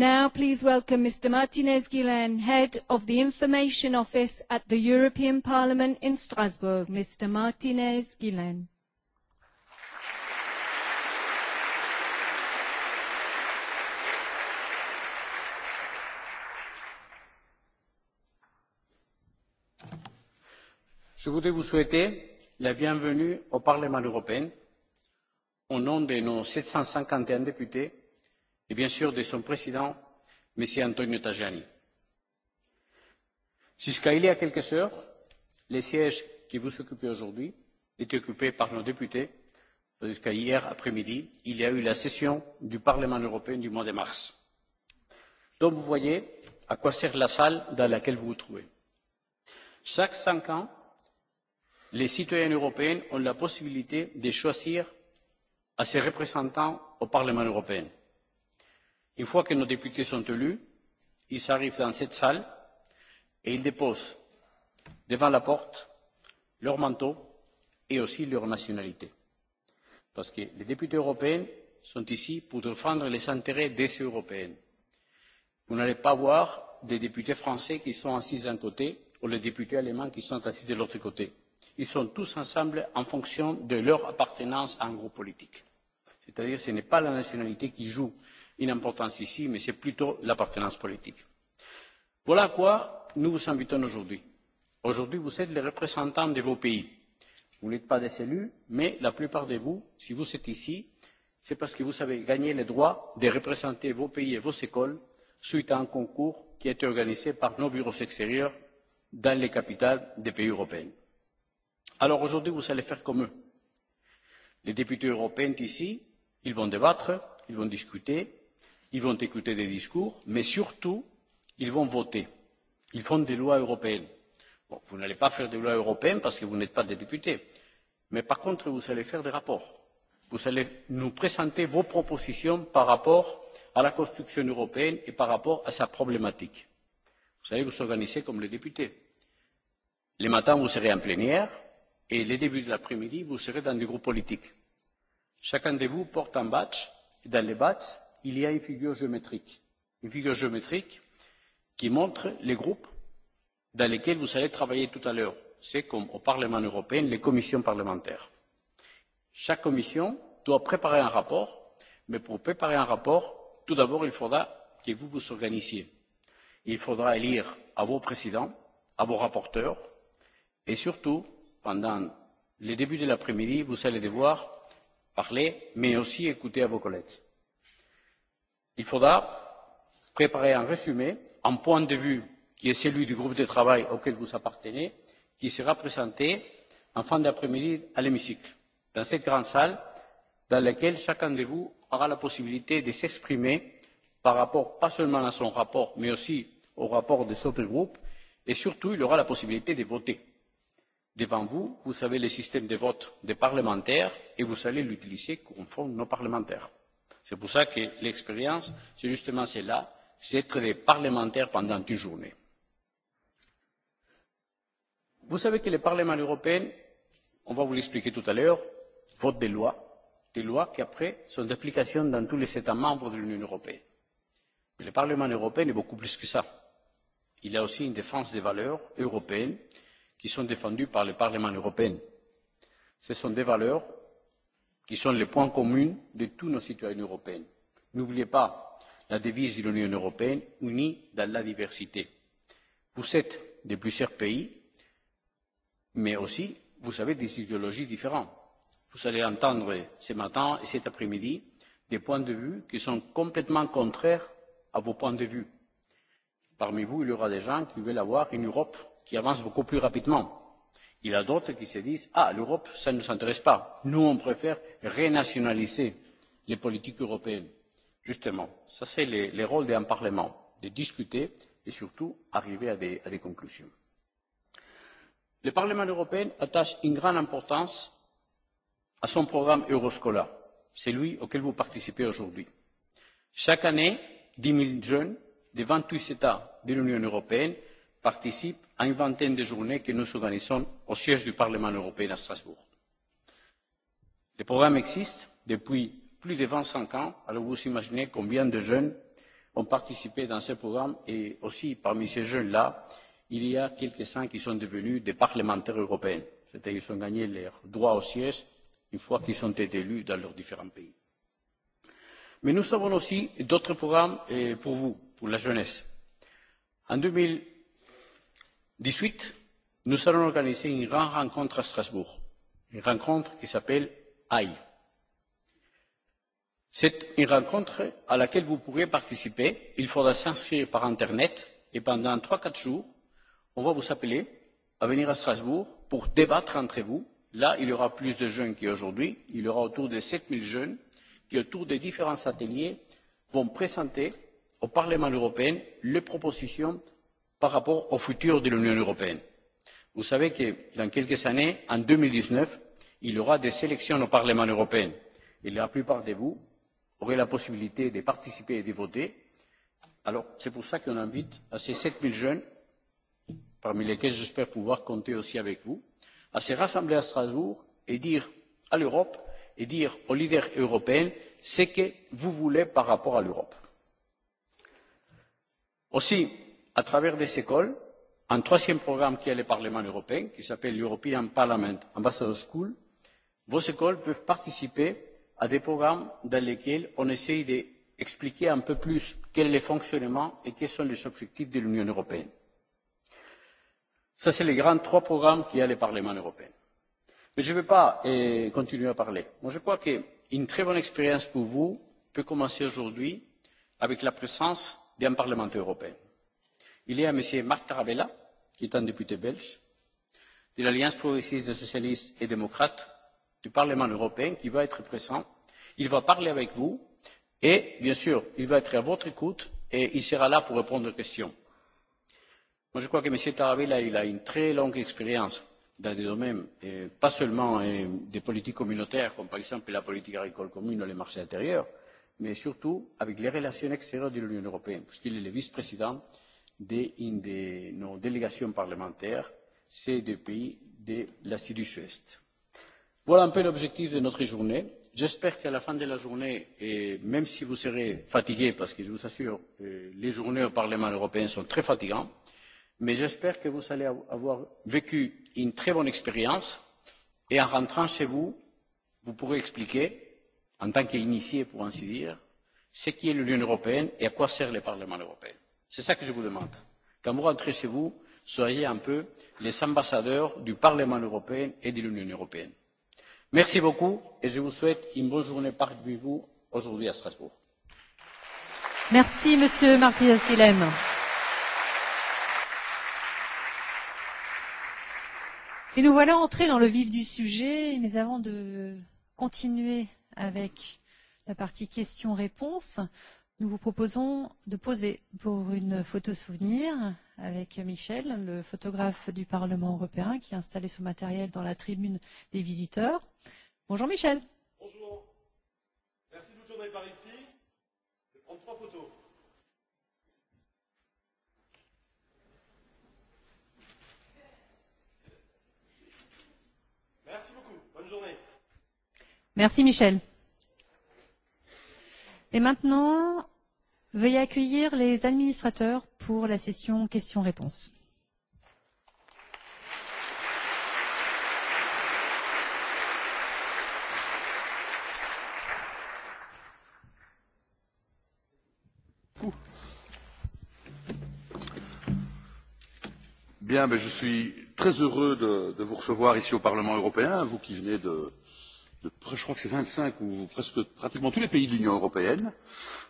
now please welcome Mr. Martinez Guillain, Head of the Information Office at the European Parliament in Strasbourg. Mr. Martinez Guillain. Je voudrais vous souhaiter la bienvenue au Parlement européen au nom de nos 751 députés et bien sûr de son président, M. Antonio Tajani. Jusqu'à il y a quelques heures, les sièges qui vous occupez aujourd'hui étaient occupés par nos députés. Jusqu'à hier après-midi, il y a eu la session du Parlement européen du mois de mars. Donc vous voyez à quoi sert la salle dans laquelle vous vous trouvez. Chaque cinq ans, les citoyens européens ont la possibilité de choisir à ses représentants au Parlement européen. Une fois que nos députés sont élus, ils arrivent dans cette salle et ils déposent devant la porte leur manteau et aussi leur nationalité. Parce que les députés européens sont ici pour défendre les intérêts des Européens. Vous n'allez pas voir des députés français qui sont assis d'un côté ou les députés allemands qui sont assis de l'autre côté. Ils sont tous ensemble en fonction de leur appartenance à un groupe politique. C'est-à-dire que ce n'est pas la nationalité qui joue une importance ici, mais c'est plutôt l'appartenance politique. Voilà à quoi nous vous invitons aujourd'hui. Aujourd'hui, vous êtes les représentants de vos pays. Vous n'êtes pas des élus, mais la plupart de vous, si vous êtes ici, c'est parce que vous avez gagné le droit de représenter vos pays et vos écoles suite à un concours qui a été organisé par nos bureaux extérieurs dans les capitales des pays européens. Alors aujourd'hui, vous allez faire comme eux. Les députés européens ici, ils vont débattre, ils vont discuter, Ils vont écouter des discours, mais surtout, ils vont voter. Ils font des lois européennes. Bon, vous n'allez pas faire des lois européennes parce que vous n'êtes pas des députés. Mais par contre, vous allez faire des rapports. Vous allez nous présenter vos propositions par rapport à la construction européenne et par rapport à sa problématique. Vous allez vous organiser comme les députés. Le matin, vous serez en plénière et les débuts de l'après-midi, vous serez dans des groupes politiques. Chacun de vous porte un badge. Dans les badges, il y a une figure géométrique. Une figure géométrique qui montre les groupes dans lesquels vous allez travailler tout à l'heure. C'est comme au Parlement européen, les commissions parlementaires. Chaque commission doit préparer un rapport, mais pour préparer un rapport, tout d'abord, il faudra que vous vous organisiez. Il faudra élire à vos présidents, à vos rapporteurs, et surtout, pendant les débuts de l'après-midi, vous allez devoir parler, mais aussi écouter à vos collègues. Il faudra préparer un résumé, un point de vue qui est celui du groupe de travail auquel vous appartenez, qui sera présenté en fin d'après-midi à l'hémicycle, dans cette grande salle dans laquelle chacun de vous aura la possibilité de s'exprimer par rapport pas seulement à son rapport, mais aussi au rapport des autres groupes, et surtout, il aura la possibilité de voter. Devant vous, vous avez le système de vote des parlementaires et vous allez l'utiliser conforme nos parlementaires. C'est pour ça que l'expérience, c'est justement cela, c'est être des parlementaires pendant une journée. Vous savez que le Parlement européen, on va vous l'expliquer tout à l'heure, vote des lois, des lois qui après sont d'application dans tous les États membres de l'Union européenne. Mais le Parlement européen est beaucoup plus que ça. Il a aussi une défense des valeurs européennes qui sont défendues par le Parlement européen. Ce sont des valeurs qui sont les points communs de tous nos citoyens européens. N'oubliez pas la devise de l'Union européenne, unie dans la diversité. Vous êtes de plusieurs pays, mais aussi vous avez des idéologies différentes. Vous allez entendre ce matin et cet après-midi des points de vue qui sont complètement contraires à vos points de vue. Parmi vous, il y aura des gens qui veulent avoir une Europe qui avance beaucoup plus rapidement, Il y a d'autres qui se disent Ah, l'Europe, ça ne nous intéresse pas. Nous, on préfère renationaliser les politiques européennes. Justement, ça c'est le, le rôle d'un Parlement, de discuter et surtout arriver à des, à des conclusions. Le Parlement européen attache une grande importance à son programme Euroscola, celui auquel vous participez aujourd'hui. Chaque année, 10 000 jeunes de 28 États de l'Union européenne participe à une vingtaine de journées que nous organisons au siège du Parlement européen à Strasbourg. Le programme existe depuis plus de vingt cinq ans, alors vous imaginez combien de jeunes ont participé à ce programme et aussi parmi ces jeunes là, il y a quelques-uns qui sont devenus des parlementaires européens, c'est-à-dire qu'ils ont gagné leur droit au siège une fois qu'ils ont été élus dans leurs différents pays. Mais nous avons aussi d'autres programmes pour vous, pour la jeunesse. En deux mille dix huit nous allons organiser une grande rencontre à strasbourg une rencontre qui s'appelle AI. C'est une rencontre à laquelle vous pourrez participer. Il faudra s'inscrire par Internet et pendant trois quatre jours, on va vous appeler à venir à Strasbourg pour débattre entre vous. Là, il y aura plus de jeunes qu'aujourd'hui. Il y aura autour de 7000 jeunes qui, autour des différents ateliers, vont présenter au Parlement européen les propositions par rapport au futur de l'Union européenne. Vous savez que dans quelques années, en deux mille dix neuf, il y aura des élections au Parlement européen. Et la plupart de vous aurez la possibilité de participer et de voter. Alors, c'est pour ça qu'on invite à ces sept 7000 jeunes, parmi lesquels j'espère pouvoir compter aussi avec vous, à se rassembler à Strasbourg et dire à l'Europe et dire aux leaders européens ce que vous voulez par rapport à l'Europe. Aussi, à travers des écoles, un troisième programme qui est le Parlement européen, qui s'appelle European Parliament Ambassador School, vos écoles peuvent participer à des programmes dans lesquels on essaie d'expliquer un peu plus quel est le fonctionnement et quels sont les objectifs de l'Union européenne. Ça, c'est les grands trois programmes qu'il y a le Parlement européen. Mais je ne vais pas continuer à parler. Moi, je crois qu'une très bonne expérience pour vous peut commencer aujourd'hui avec la présence d'un parlementaire européen. Il y a M. Marc Tarabella, qui est un député belge, de l'Alliance progressiste des socialistes et démocrates du Parlement européen, qui va être présent. Il va parler avec vous et, bien sûr, il va être à votre écoute et il sera là pour répondre aux questions. Moi, je crois que M. Tarabella, il a une très longue expérience dans des domaines, et pas seulement des politiques communautaires, comme par exemple la politique agricole commune ou les marchés intérieurs, mais surtout avec les relations extérieures de l'Union européenne, puisqu'il est le vice-président de, de nos délégations parlementaires ces deux pays de l'Asie du Sud-Est. Voilà un peu l'objectif de notre journée. J'espère qu'à la fin de la journée, et même si vous serez fatigué, parce que je vous assure, les journées au Parlement européen sont très fatigantes, mais j'espère que vous allez avoir vécu une très bonne expérience et en rentrant chez vous, vous pourrez expliquer, en tant qu'initié pour ainsi dire, ce qu'est l'Union européenne et à quoi sert le Parlement européen. C'est ça que je vous demande. Quand vous rentrez chez vous, soyez un peu les ambassadeurs du Parlement européen et de l'Union européenne. Merci beaucoup et je vous souhaite une bonne journée parmi vous aujourd'hui à Strasbourg. Merci Monsieur Martinez Guilhem. Et nous voilà entrés dans le vif du sujet, mais avant de continuer avec la partie questions-réponses, Nous vous proposons de poser pour une photo souvenir avec Michel, le photographe du Parlement européen qui a installé son matériel dans la tribune des visiteurs. Bonjour Michel. Bonjour. Merci de vous tourner par ici et vais prendre trois photos. Merci beaucoup. Bonne journée. Merci Michel. Et maintenant, Veuillez accueillir les administrateurs pour la session questions-réponses. Bien, mais je suis très heureux de, de vous recevoir ici au Parlement européen, vous qui venez de, je crois que c'est 25 ou presque pratiquement tous les pays de l'Union européenne.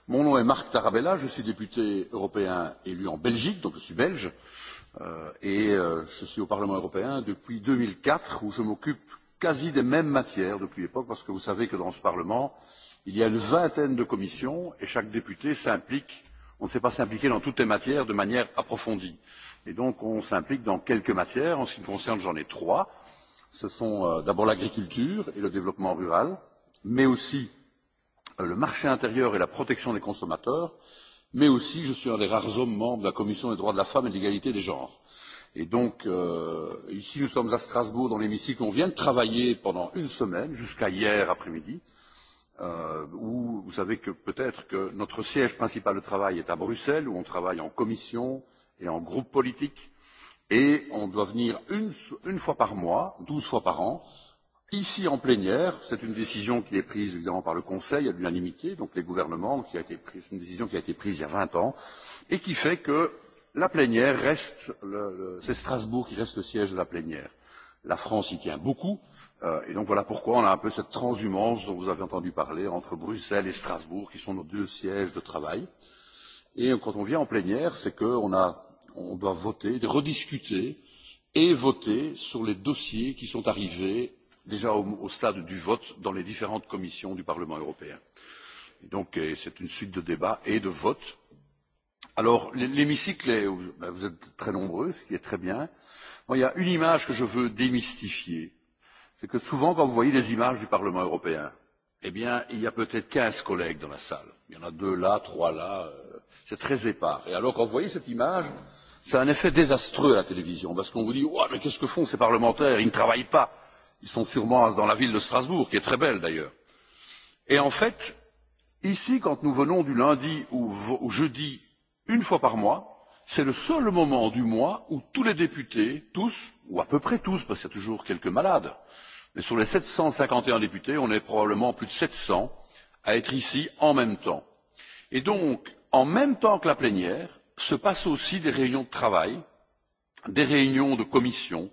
Mon nom est Marc Tarabella, je suis député européen élu en Belgique, donc je suis belge, euh, et euh, je suis au Parlement européen depuis 2004, où je m'occupe quasi des mêmes matières depuis l'époque, parce que vous savez que dans ce Parlement, il y a une vingtaine de commissions, et chaque député s'implique, on ne sait pas s'impliquer dans toutes les matières de manière approfondie. Et donc on s'implique dans quelques matières, en ce qui me concerne j'en ai trois, ce sont d'abord l'agriculture et le développement rural, mais aussi le marché intérieur et la protection des consommateurs, mais aussi, je suis un des rares hommes membres de la Commission des droits de la femme et de l'égalité des genres. Et donc, euh, ici, nous sommes à Strasbourg, dans l'hémicycle, on vient de travailler pendant une semaine, jusqu'à hier après-midi, euh, où vous savez que peut-être que notre siège principal de travail est à Bruxelles, où on travaille en commission et en groupe politique, et on doit venir une, une fois par mois, douze fois par an, ici en plénière. C'est une décision qui est prise évidemment par le Conseil à l'unanimité, donc les gouvernements, qui a été prise, une décision qui a été prise il y a vingt ans, et qui fait que la plénière reste, le, le, c'est Strasbourg qui reste le siège de la plénière. La France y tient beaucoup, euh, et donc voilà pourquoi on a un peu cette transhumance dont vous avez entendu parler entre Bruxelles et Strasbourg, qui sont nos deux sièges de travail. Et quand on vient en plénière, c'est qu'on a on doit voter, de rediscuter et voter sur les dossiers qui sont arrivés déjà au, au stade du vote dans les différentes commissions du Parlement européen. Et donc c'est une suite de débats et de votes. Alors l'hémicycle, est, vous êtes très nombreux, ce qui est très bien. il y a une image que je veux démystifier. C'est que souvent, quand vous voyez des images du Parlement européen, eh bien, il y a peut-être quinze collègues dans la salle. Il y en a deux là, trois là. C'est très épars. Et alors, quand vous voyez cette image, C'est un effet désastreux, à la télévision, parce qu'on vous dit, ouais, mais qu'est-ce que font ces parlementaires Ils ne travaillent pas. Ils sont sûrement dans la ville de Strasbourg, qui est très belle d'ailleurs. Et en fait, ici, quand nous venons du lundi ou jeudi, une fois par mois, c'est le seul moment du mois où tous les députés, tous, ou à peu près tous, parce qu'il y a toujours quelques malades, mais sur les 751 députés, on est probablement plus de 700 à être ici en même temps. Et donc, en même temps que la plénière, se passent aussi des réunions de travail, des réunions de commission,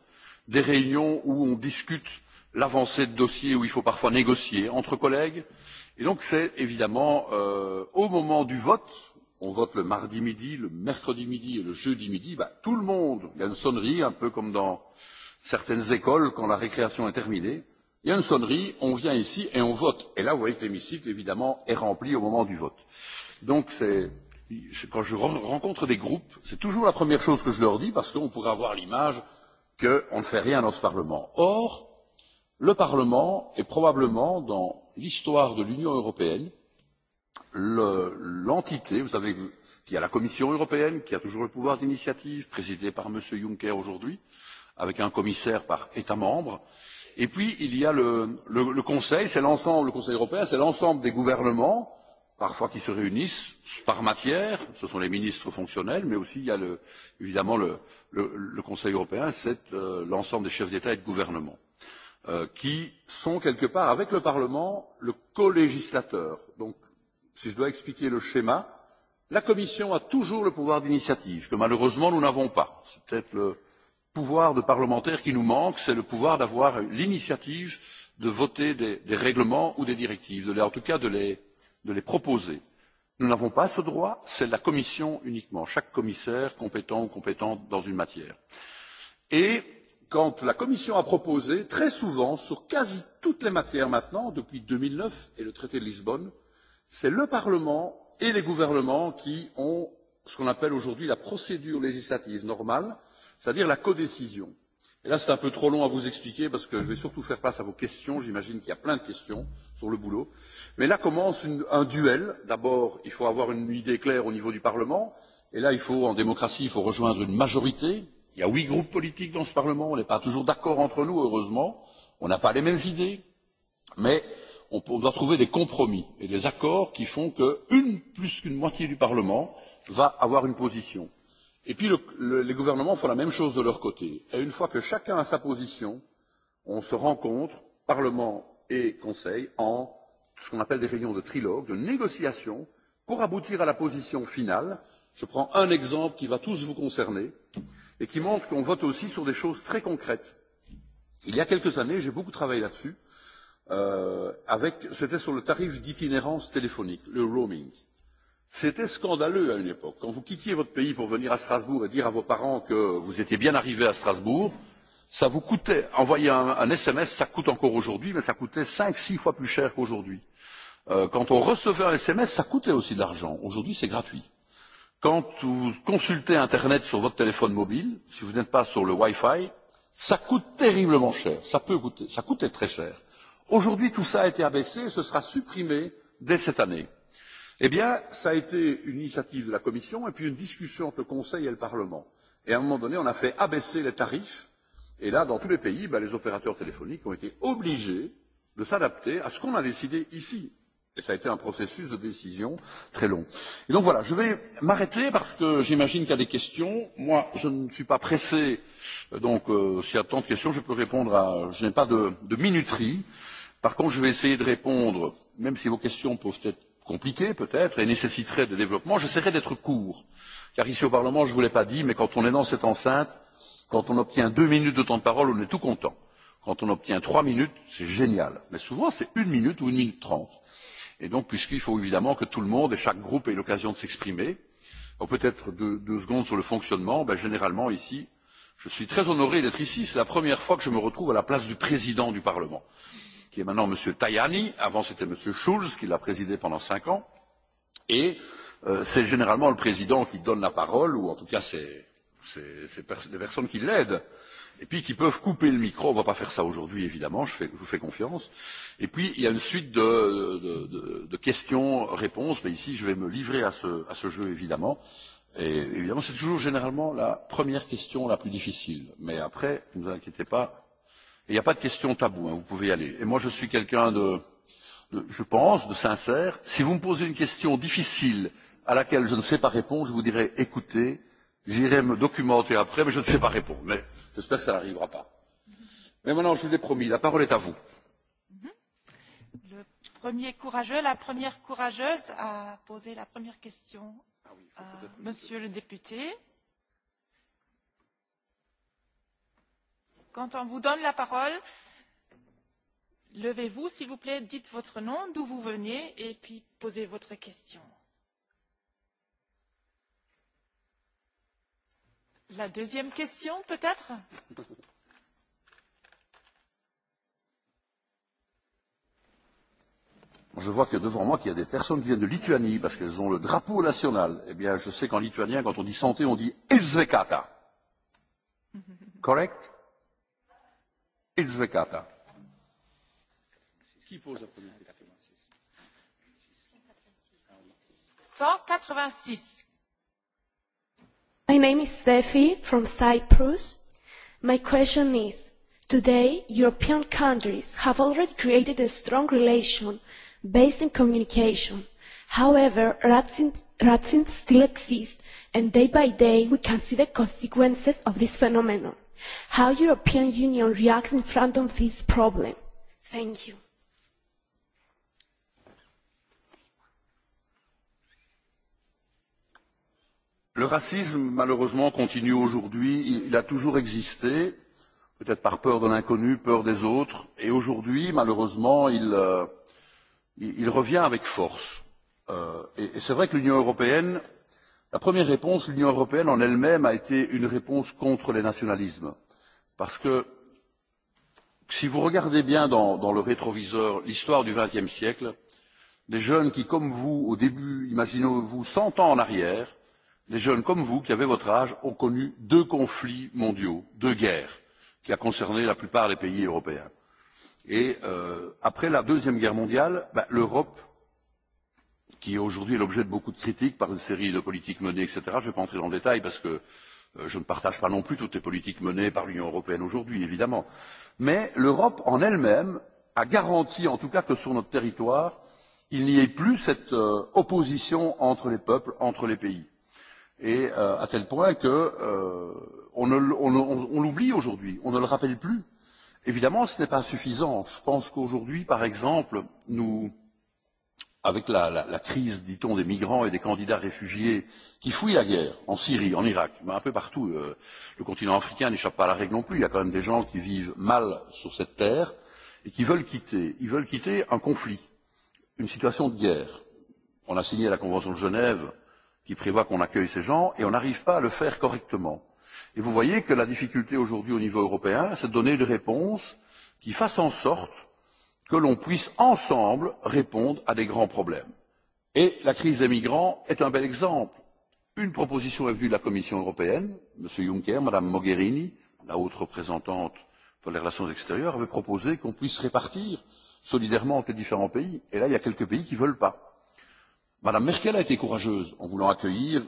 des réunions où on discute l'avancée de dossiers, où il faut parfois négocier entre collègues. Et donc c'est évidemment euh, au moment du vote, on vote le mardi midi, le mercredi midi et le jeudi midi, bah, tout le monde, il y a une sonnerie, un peu comme dans certaines écoles quand la récréation est terminée, il y a une sonnerie, on vient ici et on vote. Et là, vous voyez que l'hémicycle, évidemment, est rempli au moment du vote. Donc c'est quand je rencontre des groupes, c'est toujours la première chose que je leur dis parce qu'on pourrait avoir l'image qu'on ne fait rien dans ce Parlement. Or, le Parlement est probablement dans l'histoire de l'Union européenne l'entité, vous savez, qui a la Commission européenne qui a toujours le pouvoir d'initiative, présidée par M. Juncker aujourd'hui, avec un commissaire par État membre. Et puis, il y a le, le, le Conseil, c'est l'ensemble, le Conseil européen, c'est l'ensemble des gouvernements parfois qui se réunissent par matière, ce sont les ministres fonctionnels, mais aussi il y a le, évidemment le, le, le Conseil européen, c'est euh, l'ensemble des chefs d'État et de gouvernement, euh, qui sont quelque part avec le Parlement le co-législateur. Donc, si je dois expliquer le schéma, la Commission a toujours le pouvoir d'initiative, que malheureusement nous n'avons pas. C'est peut-être le pouvoir de parlementaire qui nous manque, c'est le pouvoir d'avoir l'initiative de voter des, des règlements ou des directives, de, en tout cas de les de les proposer. Nous n'avons pas ce droit, c'est la Commission uniquement, chaque commissaire compétent ou compétente dans une matière. Et quand la Commission a proposé, très souvent, sur quasi toutes les matières maintenant, depuis deux mille neuf et le traité de Lisbonne, c'est le Parlement et les gouvernements qui ont ce qu'on appelle aujourd'hui la procédure législative normale, c'est-à-dire la codécision. Et là, c'est un peu trop long à vous expliquer parce que je vais surtout faire face à vos questions. J'imagine qu'il y a plein de questions sur le boulot. Mais là commence une, un duel. D'abord, il faut avoir une idée claire au niveau du Parlement. Et là, il faut, en démocratie, il faut rejoindre une majorité. Il y a huit groupes politiques dans ce Parlement. On n'est pas toujours d'accord entre nous, heureusement. On n'a pas les mêmes idées. Mais on, on doit trouver des compromis et des accords qui font qu'une plus qu'une moitié du Parlement va avoir une position. Et puis les gouvernements font la même chose de leur côté. Et une fois que chacun a sa position, on se rencontre, Parlement et Conseil, en ce qu'on appelle des réunions de trilogue, de négociation, pour aboutir à la position finale. Je prends un exemple qui va tous vous concerner et qui montre qu'on vote aussi sur des choses très concrètes. Il y a quelques années, j'ai beaucoup travaillé là-dessus, euh, c'était sur le tarif d'itinérance téléphonique, le roaming. Euh, C'était scandaleux à une époque. Quand vous quittiez votre pays pour venir à Strasbourg et dire à vos parents que vous étiez bien arrivé à Strasbourg, ça vous coûtait, envoyer un, un SMS, ça coûte encore aujourd'hui, mais ça coûtait 5-6 fois plus cher qu'aujourd'hui. Euh, quand on recevait un SMS, ça coûtait aussi de l'argent. Aujourd'hui, c'est gratuit. Quand vous consultez Internet sur votre téléphone mobile, si vous n'êtes pas sur le Wi-Fi, ça coûte terriblement cher. Ça peut coûter, ça coûtait très cher. Aujourd'hui, tout ça a été abaissé, ce sera supprimé dès cette année Eh bien, ça a été une initiative de la Commission et puis une discussion entre le Conseil et le Parlement. Et à un moment donné, on a fait abaisser les tarifs. Et là, dans tous les pays, ben, les opérateurs téléphoniques ont été obligés de s'adapter à ce qu'on a décidé ici. Et ça a été un processus de décision très long. Et donc voilà, je vais m'arrêter parce que j'imagine qu'il y a des questions. Moi, je ne suis pas pressé, donc euh, s'il y a tant de questions, je peux répondre à... Je n'ai pas de, de minuterie. Par contre, je vais essayer de répondre, même si vos questions peuvent être compliqué peut-être et nécessiterait de développement. J'essaierai d'être court, car ici au Parlement, je ne vous l'ai pas dit, mais quand on est dans cette enceinte, quand on obtient deux minutes de temps de parole, on est tout content. Quand on obtient trois minutes, c'est génial. Mais souvent, c'est une minute ou une minute trente. Et donc, puisqu'il faut évidemment que tout le monde et chaque groupe ait l'occasion de s'exprimer, peut-être deux, deux secondes sur le fonctionnement, ben, généralement ici, je suis très honoré d'être ici. C'est la première fois que je me retrouve à la place du président du Parlement qui est maintenant M. Tajani. Avant, c'était M. Schulz qui l'a présidé pendant cinq ans. Et c'est généralement le président qui donne la parole, ou en tout cas, c'est les personnes qui l'aident et puis qui peuvent couper le micro. On ne va pas faire ça aujourd'hui, évidemment, je, fais, je vous fais confiance. Et puis, il y a une suite de, de, de, de questions-réponses, mais ici, je vais me livrer à ce, à ce jeu, évidemment. Et évidemment, c'est toujours généralement la première question la plus difficile. Mais après, ne vous inquiétez pas, Il n'y a pas de question tabou, hein, vous pouvez y aller. Et moi, je suis quelqu'un de, de, je pense, de sincère. Si vous me posez une question difficile à laquelle je ne sais pas répondre, je vous dirai écoutez, j'irai me documenter après, mais je ne sais pas répondre. Mais j'espère que ça n'arrivera pas. Mais maintenant, je vous l'ai promis, la parole est à vous. Le premier courageux, la première courageuse a posé la première question euh, Monsieur le député. Quand on vous donne la parole, levez-vous, s'il vous plaît, dites votre nom, d'où vous venez, et puis posez votre question. La deuxième question, peut-être je vois que devant moi qu'il y a des personnes qui viennent de Lituanie parce qu'elles ont le drapeau national. Eh bien, je sais qu'en lituanien, quand on dit santé, on dit ezekata. Correct e slegata. Qui pose la première 186. My name is Steffi from Cyprus. My question is, today European countries have already created a strong relation based on communication. However, racism still exists and day by day we can see the consequences of this phenomenon How European Union reacts in front of this problem? Thank you. Le racisme, malheureusement, continue aujourd'hui. Il a toujours existé, peut-être par peur de l'inconnu, peur des autres. Et aujourd'hui, malheureusement, il, euh, il revient avec force. Euh, et et c'est vrai que l'Union européenne La première réponse, l'Union européenne en elle-même a été une réponse contre les nationalismes. Parce que si vous regardez bien dans, dans le rétroviseur l'histoire du XXe siècle, des jeunes qui, comme vous, au début, imaginez-vous cent ans en arrière, des jeunes comme vous, qui avez votre âge, ont connu deux conflits mondiaux, deux guerres, qui ont concerné la plupart des pays européens. Et euh, après la Deuxième Guerre mondiale, ben, l'Europe qui est aujourd'hui l'objet de beaucoup de critiques par une série de politiques menées, etc. Je ne vais pas entrer dans le détail parce que je ne partage pas non plus toutes les politiques menées par l'Union européenne aujourd'hui, évidemment. Mais l'Europe en elle-même a garanti, en tout cas, que sur notre territoire, il n'y ait plus cette opposition entre les peuples, entre les pays. Et à tel point que on, on l'oublie aujourd'hui, on ne le rappelle plus. Évidemment, ce n'est pas suffisant. Je pense qu'aujourd'hui, par exemple, nous, avec la, la, la crise, dit-on, des migrants et des candidats réfugiés qui fouillent la guerre en Syrie, en Irak, mais un peu partout. Euh, le continent africain n'échappe pas à la règle non plus. Il y a quand même des gens qui vivent mal sur cette terre et qui veulent quitter. Ils veulent quitter un conflit, une situation de guerre. On a signé la Convention de Genève qui prévoit qu'on accueille ces gens et on n'arrive pas à le faire correctement. Et vous voyez que la difficulté aujourd'hui au niveau européen, c'est de donner une réponse qui fasse en sorte que l'on puisse ensemble répondre à des grands problèmes. Et la crise des migrants est un bel exemple. Une proposition est venue de la Commission européenne, M. Juncker, Mme Mogherini, la haute représentante pour les relations extérieures, avait proposé qu'on puisse répartir solidairement entre les différents pays. Et là, il y a quelques pays qui ne veulent pas. Mme Merkel a été courageuse en voulant accueillir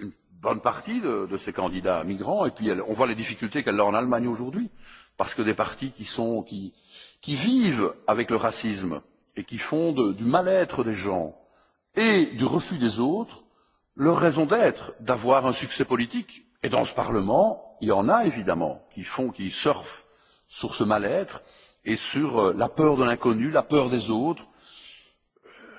une bonne partie de, de ces candidats migrants, et puis elle, on voit les difficultés qu'elle a en Allemagne aujourd'hui parce que des partis qui, sont, qui, qui vivent avec le racisme et qui font de, du mal-être des gens et du refus des autres leur raison d'être, d'avoir un succès politique. Et dans ce Parlement, il y en a évidemment qui font, qui surfent sur ce mal-être et sur la peur de l'inconnu, la peur des autres.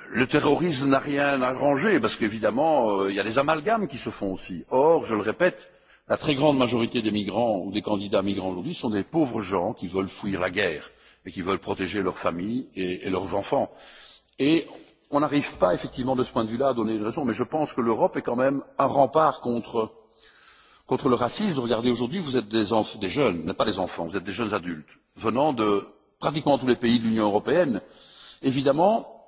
Le terrorisme n'a rien arrangé parce qu'évidemment, il y a des amalgames qui se font aussi. Or, je le répète, La très grande majorité des migrants ou des candidats migrants aujourd'hui sont des pauvres gens qui veulent fuir la guerre et qui veulent protéger leurs familles et, et leurs enfants. Et on n'arrive pas effectivement de ce point de vue-là à donner une raison, mais je pense que l'Europe est quand même un rempart contre, contre le racisme. Regardez aujourd'hui, vous êtes des, des jeunes, mais pas des enfants, vous êtes des jeunes adultes, venant de pratiquement tous les pays de l'Union européenne. Évidemment,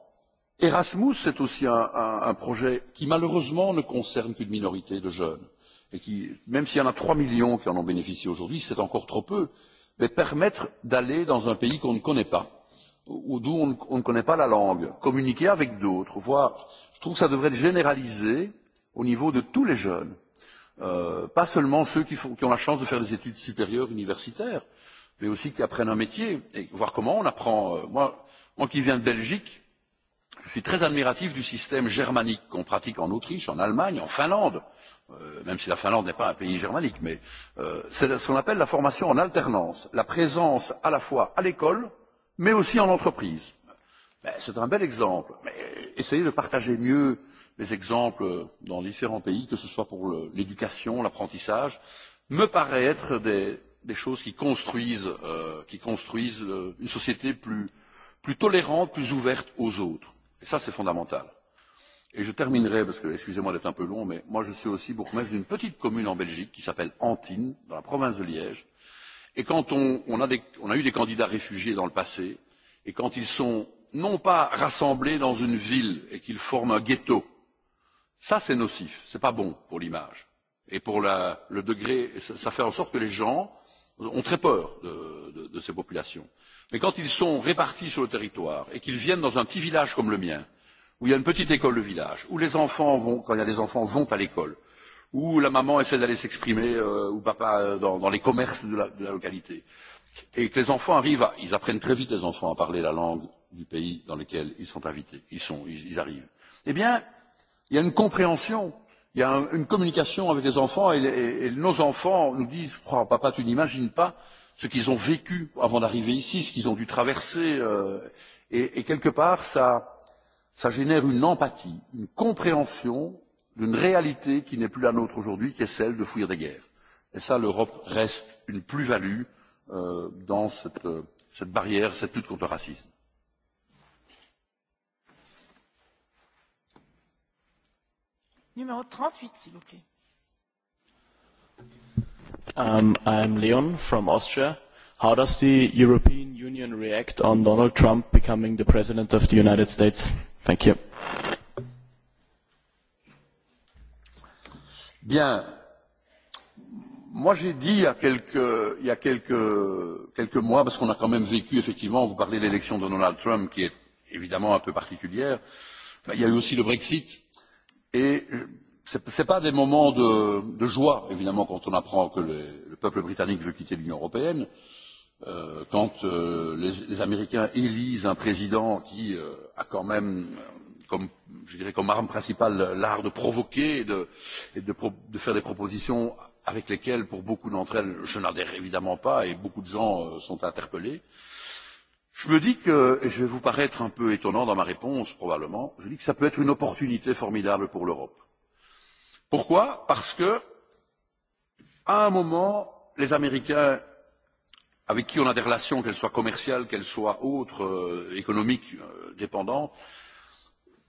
Erasmus, c'est aussi un, un, un projet qui malheureusement ne concerne qu'une minorité de jeunes et qui, même s'il y en a 3 millions qui en ont bénéficié aujourd'hui, c'est encore trop peu, mais permettre d'aller dans un pays qu'on ne connaît pas, ou d'où on, on ne connaît pas la langue, communiquer avec d'autres, voir. Je trouve que ça devrait être généralisé au niveau de tous les jeunes, euh, pas seulement ceux qui, font, qui ont la chance de faire des études supérieures universitaires, mais aussi qui apprennent un métier, et voir comment on apprend. Euh, moi, moi qui viens de Belgique, je suis très admiratif du système germanique qu'on pratique en Autriche, en Allemagne, en Finlande, même si la Finlande n'est pas un pays germanique, mais c'est ce qu'on appelle la formation en alternance, la présence à la fois à l'école, mais aussi en entreprise. c'est un bel exemple. Mais essayez de partager mieux les exemples dans différents pays, que ce soit pour l'éducation, l'apprentissage, me paraît être des, des choses qui construisent, euh, qui construisent euh, une société plus, plus tolérante, plus ouverte aux autres. Et ça, c'est fondamental. Et je terminerai, parce que, excusez-moi d'être un peu long, mais moi je suis aussi bourgmestre d'une petite commune en Belgique qui s'appelle Antine, dans la province de Liège. Et quand on, on, a des, on a eu des candidats réfugiés dans le passé, et quand ils sont non pas rassemblés dans une ville et qu'ils forment un ghetto, ça c'est nocif, c'est pas bon pour l'image. Et pour la, le degré, ça, ça fait en sorte que les gens ont très peur de, de, de ces populations. Mais quand ils sont répartis sur le territoire et qu'ils viennent dans un petit village comme le mien, où il y a une petite école de village, où les enfants vont, quand il y a des enfants, vont à l'école, où la maman essaie d'aller s'exprimer, euh, ou papa, dans, dans les commerces de la, de la localité, et que les enfants arrivent, à, ils apprennent très vite les enfants à parler la langue du pays dans lequel ils sont invités, ils, sont, ils, ils arrivent. Eh bien, il y a une compréhension Il y a une communication avec les enfants et, nos enfants nous disent oh, Papa, tu n'imagines pas ce qu'ils ont vécu avant d'arriver ici, ce qu'ils ont dû traverser. et, quelque part, ça, ça génère une empathie, une compréhension d'une réalité qui n'est plus la nôtre aujourd'hui, qui est celle de fuir des guerres. Et ça, l'Europe reste une plus-value dans cette, cette barrière, cette lutte contre le racisme. Numéro 38, s'il vous plaît. Um, I'm Leon from Austria. How does the European Union react on Donald Trump becoming the President of the United States? Thank you. Bien. Moi, j'ai dit il y a quelques, il y a quelques, quelques mois, parce qu'on a quand même vécu, effectivement, vous parlez de l'élection de Donald Trump, qui est évidemment un peu particulière, il y a eu aussi le Brexit Et ce n'est pas des moments de, joie, évidemment, quand on apprend que le peuple britannique veut quitter l'Union européenne, quand les, Américains élisent un président qui a quand même comme, je dirais, comme arme principale l'art de provoquer et, de, et de, pro, de faire des propositions avec lesquelles, pour beaucoup d'entre elles, je n'adhère évidemment pas et beaucoup de gens sont interpellés. Je me dis que, et je vais vous paraître un peu étonnant dans ma réponse probablement, je dis que ça peut être une opportunité formidable pour l'Europe. Pourquoi Parce que, à un moment, les Américains, avec qui on a des relations, qu'elles soient commerciales, qu'elles soient autres, euh, économiques, euh, dépendantes,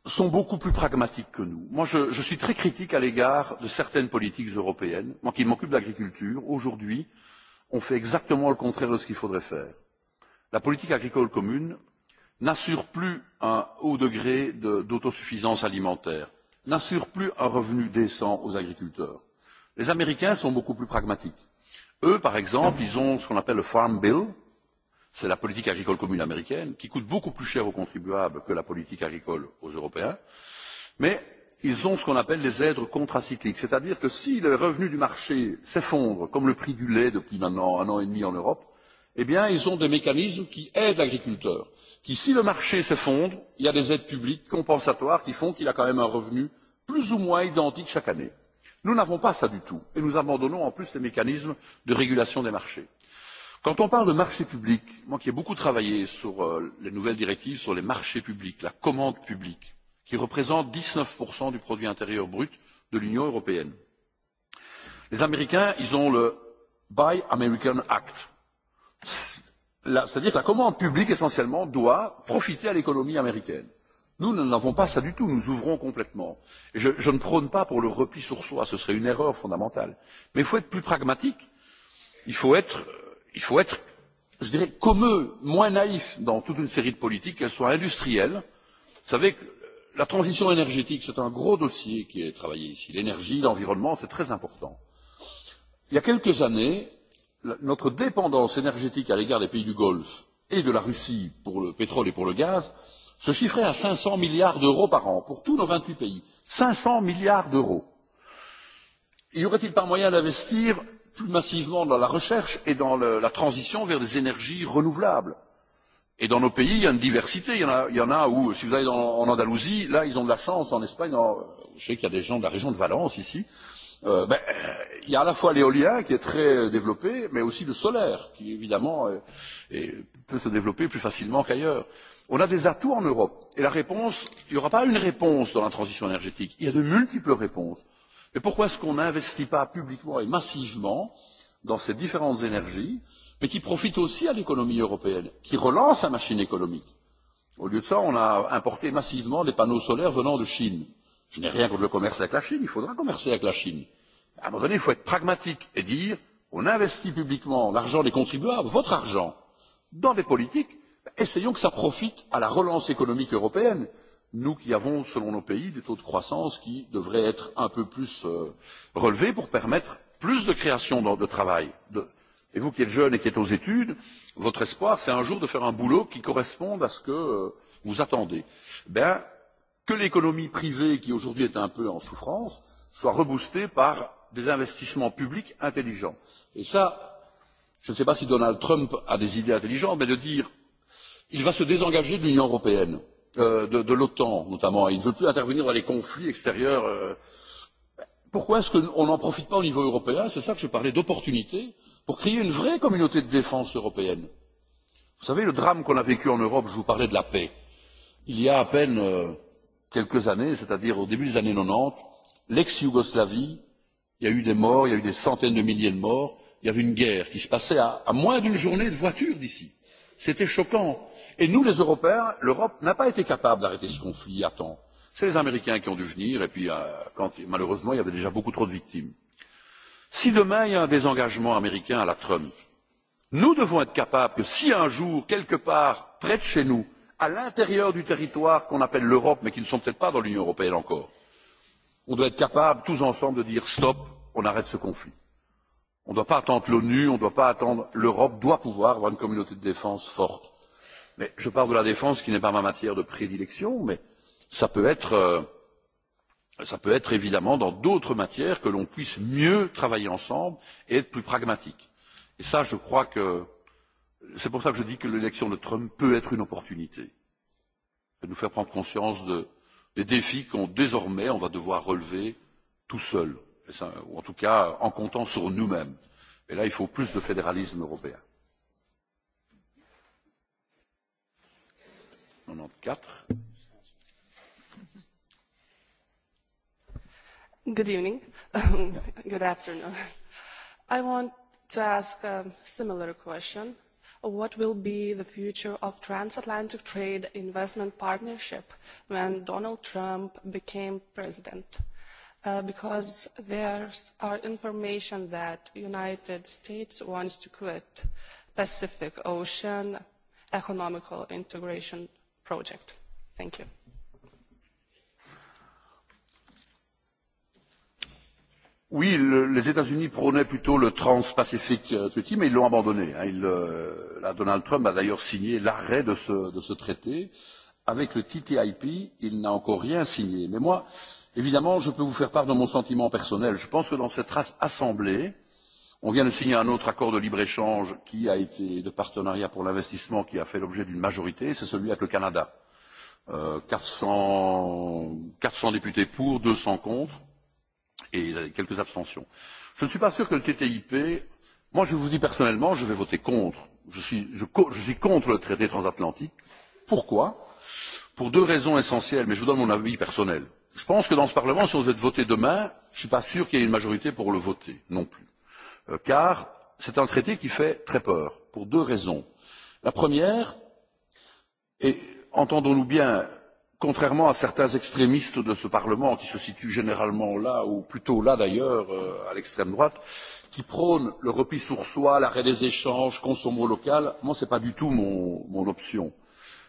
sont beaucoup plus pragmatiques que nous. Moi, je, je suis très critique à l'égard de certaines politiques européennes. Moi qui m'occupe de l'agriculture, aujourd'hui, on fait exactement le contraire de ce qu'il faudrait faire la politique agricole commune n'assure plus un haut degré d'autosuffisance alimentaire, n'assure plus un revenu décent aux agriculteurs. Les Américains sont beaucoup plus pragmatiques. Eux, par exemple, ils ont ce qu'on appelle le Farm Bill, c'est la politique agricole commune américaine, qui coûte beaucoup plus cher aux contribuables que la politique agricole aux Européens, mais ils ont ce qu'on appelle des aides contracycliques, c'est-à-dire que si les revenus du marché s'effondrent, comme le prix du lait depuis maintenant un an et demi en Europe, eh bien, ils ont des mécanismes qui aident l'agriculteur. Qui, si le marché s'effondre, il y a des aides publiques compensatoires qui font qu'il a quand même un revenu plus ou moins identique chaque année. Nous n'avons pas ça du tout. Et nous abandonnons en plus les mécanismes de régulation des marchés. Quand on parle de marché public, moi qui ai beaucoup travaillé sur les nouvelles directives sur les marchés publics, la commande publique, qui représente dix neuf du produit intérieur brut de l'Union européenne. Les Américains, ils ont le Buy American Act, C'est-à-dire que la commande publique, essentiellement, doit profiter à l'économie américaine. Nous, nous n'avons pas ça du tout, nous ouvrons complètement. Et je, je ne prône pas pour le repli sur soi, ce serait une erreur fondamentale. Mais il faut être plus pragmatique, il faut être, il faut être je dirais, comme eux, moins naïf dans toute une série de politiques, qu'elles soient industrielles. Vous savez que la transition énergétique, c'est un gros dossier qui est travaillé ici. L'énergie, l'environnement, c'est très important. Il y a quelques années, notre dépendance énergétique à l'égard des pays du Golfe et de la Russie pour le pétrole et pour le gaz se chiffrait à 500 milliards d'euros par an pour tous nos 28 pays. 500 milliards d'euros. Y aurait-il pas moyen d'investir plus massivement dans la recherche et dans le, la transition vers des énergies renouvelables Et dans nos pays, il y a une diversité. Il y en a, il y en a où, si vous allez dans, en Andalousie, là, ils ont de la chance. En Espagne, en, je sais qu'il y a des gens de la région de Valence ici, euh, ben, il y a à la fois l'éolien qui est très développé, mais aussi le solaire, qui évidemment est, est, peut se développer plus facilement qu'ailleurs. On a des atouts en Europe. Et la réponse, il n'y aura pas une réponse dans la transition énergétique. Il y a de multiples réponses. Mais pourquoi est-ce qu'on n'investit pas publiquement et massivement dans ces différentes énergies, mais qui profitent aussi à l'économie européenne, qui relance la machine économique Au lieu de ça, on a importé massivement des panneaux solaires venant de Chine. Je n'ai rien contre le commerce avec la Chine, il faudra commercer avec la Chine. À un moment donné, il faut être pragmatique et dire on investit publiquement l'argent des contribuables, votre argent, dans des politiques, essayons que ça profite à la relance économique européenne. Nous qui avons, selon nos pays, des taux de croissance qui devraient être un peu plus relevés pour permettre plus de création de, travail. Et vous qui êtes jeune et qui êtes aux études, votre espoir, c'est un jour de faire un boulot qui corresponde à ce que vous attendez. Ben, que l'économie privée, qui aujourd'hui est un peu en souffrance, soit reboostée par des investissements publics intelligents. Et ça, je ne sais pas si Donald Trump a des idées intelligentes, mais de dire il va se désengager de l'Union européenne, euh, de, de l'OTAN notamment, il ne veut plus intervenir dans les conflits extérieurs. Euh, pourquoi est-ce qu'on n'en profite pas au niveau européen C'est ça que je parlais d'opportunité pour créer une vraie communauté de défense européenne. Vous savez, le drame qu'on a vécu en Europe, je vous parlais de la paix. Il y a à peine quelques années, c'est-à-dire au début des années 90, l'ex-Yougoslavie, il y a eu des morts, il y a eu des centaines de milliers de morts, il y avait une guerre qui se passait à, à moins d'une journée de voiture d'ici. C'était choquant. Et nous, les Européens, l'Europe n'a pas été capable d'arrêter ce conflit à temps. C'est les Américains qui ont dû venir, et puis euh, quand, malheureusement, il y avait déjà beaucoup trop de victimes. Si demain, il y a un désengagement américain à la Trump, nous devons être capables que si un jour, quelque part, près de chez nous, à l'intérieur du territoire qu'on appelle l'Europe, mais qui ne sont peut-être pas dans l'Union européenne encore, on doit être capable, tous ensemble, de dire stop, on arrête ce conflit. On ne doit pas attendre l'ONU, on ne doit pas attendre l'Europe doit pouvoir avoir une communauté de défense forte. Mais je parle de la défense qui n'est pas ma matière de prédilection, mais ça peut être, ça peut être évidemment dans d'autres matières que l'on puisse mieux travailler ensemble et être plus pragmatique. Et ça, je crois que C'est pour ça que je dis que l'élection de Trump peut être une opportunité de nous faire prendre conscience de, des défis qu'on désormais on va devoir relever tout seul, ou en tout cas en comptant sur nous-mêmes. Et là, il faut plus de fédéralisme européen. 94. Good evening. Good afternoon. I want to ask a similar question what will be the future of transatlantic trade investment partnership when Donald Trump became president? because there are information that the United States wants to quit Pacific Ocean Economical Integration Project. Thank you. Oui, le, les États-Unis prônaient plutôt le Trans-Pacific Treaty, mais ils l'ont abandonné. Hein. Il, euh, là, Donald Trump a d'ailleurs signé l'arrêt de ce, de ce traité. Avec le TTIP, il n'a encore rien signé. Mais moi, évidemment, je peux vous faire part de mon sentiment personnel. Je pense que dans cette race assemblée, on vient de signer un autre accord de libre-échange qui a été de partenariat pour l'investissement qui a fait l'objet d'une majorité, c'est celui avec le Canada. Euh, 400, 400 députés pour, 200 contre et quelques abstentions. Je ne suis pas sûr que le TTIP, moi je vous dis personnellement, je vais voter contre. Je suis, je, je suis contre le traité transatlantique. Pourquoi Pour deux raisons essentielles, mais je vous donne mon avis personnel. Je pense que dans ce Parlement, si on devait voter demain, je ne suis pas sûr qu'il y ait une majorité pour le voter non plus. Euh, car c'est un traité qui fait très peur, pour deux raisons. La première, et entendons-nous bien, contrairement à certains extrémistes de ce Parlement, qui se situent généralement là, ou plutôt là d'ailleurs, à l'extrême droite, qui prônent le repli sur soi, l'arrêt des échanges, consommons local, moi ce n'est pas du tout mon, mon option.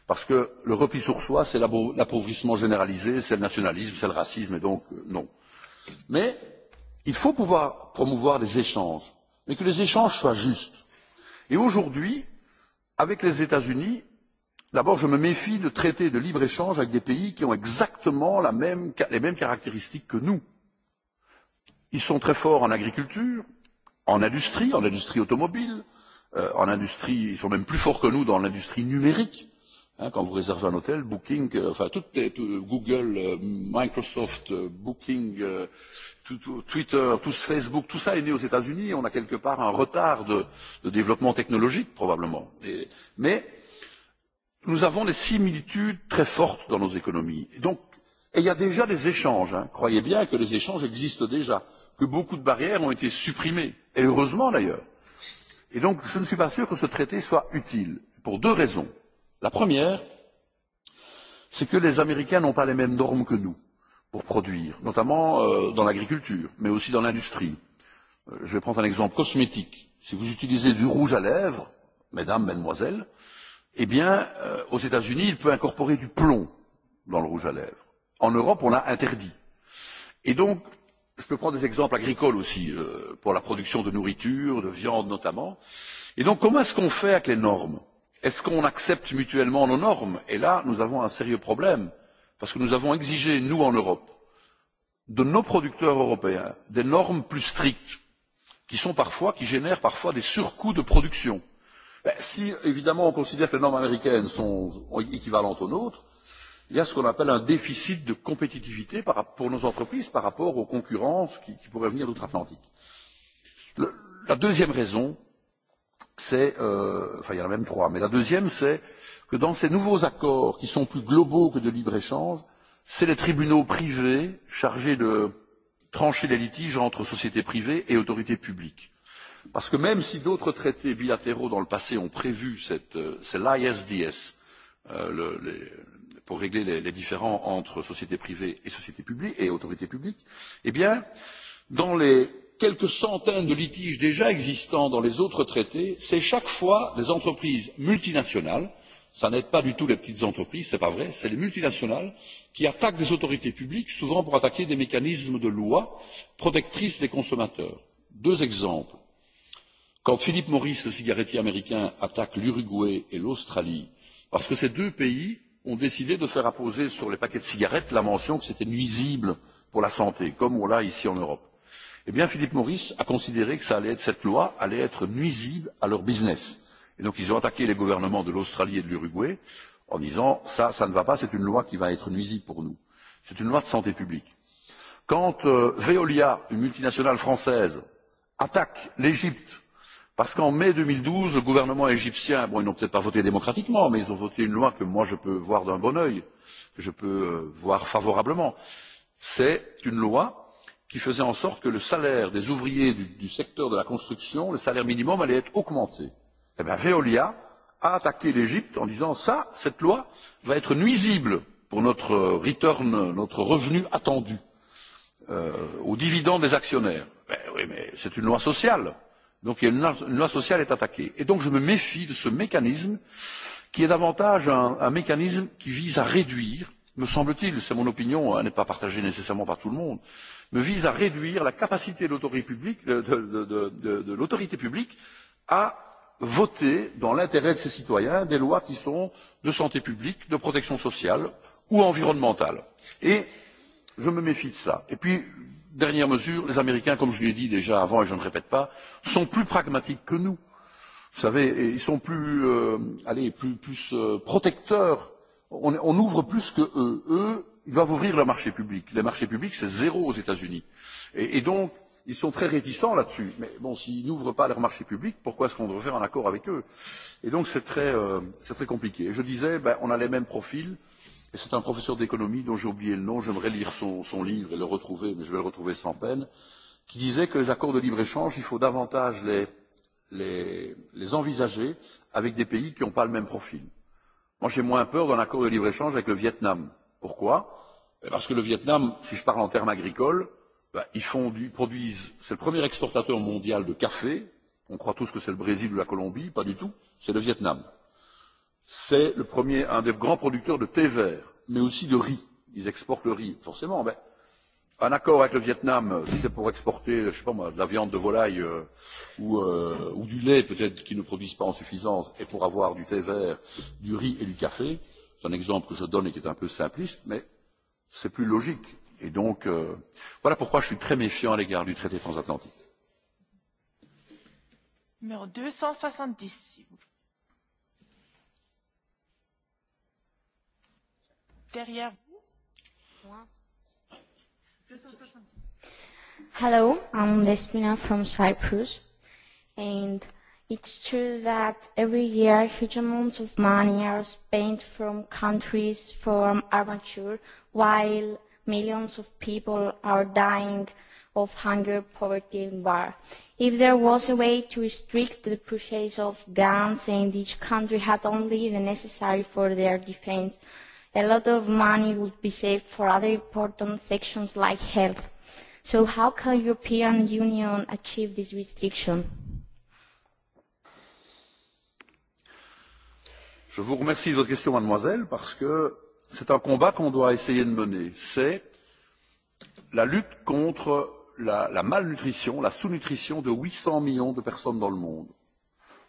Parce que le repli sur soi, c'est l'appauvrissement généralisé, c'est le nationalisme, c'est le racisme, et donc non. Mais il faut pouvoir promouvoir des échanges, mais que les échanges soient justes. Et aujourd'hui, avec les États-Unis, D'abord, je me méfie de traités de libre-échange avec des pays qui ont exactement la même, les mêmes caractéristiques que nous. Ils sont très forts en agriculture, en industrie, en industrie automobile, euh, en industrie, ils sont même plus forts que nous dans l'industrie numérique. Hein, quand vous réservez un hôtel, Booking, euh, enfin toutes les, tout, Google, euh, Microsoft, euh, Booking, euh, tout, tout, Twitter, tout Facebook, tout ça est né aux États-Unis. On a quelque part un retard de, de développement technologique probablement. Et, mais nous avons des similitudes très fortes dans nos économies. Et donc, et il y a déjà des échanges. Hein. Croyez bien que les échanges existent déjà, que beaucoup de barrières ont été supprimées, et heureusement d'ailleurs. Et donc, je ne suis pas sûr que ce traité soit utile, pour deux raisons. La première, c'est que les Américains n'ont pas les mêmes normes que nous pour produire, notamment euh, dans l'agriculture, mais aussi dans l'industrie. Euh, je vais prendre un exemple cosmétique. Si vous utilisez du rouge à lèvres, mesdames, mesdemoiselles, euh, eh bien, euh, aux États-Unis, il peut incorporer du plomb dans le rouge à lèvres. En Europe, on l'a interdit. Et donc, je peux prendre des exemples agricoles aussi, euh, pour la production de nourriture, de viande notamment. Et donc, comment est-ce qu'on fait avec les normes Est-ce qu'on accepte mutuellement nos normes Et là, nous avons un sérieux problème, parce que nous avons exigé, nous, en Europe, de nos producteurs européens des normes plus strictes, qui sont parfois, qui génèrent parfois des surcoûts de production ben, Si, évidemment, on considère que les normes américaines sont équivalentes aux nôtres, il y a ce qu'on appelle un déficit de compétitivité pour nos entreprises par rapport aux concurrences qui, qui pourraient venir d'outre-Atlantique. La deuxième raison, c'est, euh, enfin il y en a même trois, mais la deuxième, c'est que dans ces nouveaux accords qui sont plus globaux que de libre-échange, c'est les tribunaux privés chargés de trancher les litiges entre sociétés privées et autorités publiques. Parce que même si d'autres traités bilatéraux dans le passé ont prévu, cette l'ISDS, pour régler les, les différends entre sociétés privées et sociétés publiques et autorités publiques, eh bien, dans les quelques centaines de litiges déjà existants dans les autres traités, c'est chaque fois des entreprises multinationales, ça n'aide pas du tout les petites entreprises, c'est pas vrai, c'est les multinationales qui attaquent des autorités publiques, souvent pour attaquer des mécanismes de loi protectrices des consommateurs. Deux exemples Quand Philip Morris, le cigarettier américain, attaque l'Uruguay et l'Australie, parce que ces deux pays ont décidé de faire apposer sur les paquets de cigarettes la mention que c'était nuisible pour la santé, comme on l'a ici en Europe. Eh bien, Philippe Maurice a considéré que ça allait être, cette loi allait être nuisible à leur business. Et donc, ils ont attaqué les gouvernements de l'Australie et de l'Uruguay en disant ça, ça ne va pas, c'est une loi qui va être nuisible pour nous. C'est une loi de santé publique. Quand euh, Veolia, une multinationale française, attaque l'Égypte Parce qu'en mai 2012, le gouvernement égyptien, bon, ils n'ont peut-être pas voté démocratiquement, mais ils ont voté une loi que moi je peux voir d'un bon œil, que je peux voir favorablement. C'est une loi qui faisait en sorte que le salaire des ouvriers du, du secteur de la construction, le salaire minimum, allait être augmenté. Eh bien, Veolia a attaqué l'Égypte en disant ça, cette loi va être nuisible pour notre return, notre revenu attendu euh, aux dividendes des actionnaires. Ben oui, mais c'est une loi sociale. Donc il y a une, une loi sociale est attaquée. Et donc je me méfie de ce mécanisme qui est davantage un, un mécanisme qui vise à réduire, me semble-t-il, c'est mon opinion, elle n'est pas partagée nécessairement par tout le monde, mais vise à réduire la capacité de l'autorité publique, de, de, de, de, de l'autorité publique à voter dans l'intérêt de ses citoyens des lois qui sont de santé publique, de protection sociale ou environnementale. Et je me méfie de ça. Et puis dernière mesure, les Américains, comme je l'ai dit déjà avant et je ne répète pas, sont plus pragmatiques que nous. Vous savez, ils sont plus, euh, allez, plus, plus euh, protecteurs. On, on ouvre plus que eux. Eux, ils doivent ouvrir leur marché public. Les marchés publics, c'est zéro aux États-Unis. Et, et donc, ils sont très réticents là-dessus. Mais bon, s'ils n'ouvrent pas leur marché public, pourquoi est-ce qu'on devrait faire un accord avec eux Et donc, c'est très, euh, très compliqué. Je disais, ben, on a les mêmes profils. Et c'est un professeur d'économie dont j'ai oublié le nom, j'aimerais lire son, son livre et le retrouver, mais je vais le retrouver sans peine, qui disait que les accords de libre-échange, il faut davantage les, les, les envisager avec des pays qui n'ont pas le même profil. Moi, j'ai moins peur d'un accord de libre-échange avec le Vietnam. Pourquoi Parce que le Vietnam, si je parle en termes agricoles, ben, ils, font du, produisent, c'est le premier exportateur mondial de café. On croit tous que c'est le Brésil ou la Colombie, pas du tout, c'est le Vietnam c'est le premier, un des grands producteurs de thé vert, mais aussi de riz. Ils exportent le riz, forcément. Mais un accord avec le Vietnam, si c'est pour exporter, je sais pas moi, de la viande de volaille euh, ou, euh, ou du lait peut-être qu'ils ne produisent pas en suffisance, et pour avoir du thé vert, du riz et du café, c'est un exemple que je donne et qui est un peu simpliste, mais c'est plus logique. Et donc, euh, voilà pourquoi je suis très méfiant à l'égard du traité transatlantique. Numéro 270, s'il vous plaît. derrière. Hello, I'm Despina from Cyprus, and it's true that every year huge amounts of money are spent from countries from armature, while millions of people are dying of hunger, poverty and war. If there was a way to restrict the purchase of guns and each country had only the necessary for their defense, a lot of money would be saved for other important sections like health. So how can the European Union achieve this restriction? Je vous remercie de votre question, mademoiselle, parce que c'est un combat qu'on doit essayer de mener. C'est la lutte contre la, la malnutrition, la sous-nutrition de 800 millions de personnes dans le monde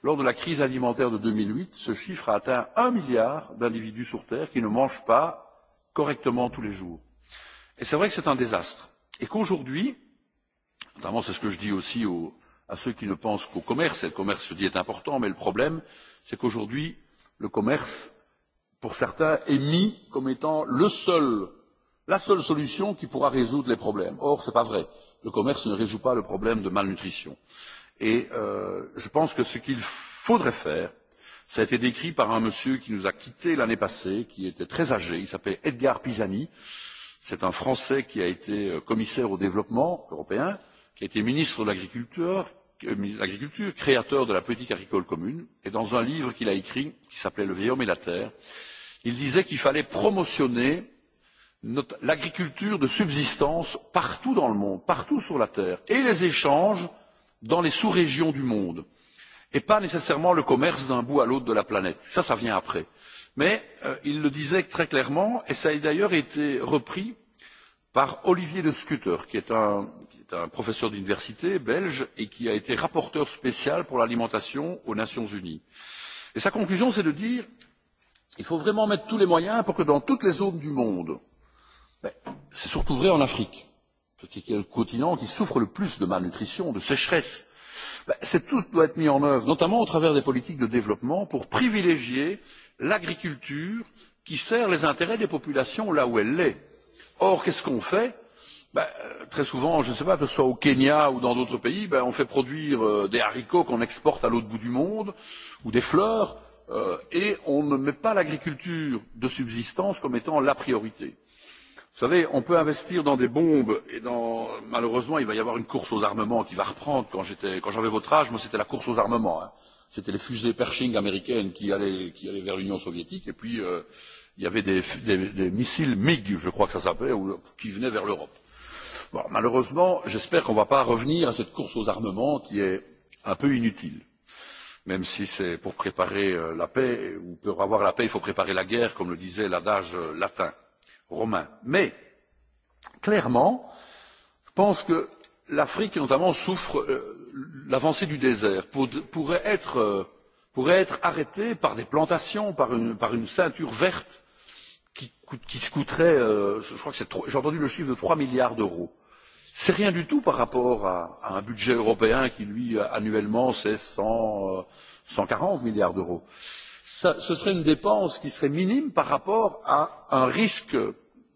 Lors de la crise alimentaire de 2008, ce chiffre a atteint un milliard d'individus sur Terre qui ne mangent pas correctement tous les jours. Et c'est vrai que c'est un désastre. Et qu'aujourd'hui, notamment c'est ce que je dis aussi au, à ceux qui ne pensent qu'au commerce, et le commerce je dis est important, mais le problème c'est qu'aujourd'hui le commerce, pour certains, est mis comme étant le seul, la seule solution qui pourra résoudre les problèmes. Or, ce n'est pas vrai. Le commerce ne résout pas le problème de malnutrition. Et euh, je pense que ce qu'il faudrait faire, ça a été décrit par un monsieur qui nous a quittés l'année passée, qui était très âgé, il s'appelait Edgar Pisani. C'est un Français qui a été commissaire au développement européen, qui a été ministre de l'Agriculture, créateur de la politique agricole commune, et dans un livre qu'il a écrit, qui s'appelait Le vieil homme et la terre, il disait qu'il fallait promotionner l'agriculture de subsistance partout dans le monde, partout sur la terre, et les échanges dans les sous-régions du monde et pas nécessairement le commerce d'un bout à l'autre de la planète. Ça, ça vient après. Mais euh, il le disait très clairement, et ça a d'ailleurs été repris par Olivier de Scutter, qui est un, qui est un professeur d'université belge et qui a été rapporteur spécial pour l'alimentation aux Nations Unies. Et sa conclusion, c'est de dire il faut vraiment mettre tous les moyens pour que dans toutes les zones du monde, c'est surtout vrai en Afrique, qui est le continent qui souffre le plus de malnutrition, de sécheresse. C'est tout doit être mis en œuvre, notamment au travers des politiques de développement, pour privilégier l'agriculture qui sert les intérêts des populations là où elle l'est. Or, qu'est-ce qu'on fait ben, Très souvent, je ne sais pas, que ce soit au Kenya ou dans d'autres pays, ben, on fait produire des haricots qu'on exporte à l'autre bout du monde, ou des fleurs, et on ne met pas l'agriculture de subsistance comme étant la priorité Vous savez, on peut investir dans des bombes et dans... malheureusement, il va y avoir une course aux armements qui va reprendre. Quand j'étais, quand j'avais votre âge, moi, c'était la course aux armements. Hein. C'était les fusées Pershing américaines qui allaient, qui allaient vers l'Union soviétique. Et puis, euh, il y avait des, des, des missiles MiG, je crois que ça s'appelait, ou, qui venaient vers l'Europe. Bon, malheureusement, j'espère qu'on ne va pas revenir à cette course aux armements qui est un peu inutile. Même si c'est pour préparer la paix, ou pour avoir la paix, il faut préparer la guerre, comme le disait l'adage latin romain. Mais, clairement, je pense que l'Afrique notamment souffre l'avancée du désert pourrait être, arrêtée par des plantations, par une, ceinture verte qui, se coûterait je crois que c'est j'ai entendu le chiffre de trois milliards d'euros. C'est rien du tout par rapport à, un budget européen qui, lui, annuellement, c'est cent quarante milliards d'euros. Ce serait une dépense qui serait minime par rapport à un risque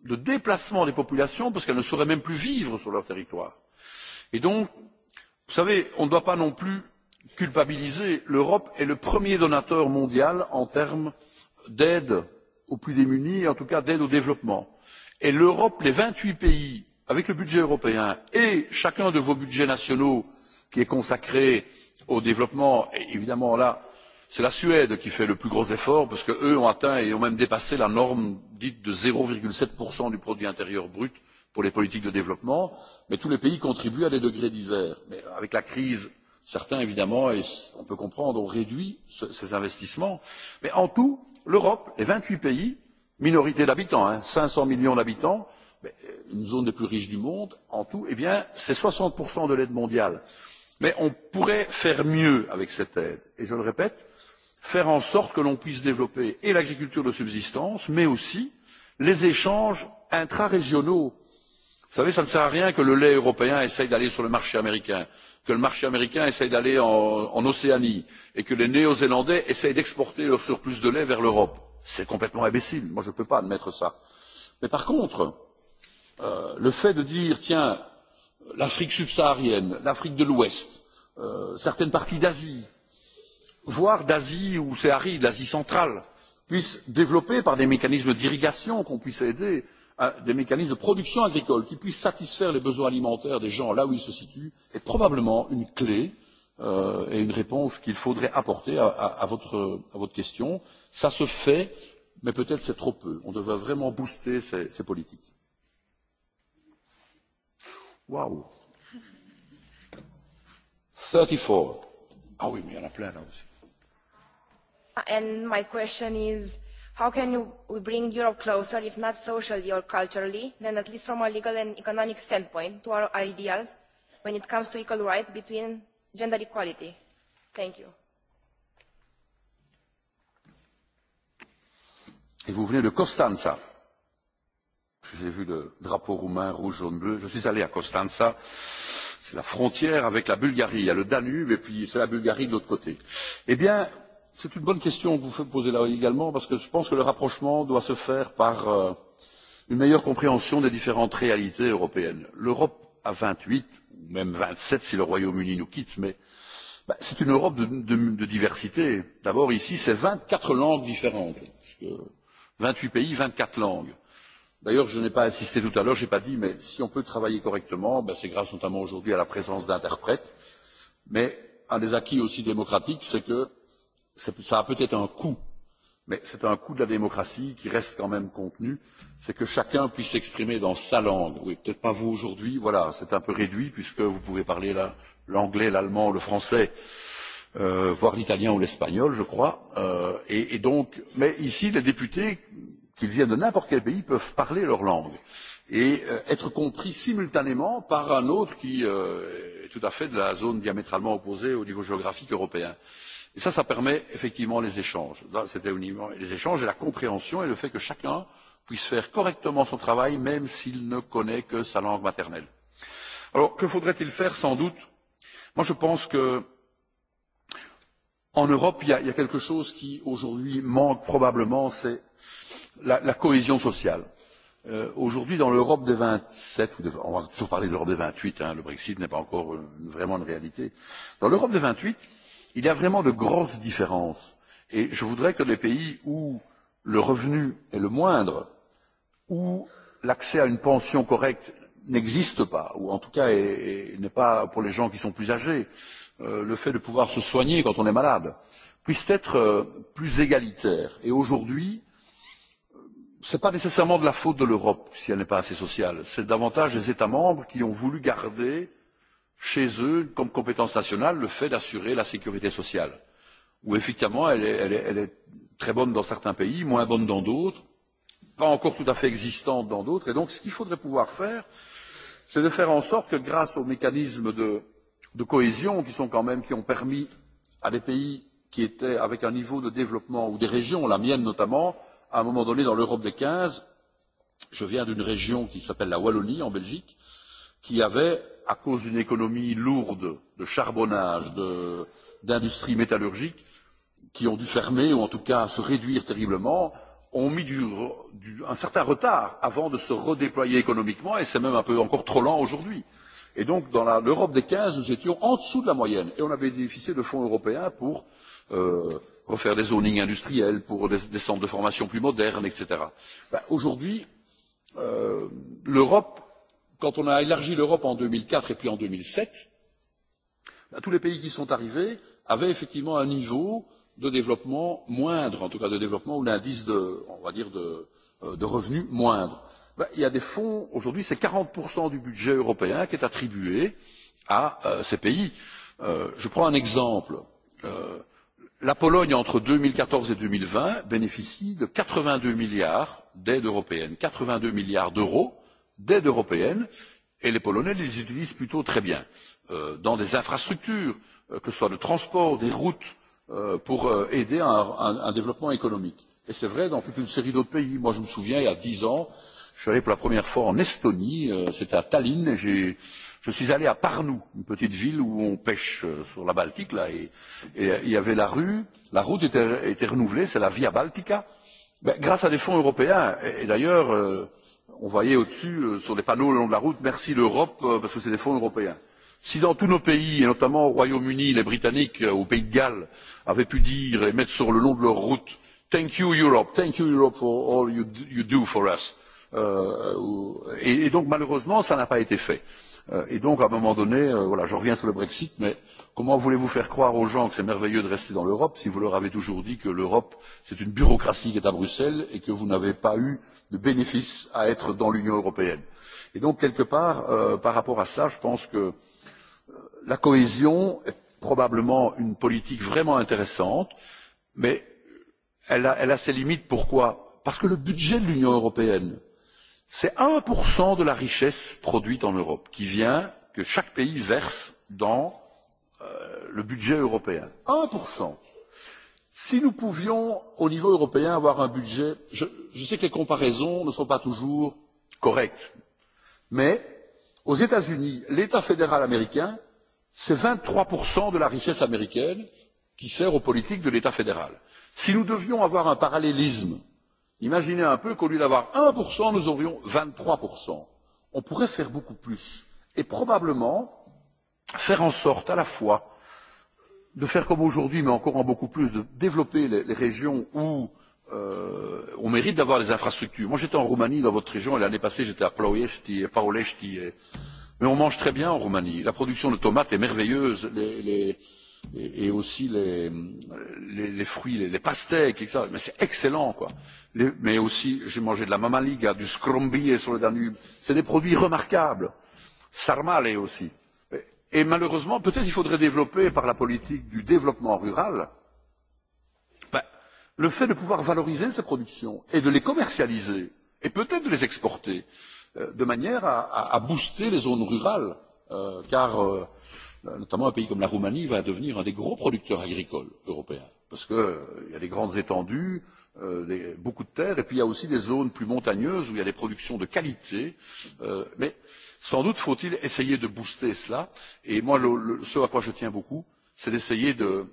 de déplacement des populations parce qu'elles ne sauraient même plus vivre sur leur territoire. Et donc, vous savez, on ne doit pas non plus culpabiliser. L'Europe est le premier donateur mondial en termes d'aide aux plus démunis, et en tout cas d'aide au développement. Et l'Europe, les vingt huit pays, avec le budget européen et chacun de vos budgets nationaux qui est consacré au développement, et évidemment là, C'est la Suède qui fait le plus gros effort parce qu'eux ont atteint et ont même dépassé la norme dite de zéro sept du produit intérieur brut pour les politiques de développement, mais tous les pays contribuent à des degrés divers. Mais avec la crise, certains évidemment, et on peut comprendre, ont réduit ces investissements. Mais en tout, l'Europe, les vingt huit pays, minorité d'habitants, cinq cents millions d'habitants, une zone des plus riches du monde, en tout, eh bien, c'est 60% de l'aide mondiale. Mais on pourrait faire mieux avec cette aide. Et je le répète, faire en sorte que l'on puisse développer et l'agriculture de subsistance, mais aussi les échanges intrarégionaux. Vous savez, ça ne sert à rien que le lait européen essaye d'aller sur le marché américain, que le marché américain essaye d'aller en, en Océanie, et que les Néo-Zélandais essayent d'exporter leur surplus de lait vers l'Europe. C'est complètement imbécile. Moi, je ne peux pas admettre ça. Mais par contre, euh, le fait de dire, tiens, l'Afrique subsaharienne, l'Afrique de l'Ouest, euh, certaines parties d'Asie, voire d'Asie ou c'est aride, l'Asie centrale, puissent développer par des mécanismes d'irrigation qu'on puisse aider, des mécanismes de production agricole qui puissent satisfaire les besoins alimentaires des gens là où ils se situent, est probablement une clé et une réponse qu'il faudrait apporter à, votre, question. Ça se fait, mais peut-être c'est trop peu. On devrait vraiment booster ces, politiques. Waouh! 34. Ah oui, mais il y en a plein là aussi and my question is, how can we bring Europe closer, if not socially or culturally, then at least from a legal and economic standpoint, to our ideals when it comes to equal rights between gender equality? Thank you. Et vous venez de Costanza. J'ai vu le drapeau roumain rouge, jaune, bleu. Je suis allé à Costanza. C'est la frontière avec la Bulgarie. Il y a le Danube et puis c'est la Bulgarie de l'autre côté. Eh bien, C'est une bonne question que vous posez là également, parce que je pense que le rapprochement doit se faire par une meilleure compréhension des différentes réalités européennes. L'Europe à vingt huit, ou même vingt sept si le Royaume-Uni nous quitte, mais c'est une Europe de, diversité. D'abord, ici, c'est vingt quatre langues différentes, vingt huit pays, vingt quatre langues. D'ailleurs, je n'ai pas insisté tout à l'heure, je n'ai pas dit, mais si on peut travailler correctement, c'est grâce notamment aujourd'hui à la présence d'interprètes. Mais un des acquis aussi démocratiques, c'est que ça a peut-être un coût, mais c'est un coût de la démocratie qui reste quand même contenu, c'est que chacun puisse s'exprimer dans sa langue. Oui, peut-être pas vous aujourd'hui, voilà, c'est un peu réduit puisque vous pouvez parler l'anglais, l'allemand, le français, euh, voire l'italien ou l'espagnol, je crois. Euh, et, et donc, mais ici, les députés, qu'ils viennent de n'importe quel pays, peuvent parler leur langue et euh, être compris simultanément par un autre qui euh, est tout à fait de la zone diamétralement opposée au niveau géographique européen. Euh, Et ça, ça permet effectivement les échanges. Là, c'était les échanges et la compréhension et le fait que chacun puisse faire correctement son travail, même s'il ne connaît que sa langue maternelle. Alors, que faudrait-il faire sans doute Moi, je pense que en Europe, il y a, il y a quelque chose qui aujourd'hui manque probablement, c'est la, la cohésion sociale. Euh, aujourd'hui, dans l'Europe des 27, ou de, on va toujours parler de l'Europe des 28, hein, le Brexit n'est pas encore euh, vraiment une réalité. Dans l'Europe des 28, Il y a vraiment de grosses différences. Et je voudrais que les pays où le revenu est le moindre, où l'accès à une pension correcte n'existe pas, ou en tout cas n'est pas pour les gens qui sont plus âgés, le fait de pouvoir se soigner quand on est malade, puisse être plus égalitaire. Et aujourd'hui, ce n'est pas nécessairement de la faute de l'Europe si elle n'est pas assez sociale, c'est davantage les États membres qui ont voulu garder chez eux comme compétence nationale le fait d'assurer la sécurité sociale, où effectivement elle est, elle, est, elle est très bonne dans certains pays, moins bonne dans d'autres, pas encore tout à fait existante dans d'autres. Et donc ce qu'il faudrait pouvoir faire, c'est de faire en sorte que grâce aux mécanismes de, de cohésion qui sont quand même qui ont permis à des pays qui étaient avec un niveau de développement ou des régions, la mienne notamment, à un moment donné dans l'Europe des 15, je viens d'une région qui s'appelle la Wallonie en Belgique, qui avait à cause d'une économie lourde de charbonnage, de, métallurgique qui ont dû fermer ou en tout cas se réduire terriblement, ont mis du, du, un certain retard avant de se redéployer économiquement, et c'est même un peu encore trop lent aujourd'hui. Et donc, dans l'Europe des 15, nous étions en dessous de la moyenne, et on avait bénéficié de fonds européens pour euh, refaire des zonings industriels, pour des, des centres de formation plus modernes, etc. Ben, aujourd'hui, euh, l'Europe quand on a élargi l'europe en deux mille quatre et puis en deux mille sept tous les pays qui sont arrivés avaient effectivement un niveau de développement moindre en tout cas de développement ou d'indice de on va dire de, de revenus moindre. il y a des fonds aujourd'hui c'est quarante du budget européen qui est attribué à ces pays. je prends un exemple la Pologne, entre deux mille quatorze et deux mille vingt, bénéficie de quatre-vingt-deux milliards d'aides européennes, quatre-vingt-deux milliards d'euros, d'aide européenne et les Polonais les utilisent plutôt très bien dans des infrastructures, que ce soit le transport, des routes, pour aider à un, développement économique. Et c'est vrai dans toute une série d'autres pays. Moi, je me souviens, il y a dix ans, je suis allé pour la première fois en Estonie, c'était à Tallinn, et je suis allé à Parnou, une petite ville où on pêche sur la Baltique, là, et, il y avait la rue, la route était, renouvelée, c'est la Via Baltica, grâce à des fonds européens. Et, d'ailleurs, on voyait au-dessus, sur des panneaux le long de la route, merci l'Europe, parce que c'est des fonds européens. Si dans tous nos pays, et notamment au Royaume-Uni, les Britanniques, au Pays de Galles, avaient pu dire et mettre sur le long de leur route, Thank you Europe, thank you Europe for all you, do for us. et, donc malheureusement, ça n'a pas été fait. et donc à un moment donné, voilà, je reviens sur le Brexit, mais Comment voulez-vous faire croire aux gens que c'est merveilleux de rester dans l'Europe si vous leur avez toujours dit que l'Europe, c'est une bureaucratie qui est à Bruxelles et que vous n'avez pas eu de bénéfice à être dans l'Union européenne Et donc, quelque part, euh, par rapport à cela, je pense que la cohésion est probablement une politique vraiment intéressante, mais elle a, elle a ses limites. Pourquoi Parce que le budget de l'Union européenne, c'est 1% de la richesse produite en Europe qui vient, que chaque pays verse dans le budget européen. un Si nous pouvions, au niveau européen, avoir un budget, je, je sais que les comparaisons ne sont pas toujours correctes, mais aux États-Unis, l'État fédéral américain, c'est 23% de la richesse américaine qui sert aux politiques de l'État fédéral. Si nous devions avoir un parallélisme, imaginez un peu qu'au lieu d'avoir 1%, nous aurions 23%. On pourrait faire beaucoup plus. Et probablement, faire en sorte à la fois de faire comme aujourd'hui, mais encore en beaucoup plus, de développer les, les régions où euh, on mérite d'avoir des infrastructures. Moi, j'étais en Roumanie, dans votre région, et l'année passée, j'étais à Ploiești, Paolești. Et... Mais on mange très bien en Roumanie. La production de tomates est merveilleuse, les, les, et, et aussi les, les, les fruits, les, les pastèques, etc. Mais c'est excellent, quoi. Les, mais aussi, j'ai mangé de la mamaliga, du scrombie sur le Danube. C'est des produits remarquables. Sarmale aussi Et malheureusement, peut-être il faudrait développer par la politique du développement rural le fait de pouvoir valoriser ces productions et de les commercialiser et peut-être de les exporter de manière à, à booster les zones rurales, euh, car euh, notamment un pays comme la Roumanie va devenir un des gros producteurs agricoles européens, parce qu'il euh, y a des grandes étendues, euh, des, beaucoup de terres, et puis il y a aussi des zones plus montagneuses où il y a des productions de qualité. Euh, mais euh, Sans doute faut-il essayer de booster cela. Et moi, le, le, ce à quoi je tiens beaucoup, c'est d'essayer de.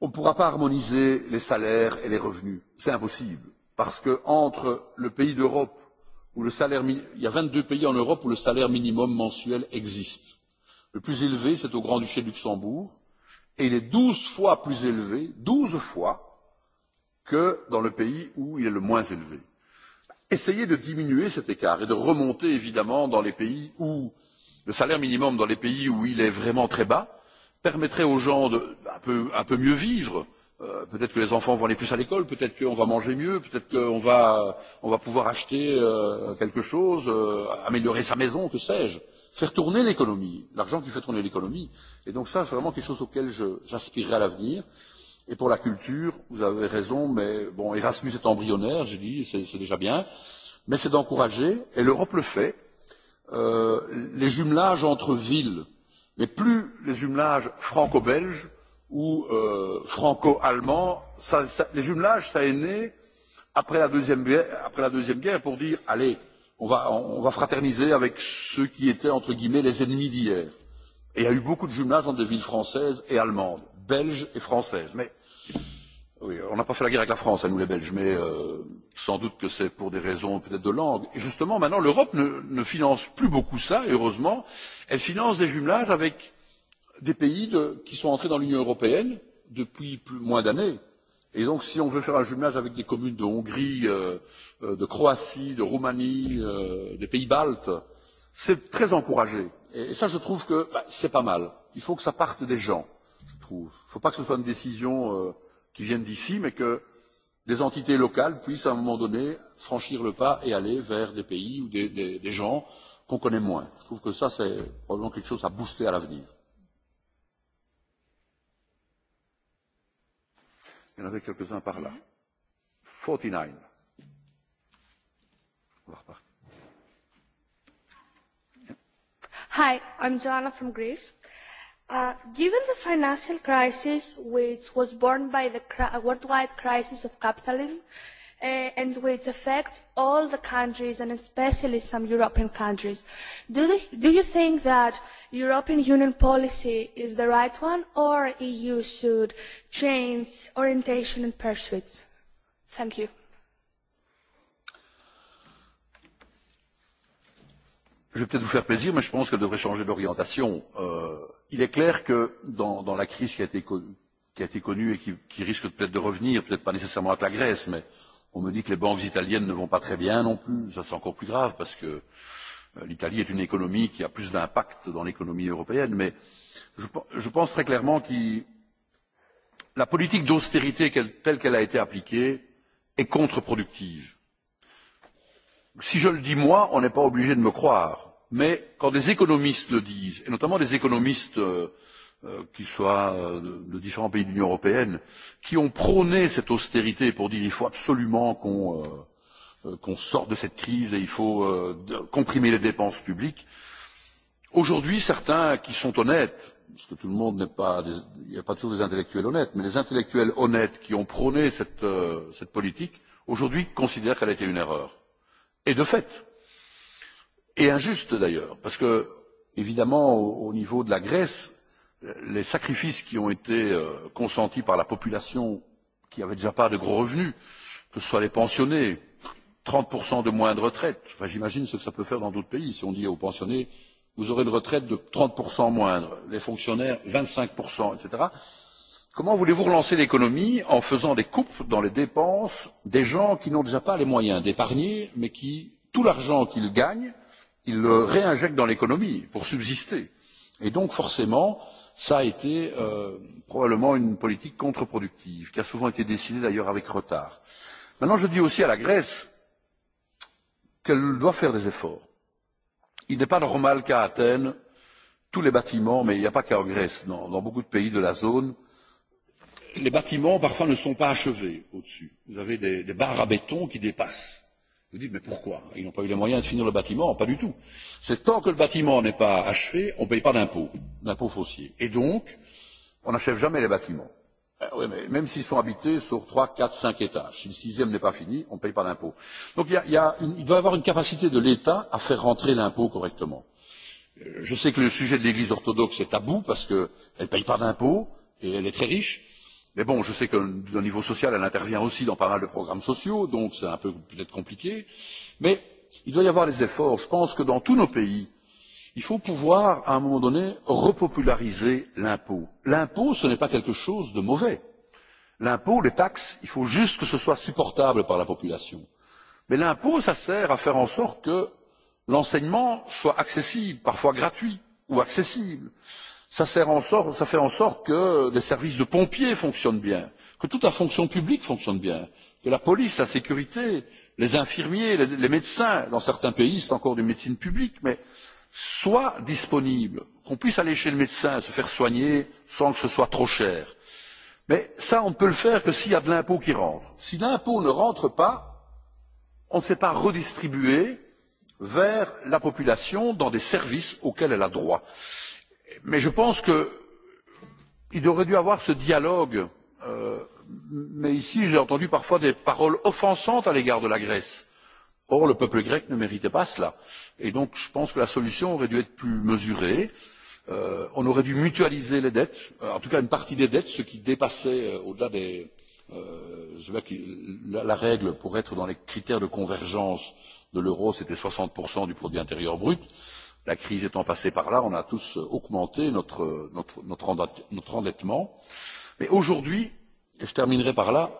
On ne pourra pas harmoniser les salaires et les revenus. C'est impossible. Parce que entre le pays d'Europe où le salaire, il y a 22 pays en Europe où le salaire minimum mensuel existe. Le plus élevé, c'est au Grand-Duché de Luxembourg. Et il est 12 fois plus élevé, 12 fois, que dans le pays où il est le moins élevé essayer de diminuer cet écart et de remonter évidemment dans les pays où le salaire minimum dans les pays où il est vraiment très bas permettrait aux gens de un peu, un peu mieux vivre. Euh, peut-être que les enfants vont aller plus à l'école, peut-être qu'on va manger mieux, peut-être qu'on va, on va pouvoir acheter euh, quelque chose, euh, améliorer sa maison, que sais-je. Faire tourner l'économie, l'argent qui fait tourner l'économie. Et donc ça, c'est vraiment quelque chose auquel j'aspirerai à l'avenir. Et pour la culture, vous avez raison, mais bon, Erasmus est embryonnaire, j'ai dit, c'est déjà bien, mais c'est d'encourager, et l'Europe le fait, euh, les jumelages entre villes, mais plus les jumelages franco-belges ou euh, franco-allemands, ça, ça, les jumelages, ça est né après la deuxième guerre, après la deuxième guerre pour dire, allez, on va, on va fraterniser avec ceux qui étaient, entre guillemets, les ennemis d'hier. Et il y a eu beaucoup de jumelages entre des villes françaises et allemandes belges et françaises. Mais oui, on n'a pas fait la guerre avec la France, à nous les Belges, mais euh, sans doute que c'est pour des raisons peut-être de langue. Et justement, maintenant, l'Europe ne, ne finance plus beaucoup ça, et heureusement, elle finance des jumelages avec des pays de, qui sont entrés dans l'Union européenne depuis plus, moins d'années. Et donc, si on veut faire un jumelage avec des communes de Hongrie, euh, de Croatie, de Roumanie, euh, des pays baltes, c'est très encouragé. Et, et ça, je trouve que bah, c'est pas mal. Il faut que ça parte des gens trouve. Il ne faut pas que ce soit une décision euh, qui vienne d'ici, mais que des entités locales puissent à un moment donné franchir le pas et aller vers des pays ou des, des, des gens qu'on connaît moins. Je trouve que ça, c'est probablement quelque chose à booster à l'avenir. Il y en avait quelques-uns par là. 49. On va repartir. Hi, I'm Joanna from Greece given the financial crisis, which was born by the worldwide crisis of capitalism, and which affects all the countries and especially some European countries. Do, you think that European Union policy is the right one or the EU should change orientation and pursuits? Thank you. Je vais peut-être vous faire plaisir, mais je pense qu'elle devrait changer d'orientation. Euh, il est clair que dans, dans la crise qui a été, qui a été connue et qui, qui risque peut-être de revenir, peut-être pas nécessairement avec la Grèce, mais on me dit que les banques italiennes ne vont pas très bien non plus. Ça, c'est encore plus grave parce que l'Italie est une économie qui a plus d'impact dans l'économie européenne. Mais je, je pense très clairement que la politique d'austérité telle qu'elle a été appliquée est contre-productive. Si je le dis moi, on n'est pas obligé de me croire mais quand des économistes le disent, et notamment des économistes qui soient de différents pays de l'Union européenne, qui ont prôné cette austérité pour dire qu'il faut absolument qu'on qu sorte de cette crise et il faut comprimer les dépenses publiques. Aujourd'hui, certains qui sont honnêtes, parce que tout le monde n'est pas, des, il n'y a pas toujours des intellectuels honnêtes, mais les intellectuels honnêtes qui ont prôné cette, euh, cette politique, aujourd'hui considèrent qu'elle a été une erreur. Et de fait, et injuste d'ailleurs, parce que, évidemment, au, au niveau de la Grèce, les sacrifices qui ont été consentis par la population qui n'avait déjà pas de gros revenus, que ce soit les pensionnés, 30% de moins de retraite, enfin, j'imagine ce que ça peut faire dans d'autres pays, si on dit aux pensionnés, vous aurez une retraite de 30% moindre, les fonctionnaires 25%, etc. Comment voulez-vous relancer l'économie en faisant des coupes dans les dépenses des gens qui n'ont déjà pas les moyens d'épargner, mais qui, tout l'argent qu'ils gagnent, ils le réinjectent dans l'économie pour subsister. Et donc forcément, ça a été euh, probablement une politique contre-productive, qui a souvent été décidée d'ailleurs avec retard. Maintenant, je dis aussi à la Grèce qu'elle doit faire des efforts. Il n'est pas normal qu'à Athènes, tous les bâtiments, mais il n'y a pas qu'à Grèce, dans, dans beaucoup de pays de la zone, les bâtiments parfois ne sont pas achevés au-dessus. Vous avez des, des barres à béton qui dépassent Vous dites, mais pourquoi Ils n'ont pas eu les moyens de finir le bâtiment Pas du tout. C'est tant que le bâtiment n'est pas achevé, on ne paye pas d'impôts, d'impôts fonciers. Et donc, on n'achève jamais les bâtiments. Oui, mais même s'ils sont habités sur trois, quatre, cinq étages, si le sixième n'est pas fini, on ne paye pas d'impôts. Donc il, y a, il, y a une, il doit y avoir une capacité de l'État à faire rentrer l'impôt correctement. Je sais que le sujet de l'Église orthodoxe est tabou parce qu'elle ne paye pas d'impôts et elle est très riche, Mais bon, je sais que d'un niveau social, elle intervient aussi dans pas mal de programmes sociaux, donc c'est un peu peut-être compliqué. Mais il doit y avoir des efforts. Je pense que dans tous nos pays, il faut pouvoir, à un moment donné, repopulariser l'impôt. L'impôt, ce n'est pas quelque chose de mauvais. L'impôt, les taxes, il faut juste que ce soit supportable par la population. Mais l'impôt, ça sert à faire en sorte que l'enseignement soit accessible, parfois gratuit ou accessible ça, sert en sorte, ça fait en sorte que les services de pompiers fonctionnent bien, que toute la fonction publique fonctionne bien, que la police, la sécurité, les infirmiers, les, les médecins, dans certains pays c'est encore des médecines publiques, mais soient disponibles, qu'on puisse aller chez le médecin, se faire soigner sans que ce soit trop cher. Mais ça, on ne peut le faire que s'il y a de l'impôt qui rentre. Si l'impôt ne rentre pas, on ne sait pas redistribuer vers la population dans des services auxquels elle a droit. Mais je pense qu'il aurait dû y avoir ce dialogue. mais ici, j'ai entendu parfois des paroles offensantes à l'égard de la Grèce. Or, le peuple grec ne méritait pas cela. Et donc, je pense que la solution aurait dû être plus mesurée. on aurait dû mutualiser les dettes, en tout cas une partie des dettes, ce qui dépassait au-delà des, la, règle pour être dans les critères de convergence de l'euro, c'était 60% du produit intérieur brut. Euh, La crise étant passée par là, on a tous augmenté notre, notre, notre, endettement. Mais aujourd'hui, et je terminerai par là,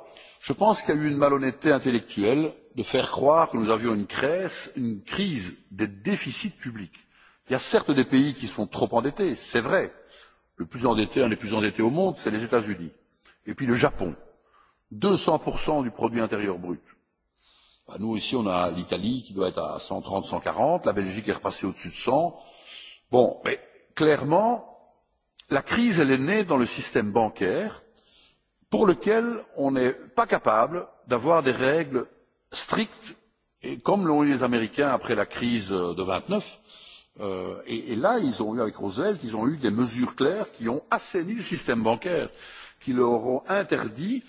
je pense qu'il y a eu une malhonnêteté intellectuelle de faire croire que nous avions une, crise, une crise des déficits publics. Il y a certes des pays qui sont trop endettés, c'est vrai. Le plus endetté, un des plus endettés au monde, c'est les États-Unis. Et puis le Japon. 200% du produit intérieur brut. Ben, nous ici, on a l'Italie qui doit être à 130, 140, la Belgique est repassée au-dessus de 100. Bon, mais clairement, la crise, elle est née dans le système bancaire pour lequel on n'est pas capable d'avoir des règles strictes, et comme l'ont eu les Américains après la crise de 29. Euh, et, et là, ils ont eu avec Roosevelt ils ont eu des mesures claires qui ont assaini le système bancaire, qui leur ont interdit euh,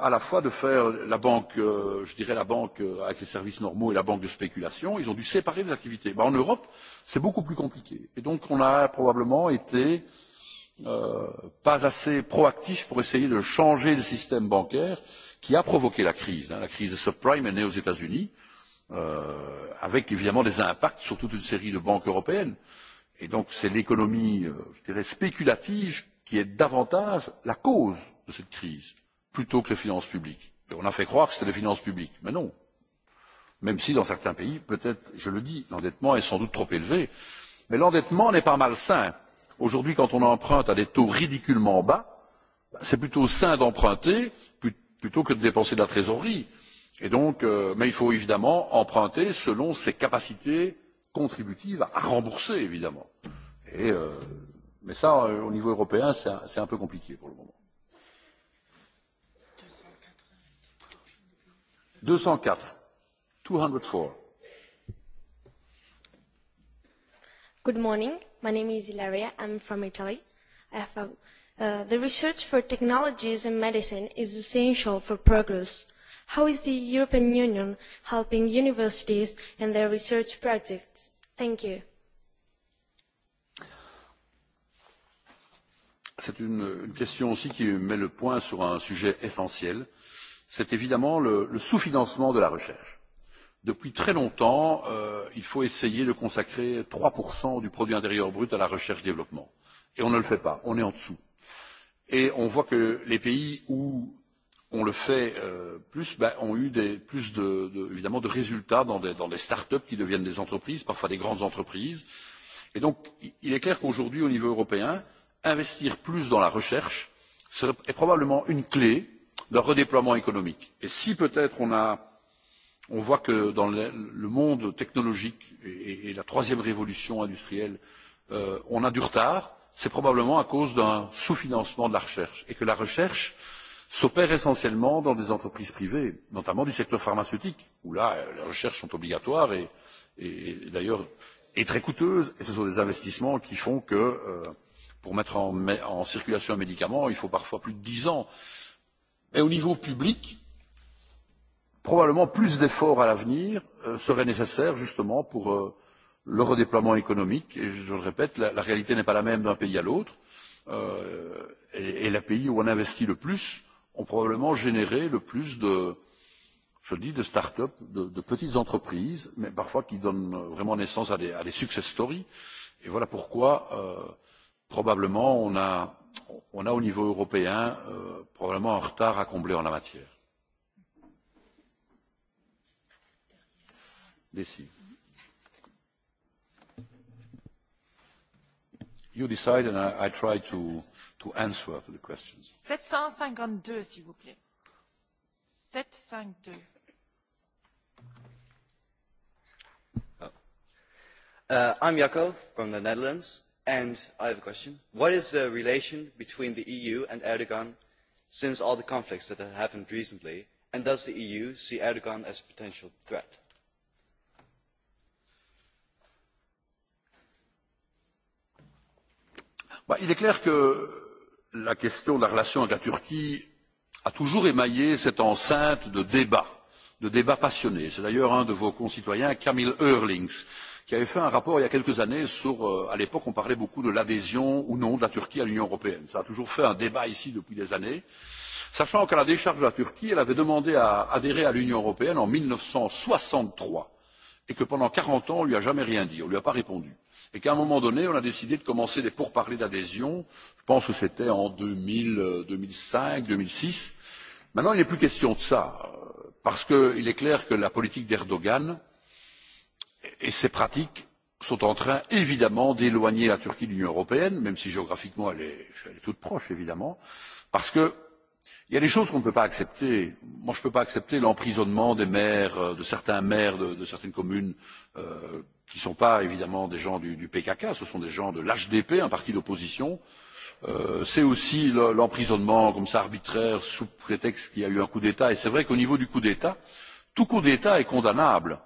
à la fois de faire la banque, je dirais la banque avec les services normaux et la banque de spéculation, ils ont dû séparer les activités. en Europe, c'est beaucoup plus compliqué. Et donc, on a probablement été pas assez proactif pour essayer de changer le système bancaire qui a provoqué la crise. La crise des subprimes est née aux États-Unis, avec évidemment des impacts sur toute une série de banques européennes. Et donc, c'est l'économie, je dirais, spéculative qui est davantage la cause de cette crise plutôt que les finances publiques. Et on a fait croire que c'était les finances publiques, mais non. Même si dans certains pays, peut-être, je le dis, l'endettement est sans doute trop élevé. Mais l'endettement n'est pas malsain. Aujourd'hui, quand on emprunte à des taux ridiculement bas, c'est plutôt sain d'emprunter plutôt que de dépenser de la trésorerie. Et donc, euh, mais il faut évidemment emprunter selon ses capacités contributives à rembourser, évidemment. Et, euh, mais ça, au niveau européen, c'est un, un peu compliqué pour le moment. deux cent quatre Good morning. My name is Ilaria. I'm from Italy. I have uh, the research for technologies in medicine is essential for progress. How is the European Union helping universities and their research projects? Thank you. C'est une, une question aussi qui met le point sur un sujet essentiel euh, c'est évidemment le, le sous-financement de la recherche. Depuis très longtemps, euh, il faut essayer de consacrer 3% du produit intérieur brut à la recherche-développement. Et on ne le fait pas, on est en dessous. Et on voit que les pays où on le fait euh, plus, ben, ont eu des, plus de, de, évidemment de résultats dans des, dans des start-up qui deviennent des entreprises, parfois des grandes entreprises. Et donc, il est clair qu'aujourd'hui, au niveau européen, investir plus dans la recherche est probablement une clé de redéploiement économique. Et si peut-être on a on voit que dans le monde technologique et la troisième révolution industrielle, on a du retard, c'est probablement à cause d'un sous-financement de la recherche et que la recherche s'opère essentiellement dans des entreprises privées, notamment du secteur pharmaceutique, où là, les recherches sont obligatoires et, et d'ailleurs est très coûteuses, Et ce sont des investissements qui font que, pour mettre en, en circulation un médicament, il faut parfois plus de dix ans mais au niveau public, probablement plus d'efforts à l'avenir seraient nécessaires justement pour le redéploiement économique. Et je le répète, la, réalité n'est pas la même d'un pays à l'autre. et, les pays où on investit le plus ont probablement généré le plus de, je dis, de start-up, de, de petites entreprises, mais parfois qui donnent vraiment naissance à des, à des success stories. Et voilà pourquoi, euh, probablement, on a on a au niveau européen euh, probablement un retard à combler en la matière. Merci. You decide and I, I try to, to answer to the questions. 752, s'il vous plaît. 752. Uh, I'm Jaco from the Netherlands Uh, And I have a question. What is the relation between the EU and erdoan since all the conflicts that have happened recently? And does the EU see erdoan as a potential threat? il est clair que la question de la relation avec la Turquie a toujours émaillé cette enceinte de débats, de débats passionnés. C'est d'ailleurs un de vos concitoyens, Camille Eurlings, qui avait fait un rapport il y a quelques années sur, à l'époque, on parlait beaucoup de l'adhésion ou non de la Turquie à l'Union européenne. Ça a toujours fait un débat ici depuis des années. Sachant qu'à la décharge de la Turquie, elle avait demandé à adhérer à l'Union européenne en 1963 et que pendant quarante ans, on ne lui a jamais rien dit, on ne lui a pas répondu. Et qu'à un moment donné, on a décidé de commencer des pourparlers d'adhésion, je pense que c'était en 2000, 2005, 2006. Maintenant, il n'est plus question de ça, parce qu'il est clair que la politique d'Erdogan, euh, et ces pratiques sont en train évidemment d'éloigner la Turquie de l'Union européenne, même si géographiquement elle est, elle est toute proche évidemment, parce que il y a des choses qu'on ne peut pas accepter. Moi, je ne peux pas accepter l'emprisonnement des maires, de certains maires de, de certaines communes, euh, qui ne sont pas évidemment des gens du, du PKK, ce sont des gens de l'HDP, un parti d'opposition. Euh, c'est aussi l'emprisonnement comme ça arbitraire sous prétexte qu'il y a eu un coup d'État. Et c'est vrai qu'au niveau du coup d'État, tout coup d'État est condamnable. Euh,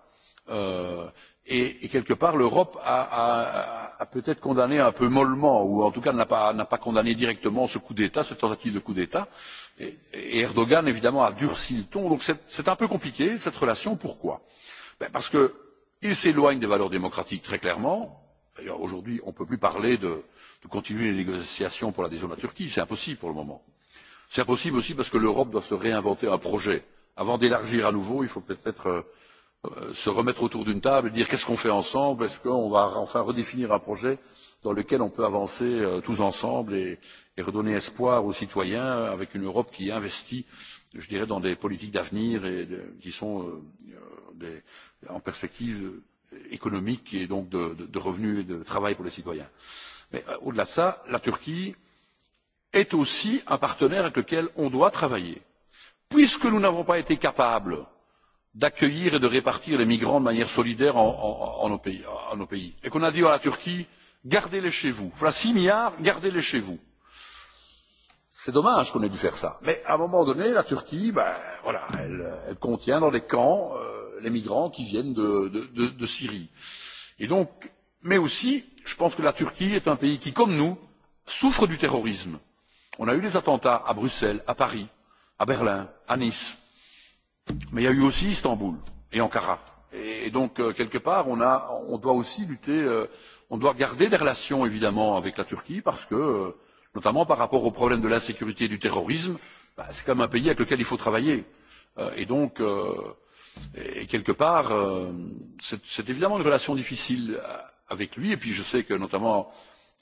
et, quelque part, l'Europe a, peut-être condamné un peu mollement, ou en tout cas n'a pas, condamné directement ce coup d'État, cette tentative de coup d'État. Et, Erdogan, évidemment, a durci le ton. Donc c'est un peu compliqué, cette relation. Pourquoi Parce qu'il s'éloigne des valeurs démocratiques très clairement. D'ailleurs, aujourd'hui, on ne peut plus parler de, continuer les négociations pour l'adhésion de la Turquie. C'est impossible pour le moment. C'est impossible aussi parce que l'Europe doit se réinventer un projet. Avant d'élargir à nouveau, il faut peut-être se remettre autour d'une table et dire qu'est-ce qu'on fait ensemble, est-ce qu'on va enfin redéfinir un projet dans lequel on peut avancer tous ensemble et, redonner espoir aux citoyens avec une Europe qui investit, je dirais, dans des politiques d'avenir et qui sont en perspective économique et donc de, de revenus et de travail pour les citoyens. Mais au-delà de ça, la Turquie est aussi un partenaire avec lequel on doit travailler. Puisque nous n'avons pas été capables d'accueillir et de répartir les migrants de manière solidaire en, nos pays, Et qu'on a dit à la Turquie, gardez-les chez vous. Voilà six milliards, gardez-les chez vous. C'est dommage qu'on ait dû faire ça. Mais à un moment donné, la Turquie, ben, voilà, elle, elle contient dans les camps euh, les migrants qui viennent de, de, de, de Syrie. Et donc, mais aussi, je pense que la Turquie est un pays qui, comme nous, souffre du terrorisme. On a eu les attentats à Bruxelles, à Paris, à Berlin, à Nice Mais il y a eu aussi Istanbul et Ankara. Et donc, quelque part, on, a, on doit aussi lutter, on doit garder des relations, évidemment, avec la Turquie, parce que, notamment par rapport au problème de l'insécurité et du terrorisme, bah, c'est quand même un pays avec lequel il faut travailler. et donc, et quelque part, c'est évidemment une relation difficile avec lui, et puis je sais que, notamment,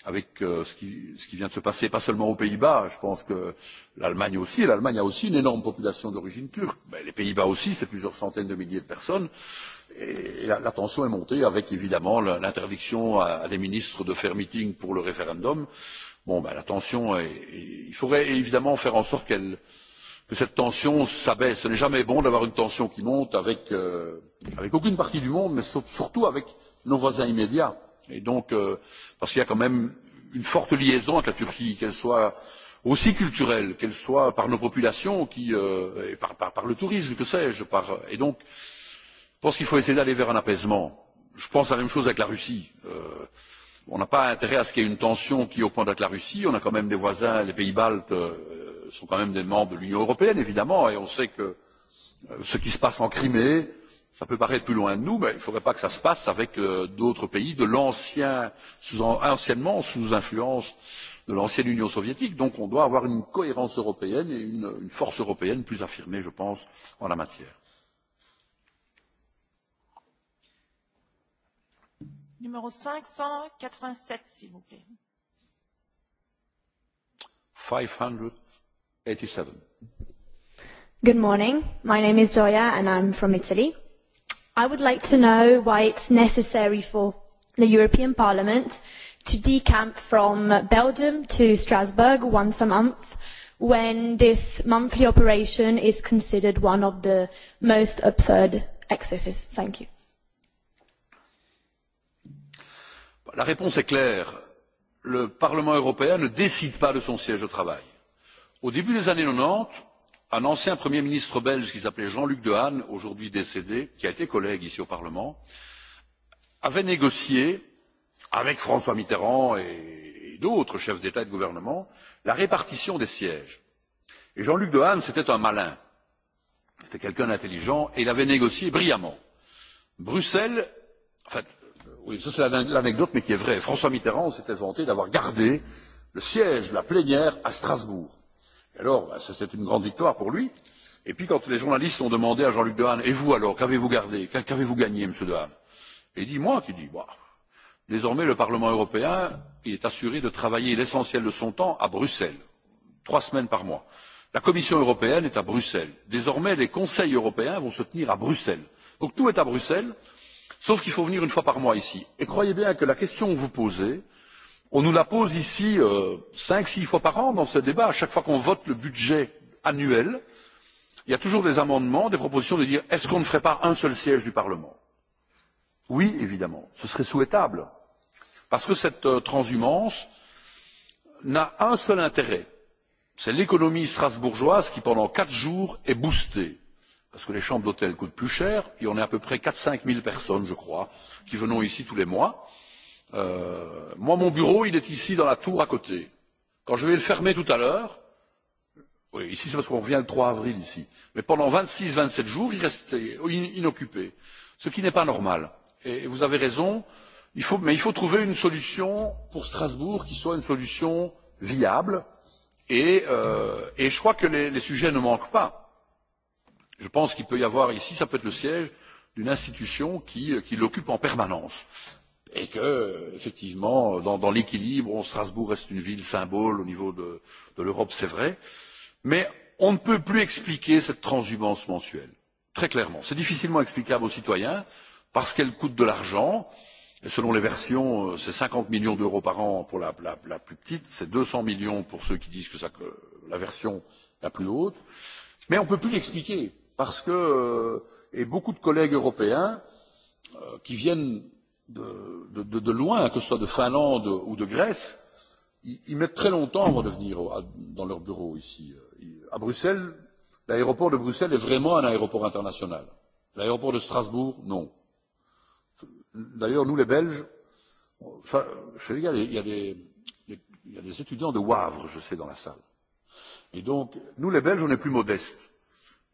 avec euh, ce, qui, ce qui vient de se passer, pas seulement aux Pays-Bas. Je pense que l'Allemagne aussi, l'Allemagne a aussi une énorme population d'origine turque. Mais les Pays-Bas aussi, c'est plusieurs centaines de milliers de personnes. Et la, la tension est montée avec évidemment l'interdiction à, à des ministres de faire meeting pour le référendum. Bon, ben, la tension, est, et, il faudrait évidemment faire en sorte qu'elle que cette tension s'abaisse. Ce n'est jamais bon d'avoir une tension qui monte avec, euh, avec aucune partie du monde, mais surtout avec nos voisins immédiats Et donc, euh, parce qu'il y a quand même une forte liaison avec la Turquie, qu'elle soit aussi culturelle, qu'elle soit par nos populations, qui, euh, et par, par, par le tourisme, que sais-je. Par, et donc, je pense qu'il faut essayer d'aller vers un apaisement. Je pense à la même chose avec la Russie. Euh, on n'a pas intérêt à ce qu'il y ait une tension qui au point d'être la Russie. On a quand même des voisins, les pays baltes euh, sont quand même des membres de l'Union européenne, évidemment, et on sait que ce qui se passe en Crimée, ça peut paraître plus loin de nous, mais il ne faudrait pas que ça se passe avec d'autres pays de l'ancien, sous, anciennement sous influence de l'ancienne Union soviétique. Donc on doit avoir une cohérence européenne et une, une force européenne plus affirmée, je pense, en la matière. Numéro 587, s'il vous plaît. 587. Good morning. My name is Joya and I'm from Italy. I would like to know why it's necessary for the European Parliament to decamp from Belgium to Strasbourg once a month when this monthly operation is considered one of the most absurd excesses. Thank you. La réponse est claire. Le Parlement européen ne décide pas de son siège de travail. Au début des années 90, un ancien Premier ministre belge qui s'appelait Jean-Luc Dehaene, aujourd'hui décédé, qui a été collègue ici au Parlement, avait négocié avec François Mitterrand et d'autres chefs d'État et de gouvernement la répartition des sièges. Et Jean-Luc Dehaene, c'était un malin. C'était quelqu'un d'intelligent et il avait négocié brillamment. Bruxelles, en fait, oui, ça c'est l'anecdote mais qui est vraie. François Mitterrand s'était vanté d'avoir gardé le siège de la plénière à Strasbourg Alors, ça c'est une grande victoire pour lui. Et puis quand les journalistes ont demandé à Jean-Luc Dehaene, et vous alors, qu'avez-vous gardé Qu'avez-vous gagné, Monsieur Dehaene Et il dit, moi, qui dit, bah, désormais le Parlement européen, il est assuré de travailler l'essentiel de son temps à Bruxelles, trois semaines par mois. La Commission européenne est à Bruxelles. Désormais, les conseils européens vont se tenir à Bruxelles. Donc tout est à Bruxelles, sauf qu'il faut venir une fois par mois ici. Et croyez bien que la question que vous posez, On nous la pose ici cinq, six fois par an dans ce débat, à chaque fois qu'on vote le budget annuel, il y a toujours des amendements, des propositions de dire est-ce qu'on ne ferait pas un seul siège du Parlement Oui, évidemment, ce serait souhaitable, parce que cette transhumance n'a un seul intérêt, c'est l'économie strasbourgeoise qui, pendant quatre jours, est boostée. Parce que les chambres d'hôtel coûtent plus cher, et on est à peu près quatre cinq personnes, je crois, qui venons ici tous les mois moi, mon bureau, il est ici, dans la tour à côté. Quand je vais le fermer tout à l'heure, oui, ici, c'est parce qu'on revient le 3 avril ici, mais pendant 26-27 jours, il restait inoccupé, ce qui n'est pas normal. Et vous avez raison, il faut, mais il faut trouver une solution pour Strasbourg qui soit une solution viable. Et, euh, et je crois que les, les sujets ne manquent pas. Je pense qu'il peut y avoir ici, ça peut être le siège d'une institution qui, qui l'occupe en permanence et que, effectivement, dans, dans l'équilibre, Strasbourg reste une ville symbole au niveau de, de l'Europe, c'est vrai, mais on ne peut plus expliquer cette transhumance mensuelle, très clairement. C'est difficilement explicable aux citoyens, parce qu'elle coûte de l'argent, et selon les versions, c'est 50 millions d'euros par an pour la, la, la plus petite, c'est 200 millions pour ceux qui disent que, ça, que la version la plus haute, mais on ne peut plus l'expliquer, parce que, et beaucoup de collègues européens, qui viennent de, de, de, de loin, que ce soit de Finlande ou de Grèce, ils, ils mettent très longtemps avant de venir au, à, dans leur bureau ici. À Bruxelles, l'aéroport de Bruxelles est vraiment un aéroport international. L'aéroport de Strasbourg, non. D'ailleurs, nous les Belges, enfin, je sais, il y a des, il y a des, il y a des étudiants de Wavre, je sais, dans la salle. Et donc, nous les Belges, on est plus modestes.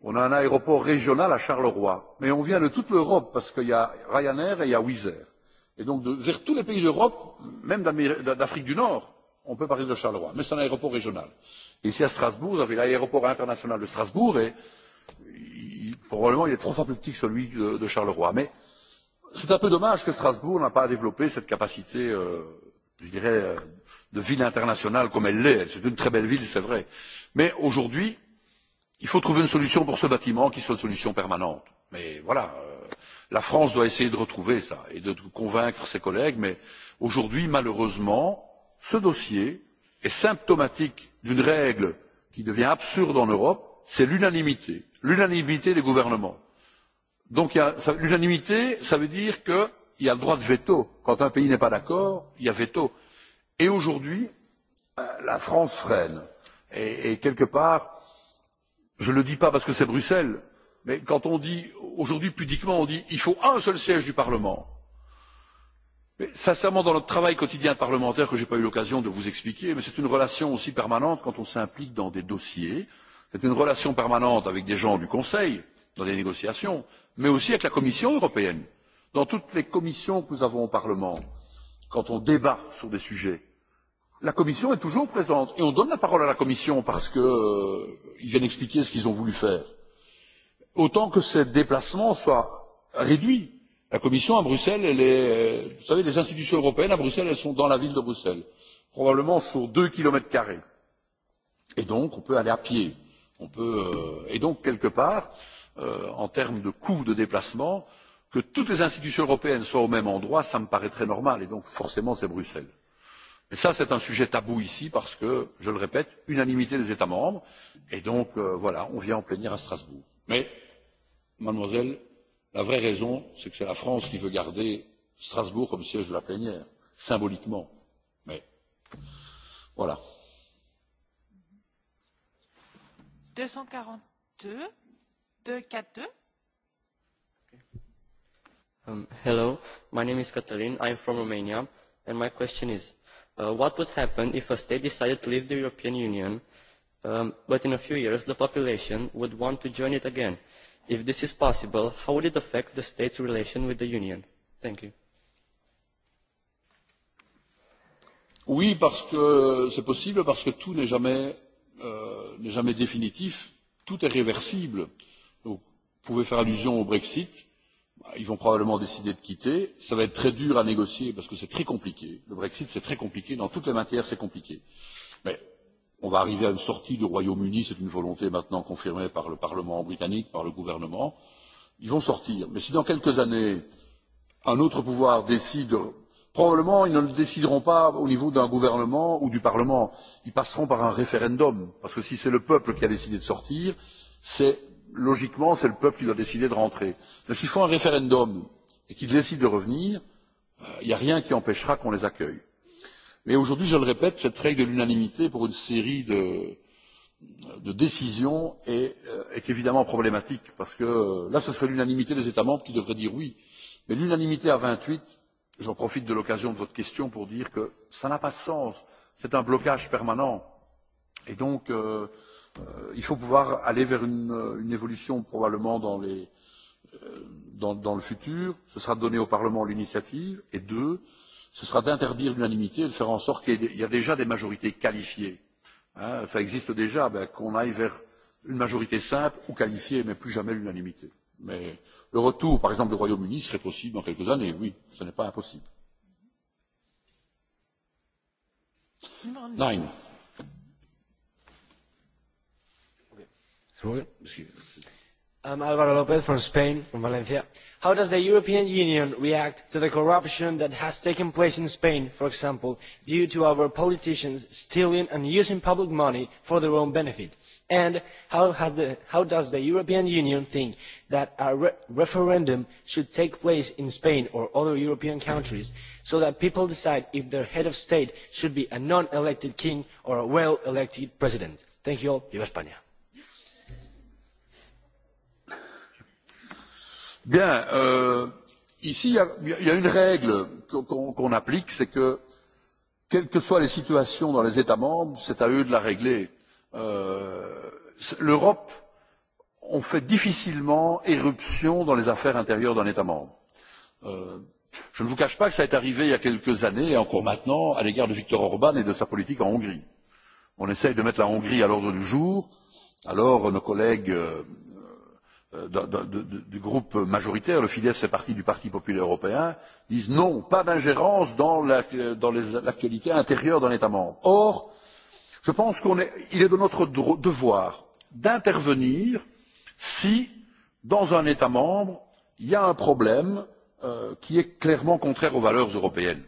On a un aéroport régional à Charleroi, mais on vient de toute l'Europe parce qu'il y a Ryanair et il y a Wizz Air. Et donc, vers tous les pays d'Europe, même d'Afrique du Nord, on peut partir de Charleroi. Mais c'est un aéroport régional. Ici à Strasbourg, vous avez l'aéroport international de Strasbourg et il, probablement il est trois fois plus petit que celui de, de Charleroi. Mais c'est un peu dommage que Strasbourg n'a pas développé cette capacité, euh, je dirais, de ville internationale comme elle l'est. C'est une très belle ville, c'est vrai. Mais aujourd'hui, il faut trouver une solution pour ce bâtiment qui soit une solution permanente. Mais voilà. Euh, La France doit essayer de retrouver ça et de convaincre ses collègues, mais aujourd'hui, malheureusement, ce dossier est symptomatique d'une règle qui devient absurde en Europe, c'est l'unanimité, l'unanimité des gouvernements. Donc l'unanimité, ça veut dire qu'il y a le droit de veto. Quand un pays n'est pas d'accord, il y a veto. Et aujourd'hui, la France freine. Et, quelque part, je ne le dis pas parce que c'est Bruxelles, Mais quand on dit, aujourd'hui pudiquement, on dit il faut un seul siège du Parlement. Mais sincèrement, dans notre travail quotidien parlementaire que je n'ai pas eu l'occasion de vous expliquer, mais c'est une relation aussi permanente quand on s'implique dans des dossiers, c'est une relation permanente avec des gens du Conseil, dans des négociations, mais aussi avec la Commission européenne, dans toutes les commissions que nous avons au Parlement, quand on débat sur des sujets. La Commission est toujours présente et on donne la parole à la Commission parce qu'ils viennent expliquer ce qu'ils ont voulu faire autant que ces déplacements soient réduits. La Commission à Bruxelles, elle est, vous savez, les institutions européennes à Bruxelles, elles sont dans la ville de Bruxelles, probablement sur deux kilomètres carrés. Et donc, on peut aller à pied. On peut, euh, et donc, quelque part, euh, en termes de coûts de déplacement, que toutes les institutions européennes soient au même endroit, ça me paraît très normal. Et donc, forcément, c'est Bruxelles. Et ça, c'est un sujet tabou ici parce que, je le répète, unanimité des États membres. Et donc, euh, voilà, on vient en plénière à Strasbourg. Mais mademoiselle, la vraie raison, c'est que c'est la France qui veut garder Strasbourg comme siège de la plénière, symboliquement. Mais voilà. 242, 242. Um, hello, my name is Catalin. I'm from Romania, and my question is: uh, What would happen if a state decided to leave the European Union, um, but in a few years the population would want to join it again? If this is possible, how would it affect the state's relations with the Union? Thank you. Oui, parce que c'est possible, parce que tout n'est jamais, euh, jamais définitif, tout est réversible. Donc, vous pouvez faire allusion au Brexit, ils vont probablement décider de quitter, ça va être très dur à négocier parce que c'est très compliqué. Le Brexit, c'est très compliqué, dans toutes les matières, c'est compliqué. Mais on va arriver à une sortie du Royaume-Uni, c'est une volonté maintenant confirmée par le Parlement britannique, par le gouvernement, ils vont sortir. Mais si dans quelques années, un autre pouvoir décide, probablement ils ne le décideront pas au niveau d'un gouvernement ou du Parlement, ils passeront par un référendum, parce que si c'est le peuple qui a décidé de sortir, c'est logiquement c'est le peuple qui doit décider de rentrer. Mais s'ils font un référendum et qu'ils décident de revenir, il n'y a rien qui empêchera qu'on les accueille. Mais aujourd'hui, je le répète, cette règle de l'unanimité pour une série de, de décisions est, est évidemment problématique, parce que là, ce serait l'unanimité des États membres qui devraient dire oui. Mais l'unanimité à 28, j'en profite de l'occasion de votre question pour dire que ça n'a pas de sens. C'est un blocage permanent. Et donc, euh, euh, il faut pouvoir aller vers une, une évolution probablement dans, les, euh, dans, dans le futur. Ce sera donné au Parlement l'initiative. Et deux, euh, ce sera d'interdire l'unanimité et de faire en sorte qu'il y ait déjà des majorités qualifiées. Hein, ça existe déjà, ben, qu'on aille vers une majorité simple ou qualifiée, mais plus jamais l'unanimité. Mais le retour, par exemple, du Royaume-Uni serait possible dans quelques années, oui, ce n'est pas impossible. Nein. I'm Álvaro López from Spain, from Valencia. How does the European Union react to the corruption that has taken place in Spain, for example, due to our politicians stealing and using public money for their own benefit? And how, has the, how does the European Union think that a re referendum should take place in Spain or other European countries so that people decide if their head of state should be a non-elected king or a well-elected president? Thank you all. Viva España. Bien, euh, ici, il y a, il y a une règle qu'on qu applique, c'est que, quelles que soient les situations dans les États membres, c'est à eux de la régler. Euh, L'Europe, on fait difficilement éruption dans les affaires intérieures d'un État membre. Euh, je ne vous cache pas que ça est arrivé il y a quelques années, et encore maintenant, à l'égard de Viktor Orban et de sa politique en Hongrie. On essaye de mettre la Hongrie à l'ordre du jour, alors nos collègues du groupe majoritaire, le Fidesz fait partie du Parti populaire européen, disent non, pas d'ingérence dans l'actualité intérieure d'un État membre. Or, je pense qu'il est de notre devoir d'intervenir si, dans un État membre, il y a un problème qui est clairement contraire aux valeurs européennes.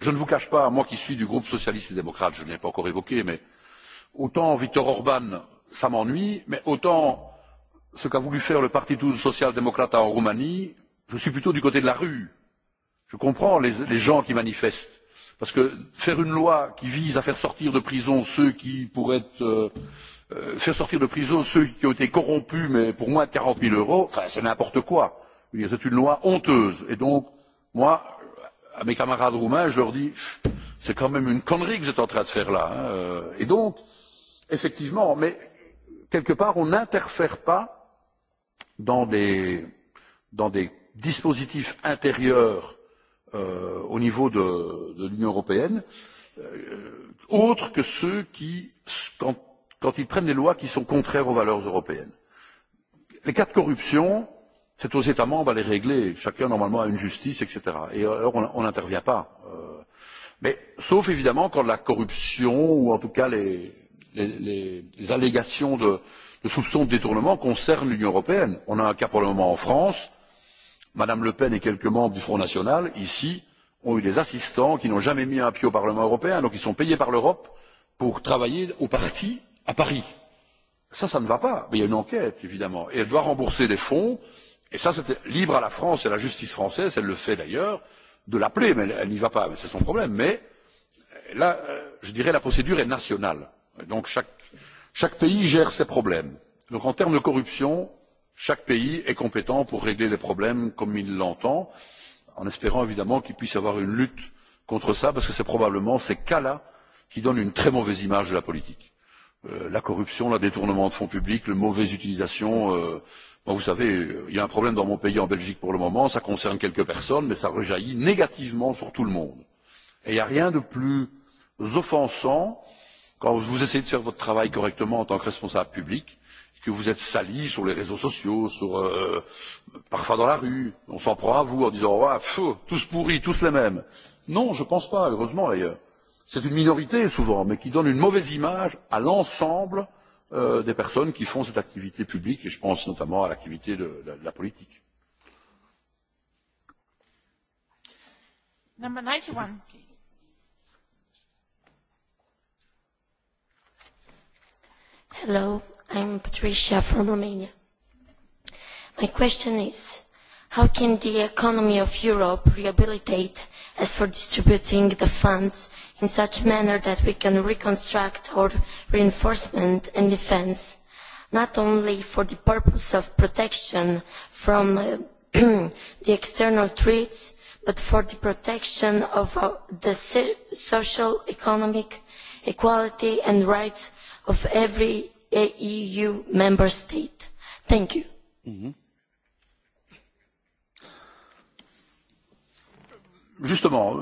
Je ne vous cache pas, moi qui suis du groupe socialiste et démocrate, je ne l'ai pas encore évoqué, mais autant Viktor Orban, ça m'ennuie, mais autant ce qu'a voulu faire le Parti Social Démocrate en Roumanie, je suis plutôt du côté de la rue. Je comprends les, les gens qui manifestent. Parce que faire une loi qui vise à faire sortir de prison ceux qui pourraient être, euh, euh, faire sortir de prison ceux qui ont été corrompus, mais pour moins de 40 000 euros, enfin, c'est n'importe quoi. C'est une loi honteuse. Et donc, moi, à mes camarades roumains, je leur dis, c'est quand même une connerie que vous êtes en train de faire là. Hein. Et donc, effectivement, mais quelque part, on n'interfère pas dans des, dans des dispositifs intérieurs euh, au niveau de, de l'Union européenne, euh, autres que ceux qui, quand, quand ils prennent des lois qui sont contraires aux valeurs européennes. Les cas de corruption, c'est aux États membres à les régler. Chacun, normalement, a une justice, etc. Et alors, on n'intervient pas. Euh, mais sauf, évidemment, quand la corruption, ou en tout cas les, les, les, allégations de, euh, Le soupçon de détournement concerne l'Union européenne. On a un cas pour le moment en France. Madame Le Pen et quelques membres du Front National, ici, ont eu des assistants qui n'ont jamais mis un pied au Parlement européen, donc ils sont payés par l'Europe pour travailler au parti à Paris. Ça, ça ne va pas. Mais il y a une enquête, évidemment. Et elle doit rembourser des fonds. Et ça, c'est libre à la France et à la justice française, elle le fait d'ailleurs, de l'appeler, mais elle, n'y va pas. C'est son problème. Mais là, je dirais, la procédure est nationale. Donc chaque Chaque pays gère ses problèmes. Donc en termes de corruption, chaque pays est compétent pour régler les problèmes comme il l'entend, en espérant évidemment qu'il puisse y avoir une lutte contre cela, parce que c'est probablement ces cas-là qui donnent une très mauvaise image de la politique. la corruption, le détournement de fonds publics, la mauvaise utilisation. vous savez, il y a un problème dans mon pays, en Belgique, pour le moment. Ça concerne quelques personnes, mais ça rejaillit négativement sur tout le monde. Et il n'y a rien de plus offensant euh, Quand vous essayez de faire votre travail correctement en tant que responsable public, que vous êtes sali sur les réseaux sociaux, sur, euh, parfois dans la rue, on s'en prend à vous en disant ouais, pff, tous pourris, tous les mêmes. Non, je ne pense pas, heureusement d'ailleurs. C'est une minorité souvent, mais qui donne une mauvaise image à l'ensemble euh, des personnes qui font cette activité publique, et je pense notamment à l'activité de, de, de la politique. Number 91, please. Hello, I'm Patricia from Romania. My question is, how can the economy of Europe rehabilitate as for distributing the funds in such manner that we can reconstruct our reinforcement and defence, not only for the purpose of protection from the external threats, but for the protection of the social, economic equality and rights of every EU member state. Thank you. Justement,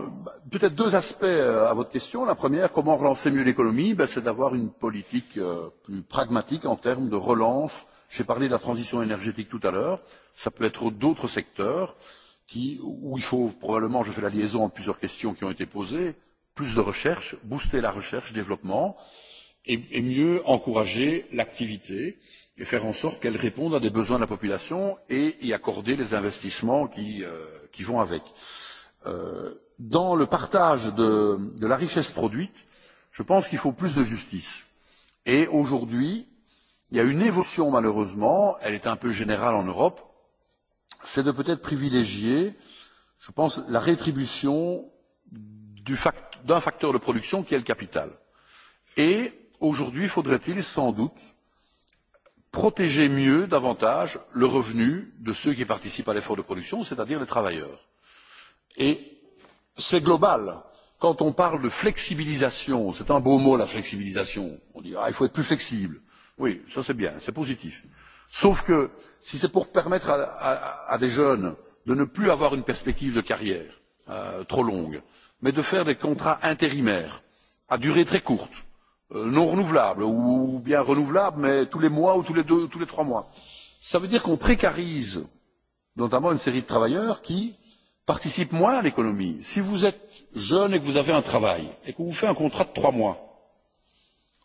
peut-être deux aspects à votre question. La première, comment relancer mieux l'économie C'est d'avoir une politique plus pragmatique en termes de relance. J'ai parlé de la transition énergétique tout à l'heure. Ça peut être d'autres secteurs qui, où il faut probablement, je fais la liaison entre plusieurs questions qui ont été posées, plus de recherche, booster la recherche, développement. Euh, et mieux encourager l'activité et faire en sorte qu'elle réponde à des besoins de la population et y accorder les investissements qui, vont avec. dans le partage de, la richesse produite, je pense qu'il faut plus de justice. Et aujourd'hui, il y a une évolution malheureusement, elle est un peu générale en Europe, c'est de peut-être privilégier, je pense, la rétribution d'un facteur de production qui est le capital. Et aujourd'hui faudrait-il sans doute protéger mieux, davantage, le revenu de ceux qui participent à l'effort de production, c'est-à-dire les travailleurs. Et c'est global. Quand on parle de flexibilisation, c'est un beau mot la flexibilisation. On dit ah, il faut être plus flexible. Oui, ça c'est bien, c'est positif. Sauf que si c'est pour permettre à, à, à des jeunes de ne plus avoir une perspective de carrière euh, trop longue, mais de faire des contrats intérimaires à durée très courte, non renouvelables, ou bien renouvelables, mais tous les mois ou tous les deux ou tous les trois mois. Ça veut dire qu'on précarise notamment une série de travailleurs qui participent moins à l'économie. Si vous êtes jeune et que vous avez un travail et qu'on vous fait un contrat de trois mois,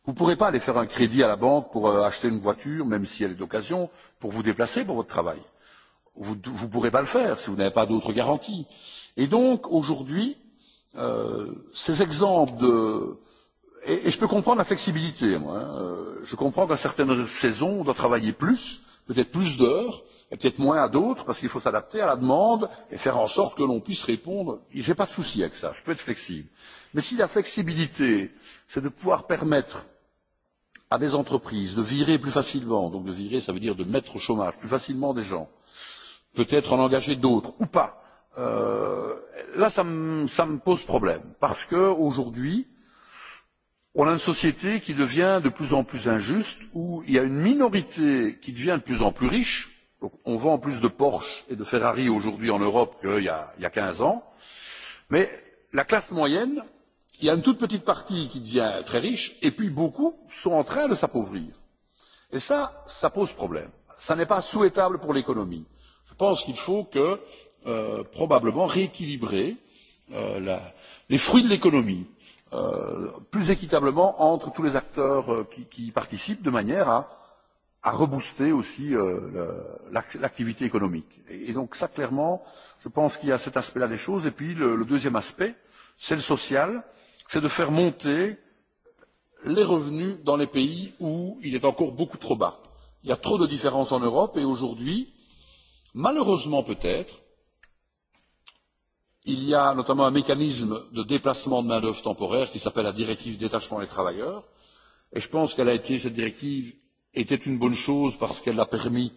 vous ne pourrez pas aller faire un crédit à la banque pour acheter une voiture, même si elle est d'occasion, pour vous déplacer pour votre travail. Vous ne pourrez pas le faire si vous n'avez pas d'autres garanties. Et donc, aujourd'hui, euh, ces exemples de, euh, Et, et je peux comprendre la flexibilité, moi. Hein. Je comprends qu'à certaines saisons, on doit travailler plus, peut-être plus d'heures, et peut-être moins à d'autres, parce qu'il faut s'adapter à la demande et faire en sorte que l'on puisse répondre. Je n'ai pas de souci avec ça, je peux être flexible. Mais si la flexibilité, c'est de pouvoir permettre à des entreprises de virer plus facilement, donc de virer, ça veut dire de mettre au chômage plus facilement des gens, peut-être en engager d'autres ou pas, euh, là, ça me, me pose problème, parce qu'aujourd'hui, On a une société qui devient de plus en plus injuste, où il y a une minorité qui devient de plus en plus riche. Donc on vend plus de Porsche et de Ferrari aujourd'hui en Europe qu'il y, a, y a 15 ans. Mais la classe moyenne, il y a une toute petite partie qui devient très riche, et puis beaucoup sont en train de s'appauvrir. Et ça, ça pose problème. Ça n'est pas souhaitable pour l'économie. Je pense qu'il faut que, euh, probablement, rééquilibrer euh, la, les fruits de l'économie plus équitablement entre tous les acteurs qui, qui y participent, de manière à, à rebooster aussi l'activité économique. Et, donc ça, clairement, je pense qu'il y a cet aspect-là des choses. Et puis le, deuxième aspect, c'est le social, c'est de faire monter les revenus dans les pays où il est encore beaucoup trop bas. Il y a trop de différences en Europe et aujourd'hui, malheureusement peut-être, Il y a notamment un mécanisme de déplacement de main-d'œuvre temporaire qui s'appelle la directive détachement des travailleurs. Et je pense qu'elle a été, cette directive était une bonne chose parce qu'elle a permis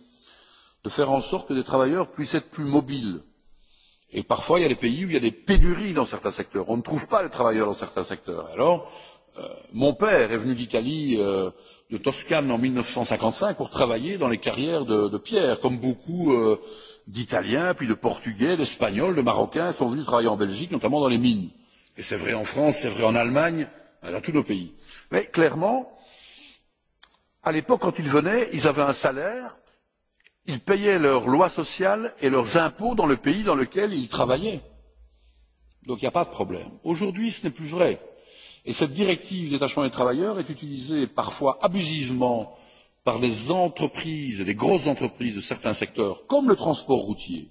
de faire en sorte que des travailleurs puissent être plus mobiles. Et parfois, il y a des pays où il y a des pénuries dans certains secteurs. On ne trouve pas les travailleurs dans certains secteurs. Alors, mon père est venu d'Italie, de Toscane, en mille neuf cent cinquante cinq pour travailler dans les carrières de, pierre, comme beaucoup d'Italiens, puis de Portugais, d'Espagnols, de Marocains sont venus travailler en Belgique, notamment dans les mines. Et c'est vrai en France, c'est vrai en Allemagne, dans tous nos pays. Mais clairement, à l'époque, quand ils venaient, ils avaient un salaire, ils payaient leurs lois sociales et leurs impôts dans le pays dans lequel ils travaillaient. Donc il n'y a pas de problème. Aujourd'hui, ce n'est plus vrai. Et cette directive détachement des travailleurs est utilisée parfois abusivement par les entreprises, les grosses entreprises de certains secteurs, comme le transport routier.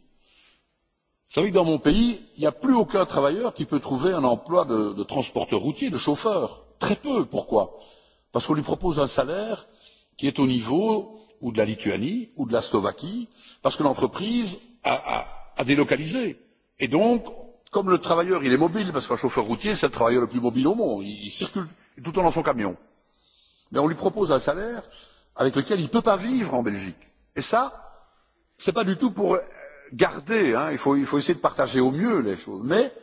Vous savez que dans mon pays, il n'y a plus aucun travailleur qui peut trouver un emploi de, de transporteur routier, de chauffeur. Très peu. Pourquoi Parce qu'on lui propose un salaire qui est au niveau ou de la Lituanie ou de la Slovaquie, parce que l'entreprise a, a, a délocalisé. Et donc, comme le travailleur, il est mobile, parce qu'un chauffeur routier, c'est le travailleur le plus mobile au monde. Il, il circule tout le temps dans son camion. Mais on lui propose un salaire avec lequel il ne peut pas vivre en Belgique. Et ça, ce n'est pas du tout pour garder, hein, il, faut, il faut essayer de partager au mieux les choses. Mais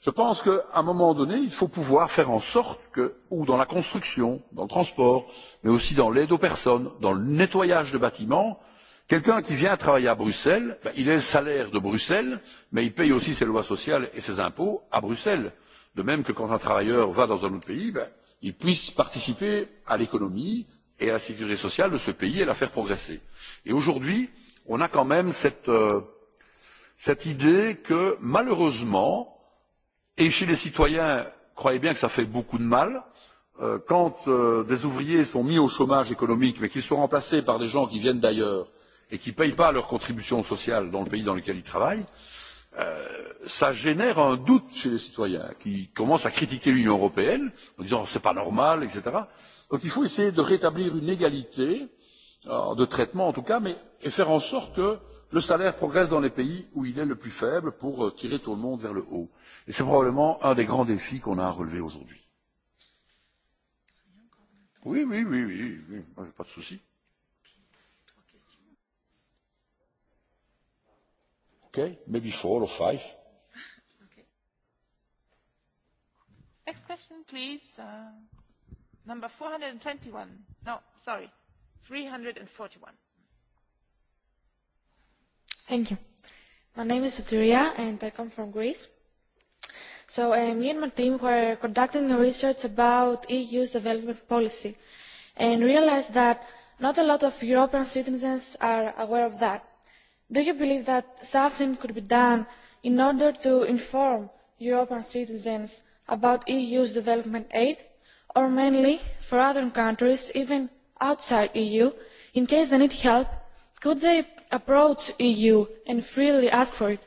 je pense qu'à un moment donné, il faut pouvoir faire en sorte que, ou dans la construction, dans le transport, mais aussi dans l'aide aux personnes, dans le nettoyage de bâtiments, quelqu'un qui vient travailler à Bruxelles, ben, il ait le salaire de Bruxelles, mais il paye aussi ses lois sociales et ses impôts à Bruxelles. De même que quand un travailleur va dans un autre pays, ben, il puisse participer à l'économie, et à la sécurité sociale de ce pays et la faire progresser. Et aujourd'hui, on a quand même cette, cette idée que malheureusement, et chez les citoyens, croyez bien que ça fait beaucoup de mal, quand des ouvriers sont mis au chômage économique, mais qu'ils sont remplacés par des gens qui viennent d'ailleurs et qui ne payent pas leurs contributions sociales dans le pays dans lequel ils travaillent, ça génère un doute chez les citoyens qui commencent à critiquer l'Union européenne en disant c'est pas normal, etc. Donc il faut essayer de rétablir une égalité de traitement en tout cas, mais et faire en sorte que le salaire progresse dans les pays où il est le plus faible pour tirer tout le monde vers le haut. Et c'est probablement un des grands défis qu'on a à relever aujourd'hui. Oui, oui, oui, oui, oui. moi j'ai pas de souci. Ok, maybe four or five. okay. Next question, please. Uh... Number four hundred and twenty one No, sorry, three hundred one Thank you. My name is Soteria and I come from Greece. So uh, me and my team were conducting research about EU's development policy and realized that not a lot of European citizens are aware of that. Do you believe that something could be done in order to inform European citizens about EU's development aid? or mainly for other countries, even outside the EU, in case they need help, could they approach the EU and freely ask for it?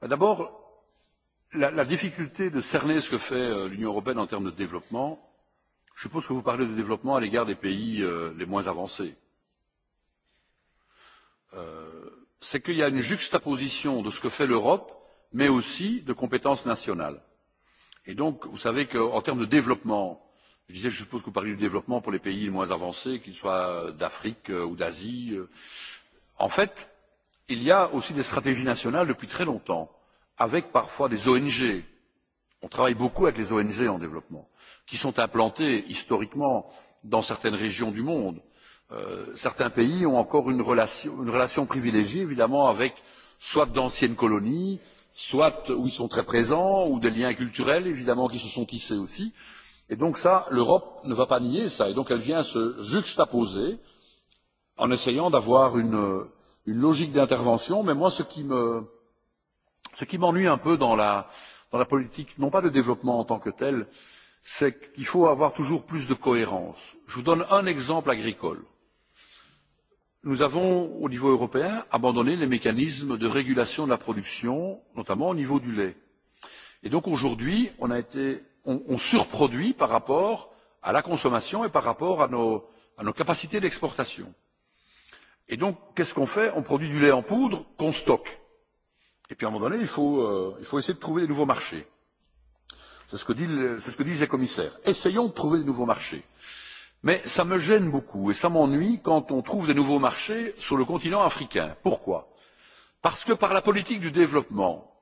D'abord, la, difficulté de cerner ce que fait l'Union européenne en termes de développement, je suppose que vous parlez de développement à l'égard des pays les moins avancés c'est qu'il y a une juxtaposition de ce que fait l'Europe, mais aussi de compétences nationales. Et donc, vous savez qu'en termes de développement, je disais, je suppose que vous parlez du développement pour les pays les moins avancés, qu'ils soient d'Afrique ou d'Asie. En fait, il y a aussi des stratégies nationales depuis très longtemps, avec parfois des ONG. On travaille beaucoup avec les ONG en développement, qui sont implantées historiquement dans certaines régions du monde certains pays ont encore une relation, une relation privilégiée, évidemment, avec soit d'anciennes colonies, soit où ils sont très présents, ou des liens culturels, évidemment, qui se sont tissés aussi. Et donc ça, l'Europe ne va pas nier ça. Et donc elle vient se juxtaposer en essayant d'avoir une, une logique d'intervention. Mais moi, ce qui me, ce qui m'ennuie un peu dans la, dans la politique, non pas de développement en tant que tel, c'est qu'il faut avoir toujours plus de cohérence. Je vous donne un exemple agricole. Nous avons, au niveau européen, abandonné les mécanismes de régulation de la production, notamment au niveau du lait. Et donc aujourd'hui, on, on, on surproduit par rapport à la consommation et par rapport à nos, à nos capacités d'exportation. Et donc, qu'est-ce qu'on fait On produit du lait en poudre qu'on stocke. Et puis à un moment donné, il faut, euh, il faut essayer de trouver des nouveaux marchés. C'est ce, c'est ce que disent les commissaires. Essayons de trouver des nouveaux marchés. Mais ça me gêne beaucoup et ça m'ennuie quand on trouve des nouveaux marchés sur le continent africain. Pourquoi Parce que par la politique du développement,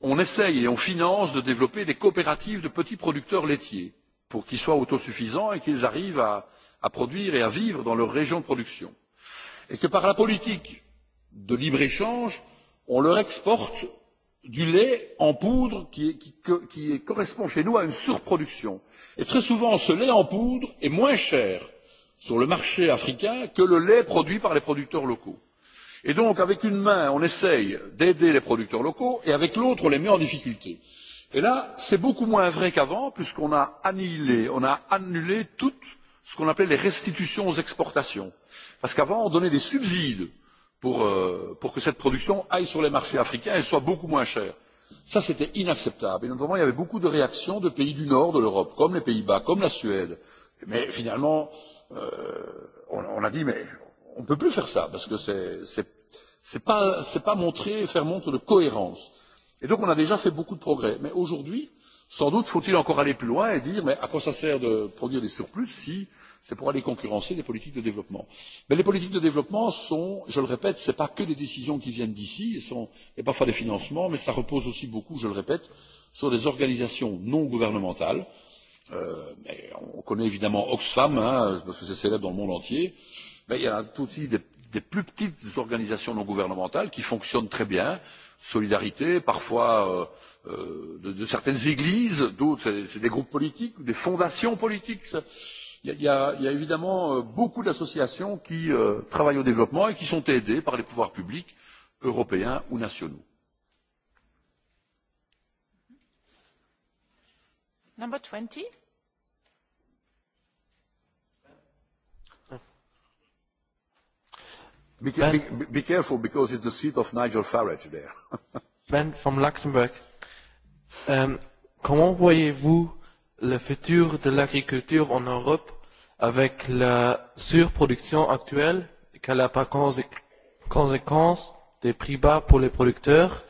on essaye et on finance de développer des coopératives de petits producteurs laitiers pour qu'ils soient autosuffisants et qu'ils arrivent à, à produire et à vivre dans leur région de production. Et que par la politique de libre-échange, on leur exporte du lait en poudre qui, qui, qui correspond chez nous à une surproduction. Et très souvent, ce lait en poudre est moins cher sur le marché africain que le lait produit par les producteurs locaux. Et donc, avec une main, on essaye d'aider les producteurs locaux et avec l'autre, on les met en difficulté. Et là, c'est beaucoup moins vrai qu'avant, puisqu'on a annihilé, on a annulé tout ce qu'on appelait les restitutions aux exportations. Parce qu'avant, on donnait des subsides pour, que cette production aille sur les marchés africains et soit beaucoup moins chère. Ça, c'était inacceptable. Et notamment, il y avait beaucoup de réactions de pays du nord de l'Europe, comme les Pays-Bas, comme la Suède. Mais finalement, euh, on, on a dit, mais on ne peut plus faire ça, parce que ce n'est pas, pas montrer, faire montre de cohérence. Et donc, on a déjà fait beaucoup de progrès. Mais aujourd'hui, Sans doute faut-il encore aller plus loin et dire mais à quoi ça sert de produire des surplus si c'est pour aller concurrencer des politiques de développement. Mais les politiques de développement sont, je le répète, ce ne sont pas que des décisions qui viennent d'ici et parfois des financements, mais ça repose aussi beaucoup, je le répète, sur des organisations non gouvernementales. Euh, mais on connaît évidemment Oxfam, hein, parce que c'est célèbre dans le monde entier, mais il y a tout aussi des des plus petites organisations non gouvernementales qui fonctionnent très bien, solidarité, parfois de, certaines églises, d'autres c'est des groupes politiques, des fondations politiques. Il y, a, évidemment beaucoup d'associations qui travaillent au développement et qui sont aidées par les pouvoirs publics européens ou nationaux. Number 20. Be, be, be careful, because it's the seat of Nigel Farage there. ben from Luxembourg. Um, comment voyez-vous le futur de l'agriculture en Europe avec la surproduction actuelle qu'elle a par conséquence des prix bas pour les producteurs,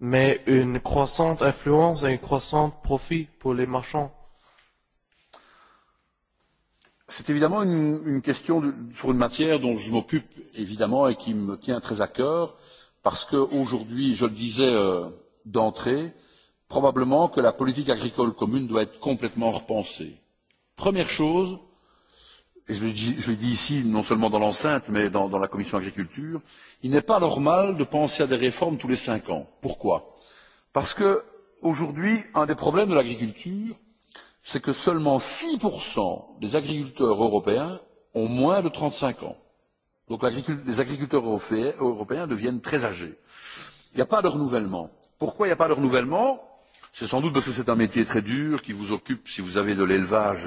mais une croissante influence et un croissant profit pour les marchands C'est évidemment une, une question de, sur une matière dont je m'occupe évidemment et qui me tient très à cœur, parce qu'aujourd'hui, je le disais euh, d'entrée, probablement que la politique agricole commune doit être complètement repensée. Première chose, et je le dis, je le dis ici non seulement dans l'enceinte, mais dans, dans la commission agriculture, il n'est pas normal de penser à des réformes tous les cinq ans. Pourquoi Parce que aujourd'hui, un des problèmes de l'agriculture, c'est que seulement 6% des agriculteurs européens ont moins de 35 ans. Donc les agriculteurs européens deviennent très âgés. Il n'y a pas de renouvellement. Pourquoi il n'y a pas de renouvellement C'est sans doute parce que c'est un métier très dur qui vous occupe si vous avez de l'élevage,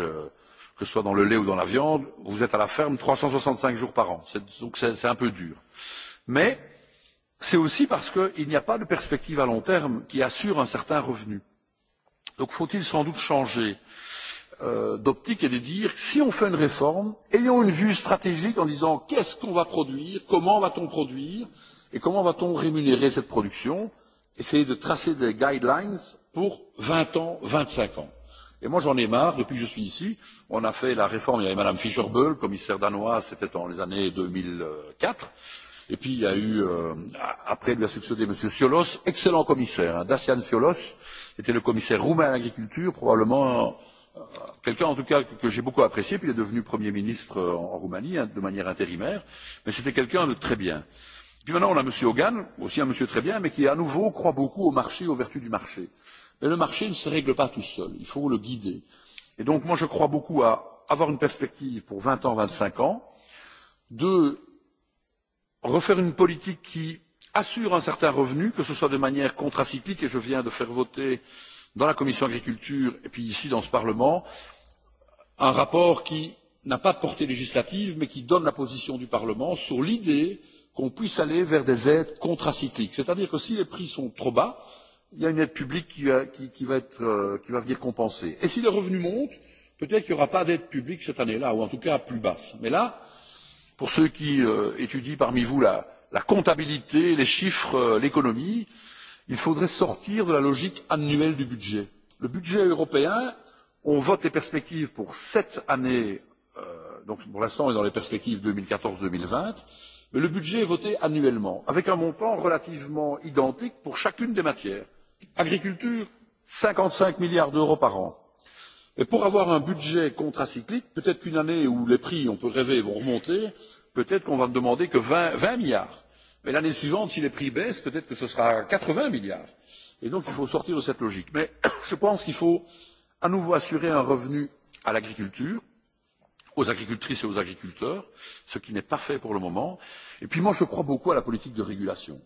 que ce soit dans le lait ou dans la viande, vous êtes à la ferme 365 jours par an. Donc c'est un peu dur. Mais c'est aussi parce qu'il n'y a pas de perspective à long terme qui assure un certain revenu. Donc faut il sans doute changer d'optique et de dire si on fait une réforme, ayons une vue stratégique en disant qu'est ce qu'on va produire, comment va t on produire et comment va t on rémunérer cette production, essayer de tracer des guidelines pour vingt ans, vingt cinq ans. Et moi j'en ai marre, depuis que je suis ici, on a fait la réforme, il y avait Madame Fischer Böll, commissaire danoise, c'était dans les années deux mille quatre Et puis il y a eu, euh, après lui a succédé M. Ciolos, excellent commissaire, hein, Dacian Ciolos, était le commissaire roumain à l'agriculture, probablement euh, quelqu'un en tout cas que, que j'ai beaucoup apprécié, puis il est devenu Premier ministre en, en Roumanie hein, de manière intérimaire, mais c'était quelqu'un de très bien. Puis maintenant on a M. Hogan, aussi un monsieur très bien, mais qui à nouveau croit beaucoup au marché, aux vertus du marché. Mais le marché ne se règle pas tout seul, il faut le guider. Et donc moi je crois beaucoup à avoir une perspective pour 20 ans, 25 ans, deux, refaire une politique qui assure un certain revenu, que ce soit de manière contracyclique, et je viens de faire voter dans la commission agriculture et puis ici dans ce Parlement, un rapport qui n'a pas de portée législative, mais qui donne la position du Parlement sur l'idée qu'on puisse aller vers des aides contracycliques. C'est-à-dire que si les prix sont trop bas, il y a une aide publique qui, va, venir compenser. Et si les revenus montent, peut-être qu'il n'y aura pas d'aide publique cette année-là, ou en tout cas plus basse. Mais là, pour ceux qui étudient parmi vous la, comptabilité, les chiffres, l'économie, il faudrait sortir de la logique annuelle du budget. Le budget européen, on vote les perspectives pour sept années, donc pour l'instant on est dans les perspectives deux mille quatorze mais le budget est voté annuellement, avec un montant relativement identique pour chacune des matières. Agriculture, cinquante cinq milliards d'euros par an et pour avoir un budget contracyclique peut être qu'une année où les prix on peut rêver vont remonter peut être qu'on va ne demander que vingt milliards mais l'année suivante si les prix baissent peut être que ce sera quatre vingts milliards et donc il faut sortir de cette logique. mais je pense qu'il faut à nouveau assurer un revenu à l'agriculture aux agricultrices et aux agriculteurs ce qui n'est pas fait pour le moment et puis moi je crois beaucoup à la politique de régulation.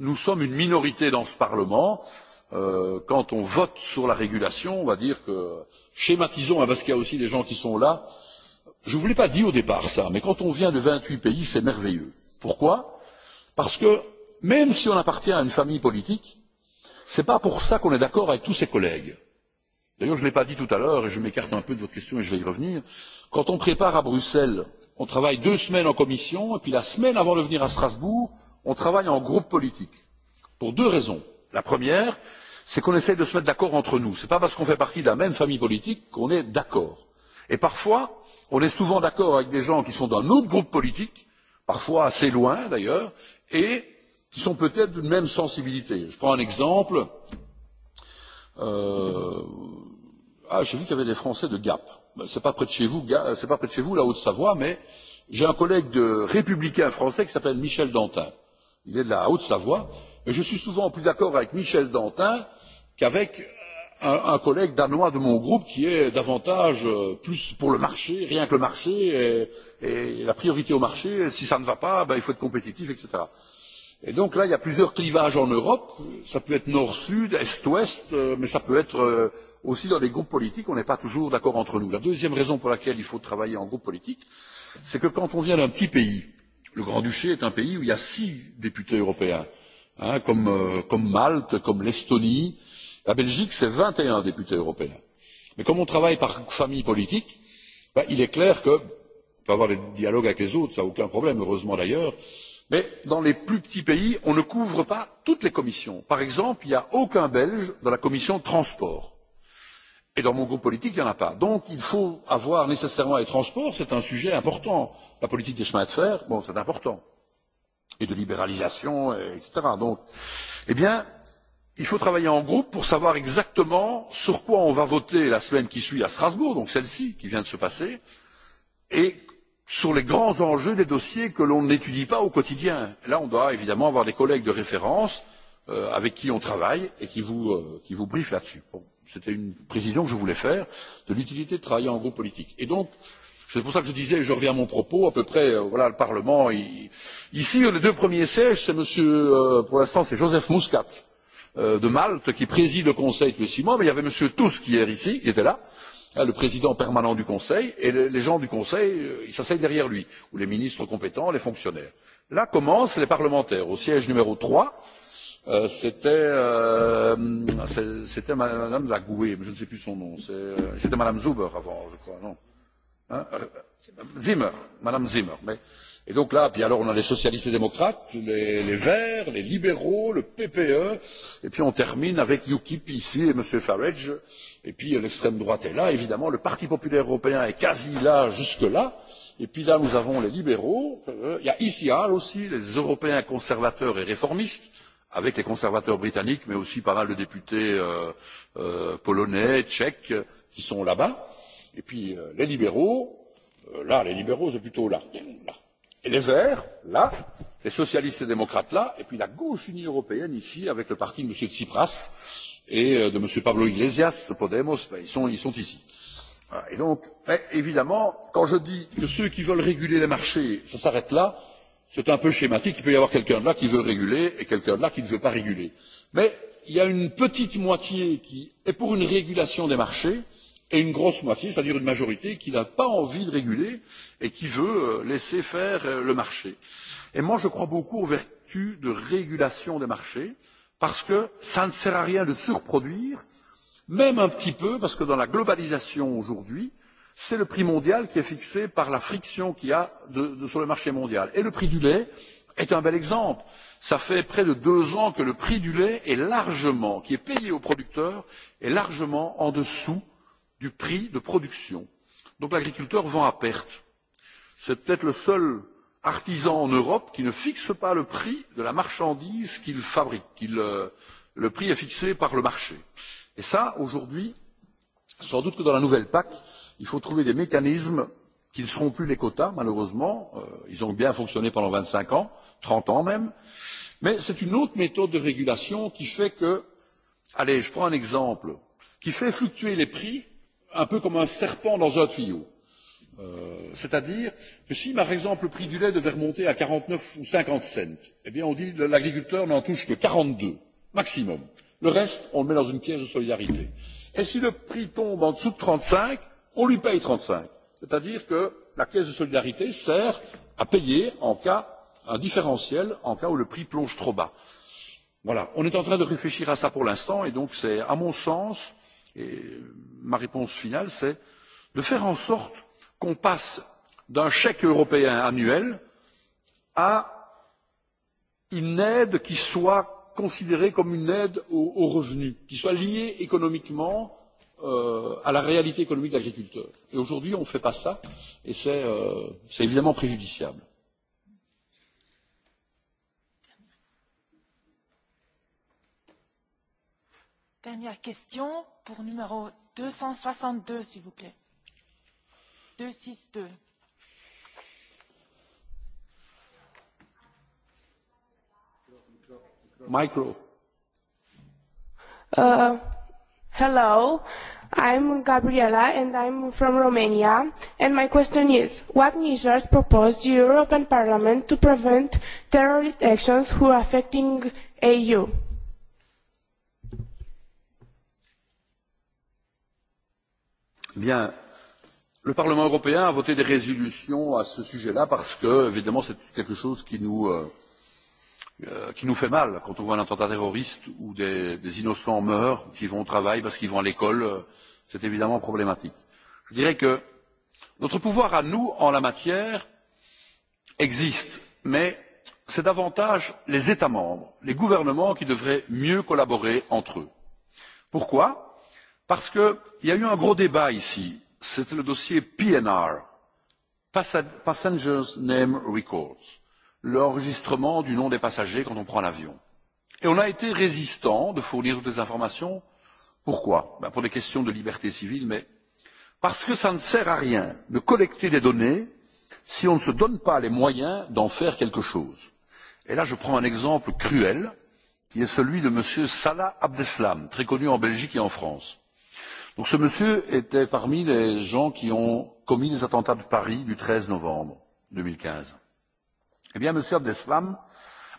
nous sommes une minorité dans ce parlement quand on vote sur la régulation, on va dire que schématisons, parce qu'il y a aussi des gens qui sont là. Je ne vous l'ai pas dit au départ ça, mais quand on vient de vingt huit pays, c'est merveilleux. Pourquoi Parce que même si on appartient à une famille politique, ce n'est pas pour ça qu'on est d'accord avec tous ses collègues. D'ailleurs, je ne l'ai pas dit tout à l'heure, et je m'écarte un peu de votre question et je vais y revenir. Quand on prépare à Bruxelles, on travaille deux semaines en commission, et puis la semaine avant de venir à Strasbourg, on travaille en groupe politique. Pour deux raisons La première, c'est qu'on essaie de se mettre d'accord entre nous. Ce n'est pas parce qu'on fait partie de la même famille politique qu'on est d'accord. Et parfois, on est souvent d'accord avec des gens qui sont d'un autre groupe politique, parfois assez loin d'ailleurs, et qui sont peut-être d'une même sensibilité. Je prends un exemple. Euh... Ah, j'ai vu qu'il y avait des Français de Gap. n'est pas près de chez vous, c'est pas près de chez vous, la Haute-Savoie, mais j'ai un collègue de républicain français qui s'appelle Michel Dantin. Il est de la Haute-Savoie et je suis souvent plus d'accord avec michel dantin qu'avec un, collègue danois de mon groupe qui est davantage plus pour le marché, rien que le marché, et, la priorité au marché, si ça ne va pas, ben, il faut être compétitif, etc. Et donc là, il y a plusieurs clivages en Europe, ça peut être nord-sud, est-ouest, mais ça peut être aussi dans les groupes politiques, on n'est pas toujours d'accord entre nous. La deuxième raison pour laquelle il faut travailler en groupe politique, c'est que quand on vient d'un petit pays, le Grand-Duché est un pays où il y a six députés européens, comme, Malte, comme l'Estonie. La Belgique, c'est vingt et un députés européens. Mais comme on travaille par famille politique, il est clair que on peut avoir des dialogues avec les autres, ça n'a aucun problème, heureusement d'ailleurs, mais dans les plus petits pays, on ne couvre pas toutes les commissions. Par exemple, il n'y a aucun Belge dans la commission transport. Et dans mon groupe politique, il n'y en a pas. Donc il faut avoir nécessairement les transports, c'est un sujet important. La politique des chemins de fer, bon, c'est important et de libéralisation, etc. Donc, eh bien, il faut travailler en groupe pour savoir exactement sur quoi on va voter la semaine qui suit à Strasbourg, donc celle-ci qui vient de se passer, et sur les grands enjeux des dossiers que l'on n'étudie pas au quotidien. Là, on doit évidemment avoir des collègues de référence euh, avec qui on travaille et qui vous, euh, vous briefent là-dessus. Bon, C'était une précision que je voulais faire de l'utilité de travailler en groupe politique. Et donc, euh, C'est pour cela que je disais, je reviens à mon propos, à peu près, voilà, le Parlement. Ici, les deux premiers sièges, c'est monsieur, pour l'instant, c'est Joseph Muscat de Malte qui préside le Conseil depuis six mois, mais il y avait monsieur Tusk hier ici, qui était là, le président permanent du Conseil, et les gens du Conseil, ils s'asseyent derrière lui, ou les ministres compétents, les fonctionnaires. Là commencent les parlementaires, au siège numéro trois, c'était Madame Lagoué, mais je ne sais plus son nom. C'était Madame Zuber avant, je crois, non Zimmer, Madame Zimmer. Et donc là, puis alors on a les socialistes et démocrates, les, les Verts, les libéraux, le PPE, et puis on termine avec UKIP ici et M. Farage, et puis l'extrême droite est là, évidemment, le Parti populaire européen est quasi là jusque-là, et puis là nous avons les libéraux, il y a ICR aussi, les Européens conservateurs et réformistes, avec les conservateurs britanniques, mais aussi pas mal de députés polonais, tchèques, qui sont là-bas Et puis les libéraux, là, les libéraux, c'est plutôt là, Et les Verts, là, les socialistes et démocrates, là, et puis la gauche Union européenne ici, avec le parti de M. Tsipras et de M. Pablo Iglesias, Podemos, ils, sont, ils sont ici. Et donc, évidemment, quand je dis que ceux qui veulent réguler les marchés, ça s'arrête là, c'est un peu schématique. Il peut y avoir quelqu'un de là qui veut réguler et quelqu'un de là qui ne veut pas réguler. Mais il y a une petite moitié qui est pour une régulation des marchés, et une grosse moitié, c'est-à-dire une majorité qui n'a pas envie de réguler et qui veut laisser faire le marché. Et moi, je crois beaucoup aux vertus de régulation des marchés, parce que ça ne sert à rien de surproduire, même un petit peu, parce que dans la globalisation aujourd'hui, c'est le prix mondial qui est fixé par la friction qu'il y a de, de, sur le marché mondial. Et le prix du lait est un bel exemple. Ça fait près de deux ans que le prix du lait est largement, qui est payé aux producteurs, est largement en dessous du prix de production. Donc l'agriculteur vend à perte. C'est peut-être le seul artisan en Europe qui ne fixe pas le prix de la marchandise qu'il fabrique. le prix est fixé par le marché. Et ça, aujourd'hui, sans doute que dans la nouvelle PAC, il faut trouver des mécanismes qui ne seront plus les quotas, malheureusement. ils ont bien fonctionné pendant vingt cinq ans, trente ans même. Mais c'est une autre méthode de régulation qui fait que, allez, je prends un exemple, qui fait fluctuer les prix un peu comme un serpent dans un tuyau. C'est-à-dire que si, par exemple, le prix du lait devait remonter à 49 ou 50 cents, eh bien, on dit que l'agriculteur n'en touche que 42, maximum. Le reste, on le met dans une pièce de solidarité. Et si le prix tombe en dessous de 35, on lui paye 35. C'est-à-dire que la caisse de solidarité sert à payer en cas, un différentiel en cas où le prix plonge trop bas. Voilà. On est en train de réfléchir à ça pour l'instant et donc c'est, à mon sens, et ma réponse finale, c'est de faire en sorte qu'on passe d'un chèque européen annuel à une aide qui soit considérée comme une aide aux au revenus, qui soit liée économiquement à la réalité économique de l'agriculteur. Et aujourd'hui, on ne fait pas ça, et c'est évidemment préjudiciable. Dernière question pour numéro 262, s'il vous plaît. 262. Micro. Uh, hello, I'm Gabriela and I'm from Romania. And my question is, what measures proposed the European Parliament to prevent terrorist actions who are affecting EU? Bien. Le Parlement européen a voté des résolutions à ce sujet-là parce que, évidemment, c'est quelque chose qui nous, euh, qui nous fait mal quand on voit un attentat terroriste où des, des innocents meurent, qui vont au travail parce qu'ils vont à l'école. C'est évidemment problématique. Je dirais que notre pouvoir à nous, en la matière, existe, mais c'est davantage les États membres, les gouvernements qui devraient mieux collaborer entre eux. Pourquoi Parce qu'il y a eu un gros débat ici. C'est le dossier PNR, Passengers Name Records, l'enregistrement du nom des passagers quand on prend l'avion. Et on a été résistant de fournir toutes les informations. Pourquoi ben Pour des questions de liberté civile, mais parce que ça ne sert à rien de collecter des données si on ne se donne pas les moyens d'en faire quelque chose. Et là, je prends un exemple cruel, qui est celui de M. Salah Abdeslam, très connu en Belgique et en France. Donc ce monsieur était parmi les gens qui ont commis les attentats de Paris du 13 novembre 2015. Eh bien, monsieur Abdeslam,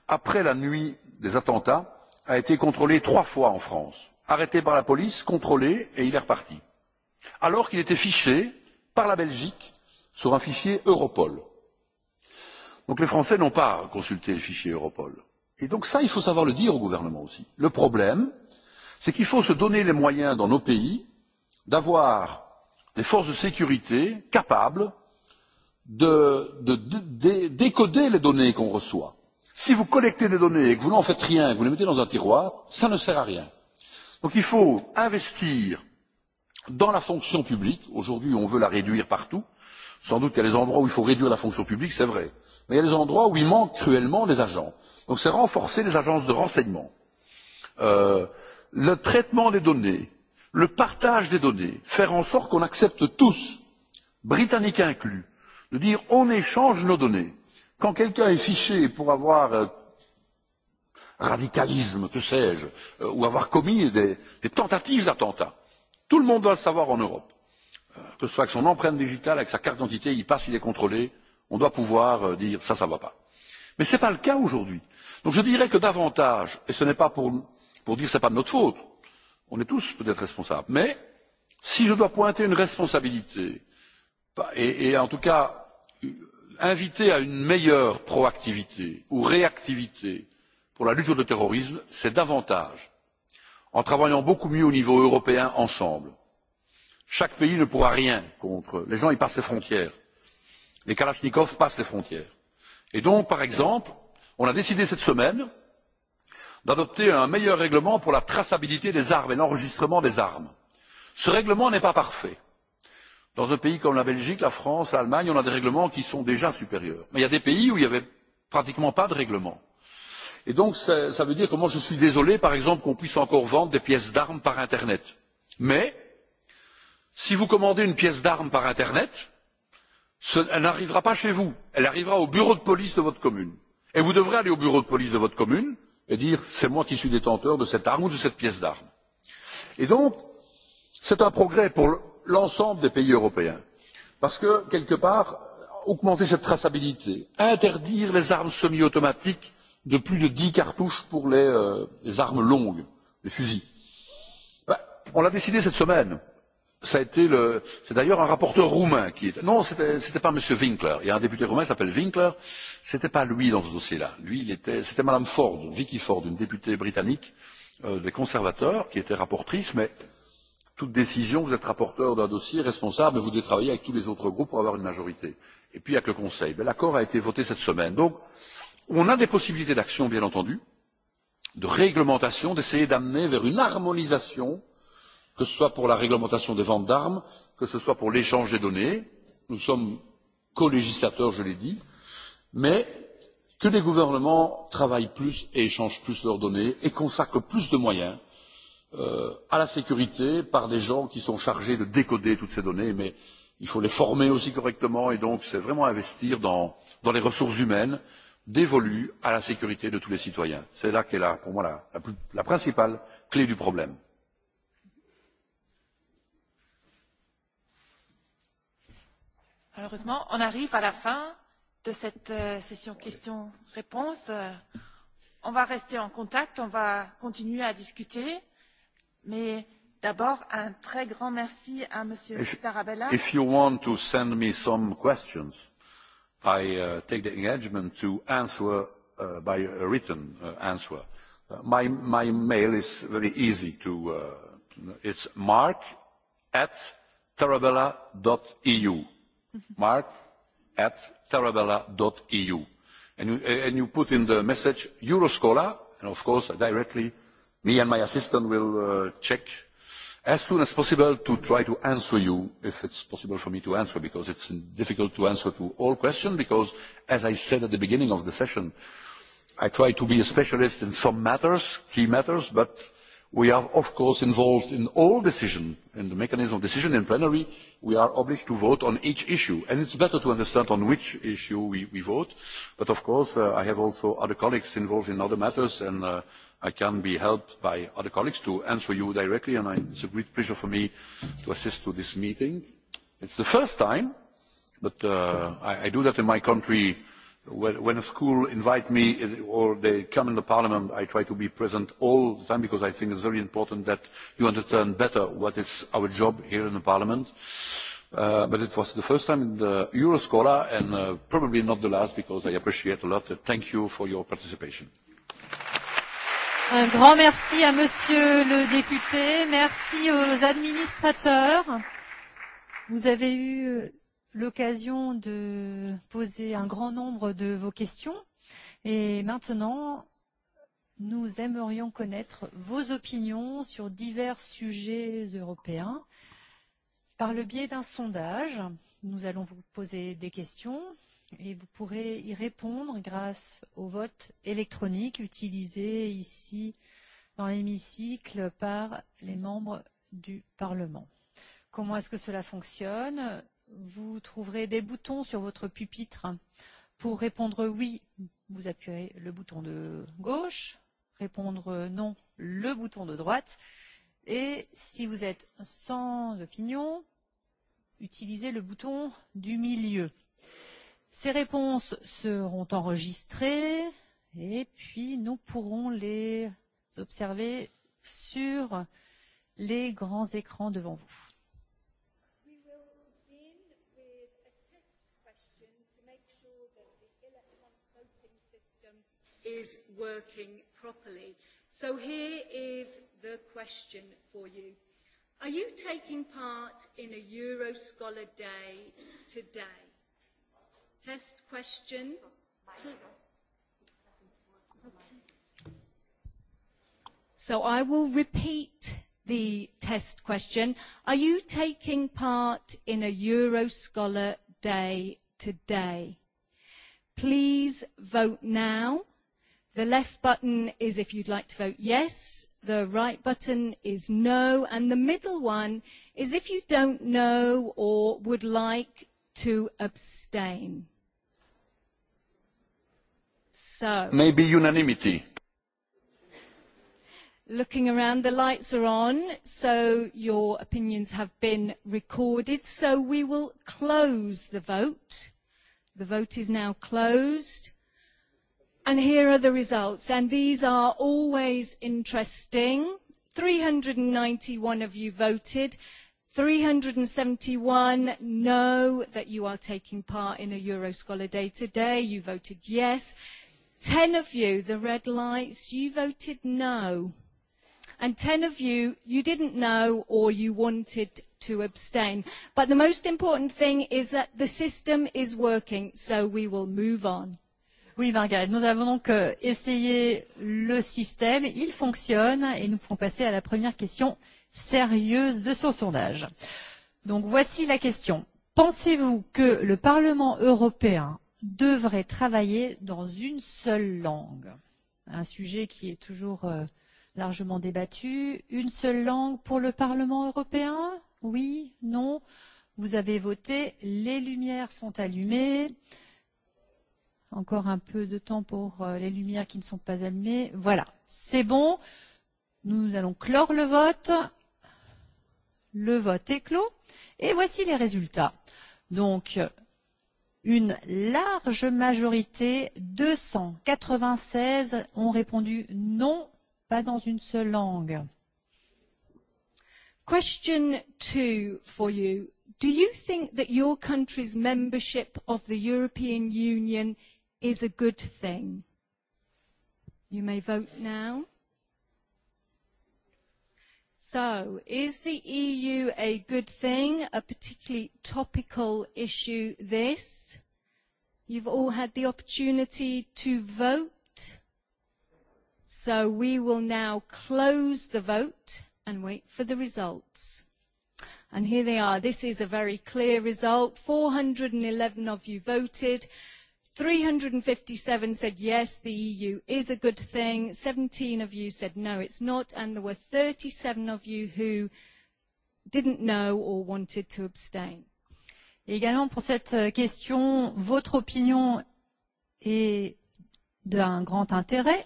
après la nuit des attentats, a été contrôlé trois fois en France, arrêté par la police, contrôlé, et il est reparti. Alors qu'il était fiché par la Belgique sur un fichier Europol. Donc les Français n'ont pas consulté le fichier Europol. Et donc ça, il faut savoir le dire au gouvernement aussi. Le problème, c'est qu'il faut se donner les moyens dans nos pays d'avoir les forces de sécurité capables de, de, de, de décoder les données qu'on reçoit. Si vous collectez des données et que vous n'en faites rien, que vous les mettez dans un tiroir, ça ne sert à rien. Donc il faut investir dans la fonction publique. Aujourd'hui, on veut la réduire partout. Sans doute qu'il y a des endroits où il faut réduire la fonction publique, c'est vrai. Mais il y a des endroits où il manque cruellement des agents. Donc c'est renforcer les agences de renseignement. Euh, le traitement des données, le partage des données, faire en sorte qu'on accepte tous, Britanniques inclus, de dire on échange nos données. Quand quelqu'un est fiché pour avoir euh, radicalisme, que sais-je, euh, ou avoir commis des, des tentatives d'attentats, tout le monde doit le savoir en Europe. Euh, que ce soit avec son empreinte digitale, avec sa carte d'identité, il passe, il est contrôlé, on doit pouvoir euh, dire ça, ça ne va pas. Mais ce n'est pas le cas aujourd'hui. Donc je dirais que davantage, et ce n'est pas pour, pour dire que ce n'est pas de notre faute, On est tous peut-être responsables. Mais si je dois pointer une responsabilité, et, et en tout cas inviter à une meilleure proactivité ou réactivité pour la lutte contre le terrorisme, c'est davantage en travaillant beaucoup mieux au niveau européen ensemble. Chaque pays ne pourra rien contre. Les gens, ils passent les frontières. Les Kalachnikovs passent les frontières. Et donc, par exemple, on a décidé cette semaine d'adopter un meilleur règlement pour la traçabilité des armes et l'enregistrement des armes. Ce règlement n'est pas parfait. Dans un pays comme la Belgique, la France, l'Allemagne, on a des règlements qui sont déjà supérieurs. Mais il y a des pays où il n'y avait pratiquement pas de règlement. Et donc, ça, veut dire moi je suis désolé, par exemple, qu'on puisse encore vendre des pièces d'armes par Internet. Mais, si vous commandez une pièce d'armes par Internet, elle n'arrivera pas chez vous. Elle arrivera au bureau de police de votre commune. Et vous devrez aller au bureau de police de votre commune et dire c'est moi qui suis détenteur de cette arme ou de cette pièce d'arme. Et donc, c'est un progrès pour l'ensemble des pays européens, parce que, quelque part, augmenter cette traçabilité, interdire les armes semi automatiques de plus de dix cartouches pour les, armes longues, les fusils. on l'a décidé cette semaine ça a été le, c'est d'ailleurs un rapporteur roumain qui était, non, c'était, c'était pas Monsieur Winkler. Il y a un député roumain qui s'appelle Winkler. C'était pas lui dans ce dossier-là. Lui, il était, c'était Madame Ford, Vicky Ford, une députée britannique euh, des conservateurs qui était rapportrice, mais toute décision, vous êtes rapporteur d'un dossier, responsable, mais vous devez travailler avec tous les autres groupes pour avoir une majorité. Et puis avec le Conseil. l'accord a été voté cette semaine. Donc, on a des possibilités d'action, bien entendu, de réglementation, d'essayer d'amener vers une harmonisation que ce soit pour la réglementation des ventes d'armes, que ce soit pour l'échange des données. Nous sommes colégislateurs, je l'ai dit, mais que les gouvernements travaillent plus et échangent plus leurs données et consacrent plus de moyens à la sécurité par des gens qui sont chargés de décoder toutes ces données, mais il faut les former aussi correctement et donc c'est vraiment investir dans, les ressources humaines dévolues à la sécurité de tous les citoyens. C'est là qu'est pour moi, la, la principale clé du problème. Malheureusement, on arrive à la fin de cette session questions-réponses. On va rester en contact, on va continuer à discuter, mais d'abord un très grand merci à Monsieur Tarabella. If you want to send me some questions, I uh, take the engagement to answer uh, by a written uh, answer. Uh, my my mail is very easy to. Uh, it's mark at tarabella.eu mark at tarabella.eu. And you, and you put in the message Euroscola, and of course directly me and my assistant will uh, check as soon as possible to try to answer you, if it's possible for me to answer, because it's difficult to answer to all questions, because as I said at the beginning of the session, I try to be a specialist in some matters, key matters, but we are of course involved in all decision, in the mechanism of decision in plenary, we are obliged to vote on each issue. And it's better to understand on which issue we, we vote. But of course, uh, I have also other colleagues involved in other matters and uh, I can be helped by other colleagues to answer you directly and I, it's a great pleasure for me to assist to this meeting. It's the first time, but uh, I, I do that in my country when, when a school invite me or they come in the parliament, I try to be present all the time because I think it's very important that you understand better what is our job here in the parliament. Uh, but it was the first time in the Euroscola and uh, probably not the last because I appreciate a lot. Thank you for your participation. Un grand merci à monsieur le député, merci aux administrateurs. Vous avez eu l'occasion de poser un grand nombre de vos questions. Et maintenant, nous aimerions connaître vos opinions sur divers sujets européens. Par le biais d'un sondage, nous allons vous poser des questions et vous pourrez y répondre grâce au vote électronique utilisé ici dans l'hémicycle par les membres du Parlement. Comment est-ce que cela fonctionne vous trouverez des boutons sur votre pupitre. Pour répondre oui, vous appuyez le bouton de gauche. Répondre non, le bouton de droite. Et si vous êtes sans opinion, utilisez le bouton du milieu. Ces réponses seront enregistrées et puis nous pourrons les observer sur les grands écrans devant vous. is working properly. So here is the question for you. Are you taking part in a Euroscholar Day today? Test question. So I will repeat the test question. Are you taking part in a Euroscholar Day today? Please vote now. The left button is if you'd like to vote yes, the right button is no, and the middle one is if you don't know or would like to abstain. So. Maybe unanimity. Looking around, the lights are on, so your opinions have been recorded. So we will close the vote. The vote is now closed And here are the results. And these are always interesting. 391 of you voted. 371 know that you are taking part in a Euroscholar Day today. You voted yes. 10 of you, the red lights, you voted no. And 10 of you, you didn't know or you wanted to abstain. But the most important thing is that the system is working, so we will move on. Oui, Margaret, nous avons donc essayé le système, il fonctionne et nous ferons passer à la première question sérieuse de son sondage. Donc voici la question. Pensez-vous que le Parlement européen devrait travailler dans une seule langue Un sujet qui est toujours largement débattu. Une seule langue pour le Parlement européen Oui Non Vous avez voté. Les lumières sont allumées. Euh, Encore un peu de temps pour les lumières qui ne sont pas allumées. Voilà, c'est bon. Nous allons clore le vote. Le vote est clos. Et voici les résultats. Donc, une large majorité, 296, ont répondu non, pas dans une seule langue. Question two for you. Do you think that your country's membership of the European Union is a good thing. You may vote now. So, is the EU a good thing? A particularly topical issue, this. You've all had the opportunity to vote. So we will now close the vote and wait for the results. And here they are. This is a very clear result. 411 of you voted. 357 said yes, the EU is a good thing. 17 of you said no, it's not. And there were 37 of you who didn't know or wanted to abstain. Et également pour cette question, votre opinion est d'un grand intérêt.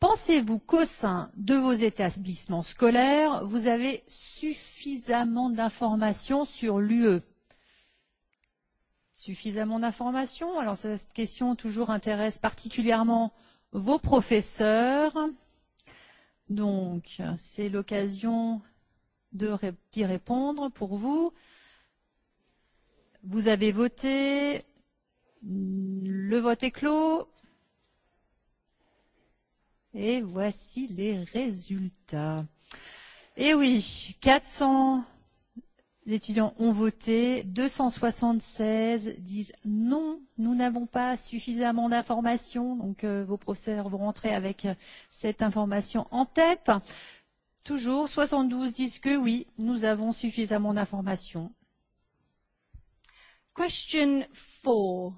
Pensez-vous qu'au sein de vos établissements scolaires, vous avez suffisamment d'informations sur l'UE suffisamment d'informations. Alors cette question toujours intéresse particulièrement vos professeurs. Donc c'est l'occasion d'y répondre pour vous. Vous avez voté. Le vote est clos. Et voici les résultats. Eh oui, 400 Les étudiants ont voté. 276 disent non, nous n'avons pas suffisamment d'informations. Donc euh, vos professeurs vont rentrer avec cette information en tête. Toujours 72 disent que oui, nous avons suffisamment d'informations. Question 4.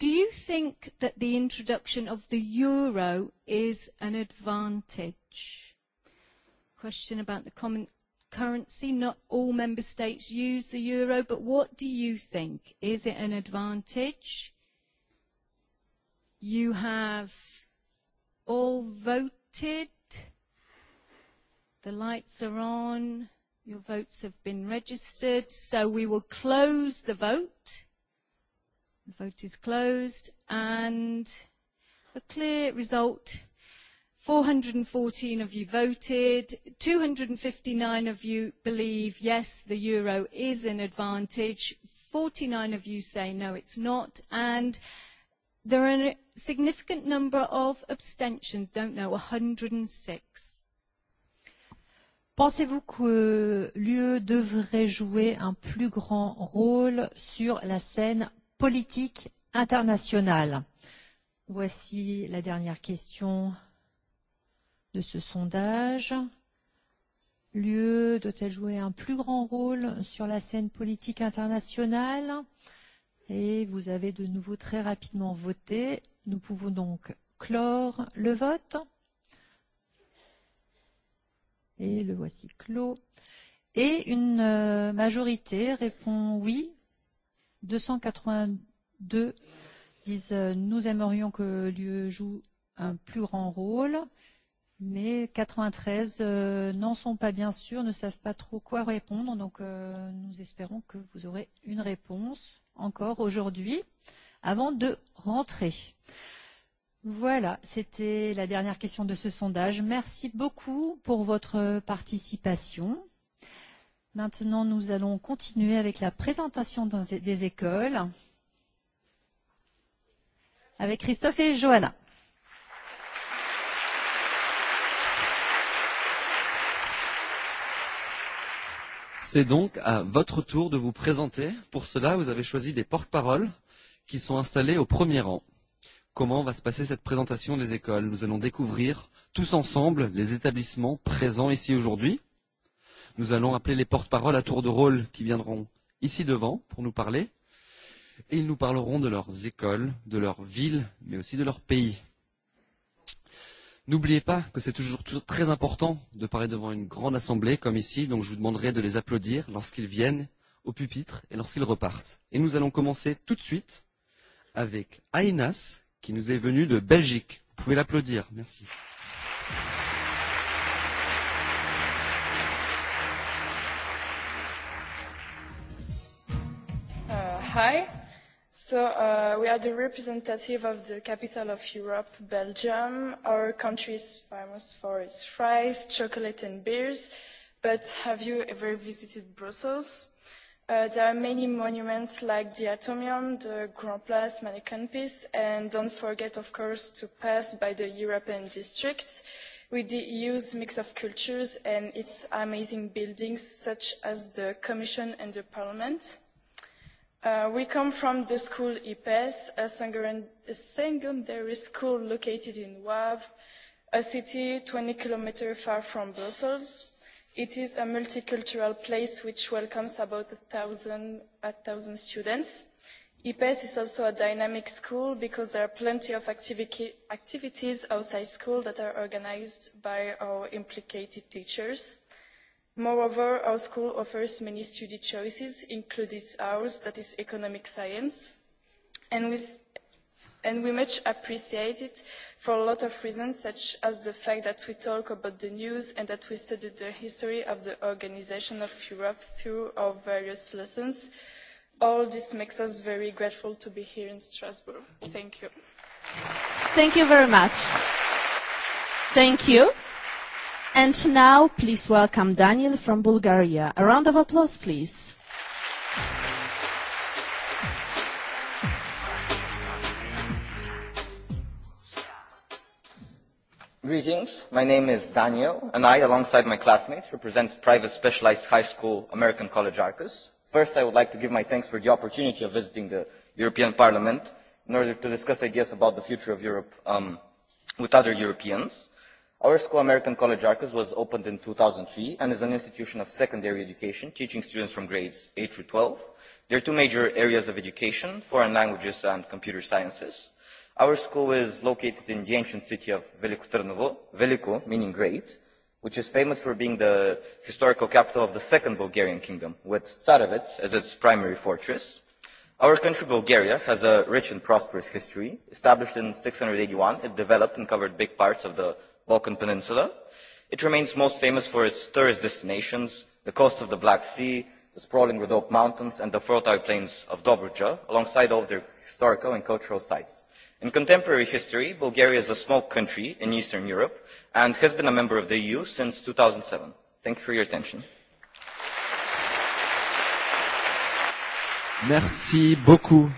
Do you think that the introduction of the euro is an advantage? Question about the common currency. Not all member states use the euro, but what do you think? Is it an advantage? You have all voted. The lights are on. Your votes have been registered. So we will close the vote. The vote is closed. And a clear result 414 of you voted, 259 of you believe yes, the euro is an advantage, 49 of you say no, it's not, and there are a significant number of abstentions, don't know, 106. Pensez-vous que l'UE devrait jouer un plus grand rôle sur la scène politique internationale Voici la dernière question de ce sondage. L'UE doit-elle jouer un plus grand rôle sur la scène politique internationale Et vous avez de nouveau très rapidement voté. Nous pouvons donc clore le vote. Et le voici clos. Et une majorité répond oui. 282 disent nous aimerions que l'UE joue un plus grand rôle mais 93 euh, n'en sont pas bien sûrs, ne savent pas trop quoi répondre. Donc euh, nous espérons que vous aurez une réponse encore aujourd'hui avant de rentrer. Voilà, c'était la dernière question de ce sondage. Merci beaucoup pour votre participation. Maintenant, nous allons continuer avec la présentation des écoles avec Christophe et Johanna. C'est donc à votre tour de vous présenter. Pour cela, vous avez choisi des porte-paroles qui sont installés au premier rang. Comment va se passer cette présentation des écoles Nous allons découvrir tous ensemble les établissements présents ici aujourd'hui. Nous allons appeler les porte-paroles à tour de rôle qui viendront ici devant pour nous parler. Et ils nous parleront de leurs écoles, de leur ville, mais aussi de leur pays. N'oubliez pas que c'est toujours, toujours très important de parler devant une grande assemblée comme ici, donc je vous demanderai de les applaudir lorsqu'ils viennent au pupitre et lorsqu'ils repartent. Et nous allons commencer tout de suite avec Aïnas qui nous est venu de Belgique. Vous pouvez l'applaudir. Merci. Uh, hi, So uh, we are the representative of the capital of Europe, Belgium. Our country is famous for its fries, chocolate and beers. But have you ever visited Brussels? Uh, there are many monuments like the Atomium, the Grand Place, Manecampis, and don't forget, of course, to pass by the European District with the EU's mix of cultures and its amazing buildings such as the Commission and the Parliament we come from the school IPES, a secondary school located in Wavre, a city 20 kilometers far from Brussels. It is a multicultural place which welcomes about a thousand, a thousand students. IPES is also a dynamic school because there are plenty of activi- activities outside school that are organized by our implicated teachers Moreover, our school offers many student choices, including ours, that is economic science, and we, and we much appreciate it for a lot of reasons, such as the fact that we talk about the news and that we study the history of the organization of Europe through our various lessons. All this makes us very grateful to be here in Strasbourg. Thank you. Thank you very much. Thank you. And now, please welcome Daniel from Bulgaria. A round of applause, please. Greetings. My name is Daniel, and I, alongside my classmates, represent private specialized high school American College Arcus. First, I would like to give my thanks for the opportunity of visiting the European Parliament in order to discuss ideas about the future of Europe um, with other Europeans. Our school, American College Arcus, was opened in 2003 and is an institution of secondary education, teaching students from grades 8 through 12. There are two major areas of education, foreign languages and computer sciences. Our school is located in the ancient city of Veliko Trnovo, Veliko meaning great, which is famous for being the historical capital of the second Bulgarian kingdom, with Tsarevets as its primary fortress. Our country, Bulgaria, has a rich and prosperous history. Established in 681, it developed and covered big parts of the Balkan Peninsula. It remains most famous for its tourist destinations, the coast of the Black Sea, the sprawling Rhodope Mountains, and the fertile plains of Dobruja, alongside all their historical and cultural sites. In contemporary history, Bulgaria is a small country in Eastern Europe and has been a member of the EU since 2007. Thanks for your attention. Merci beaucoup.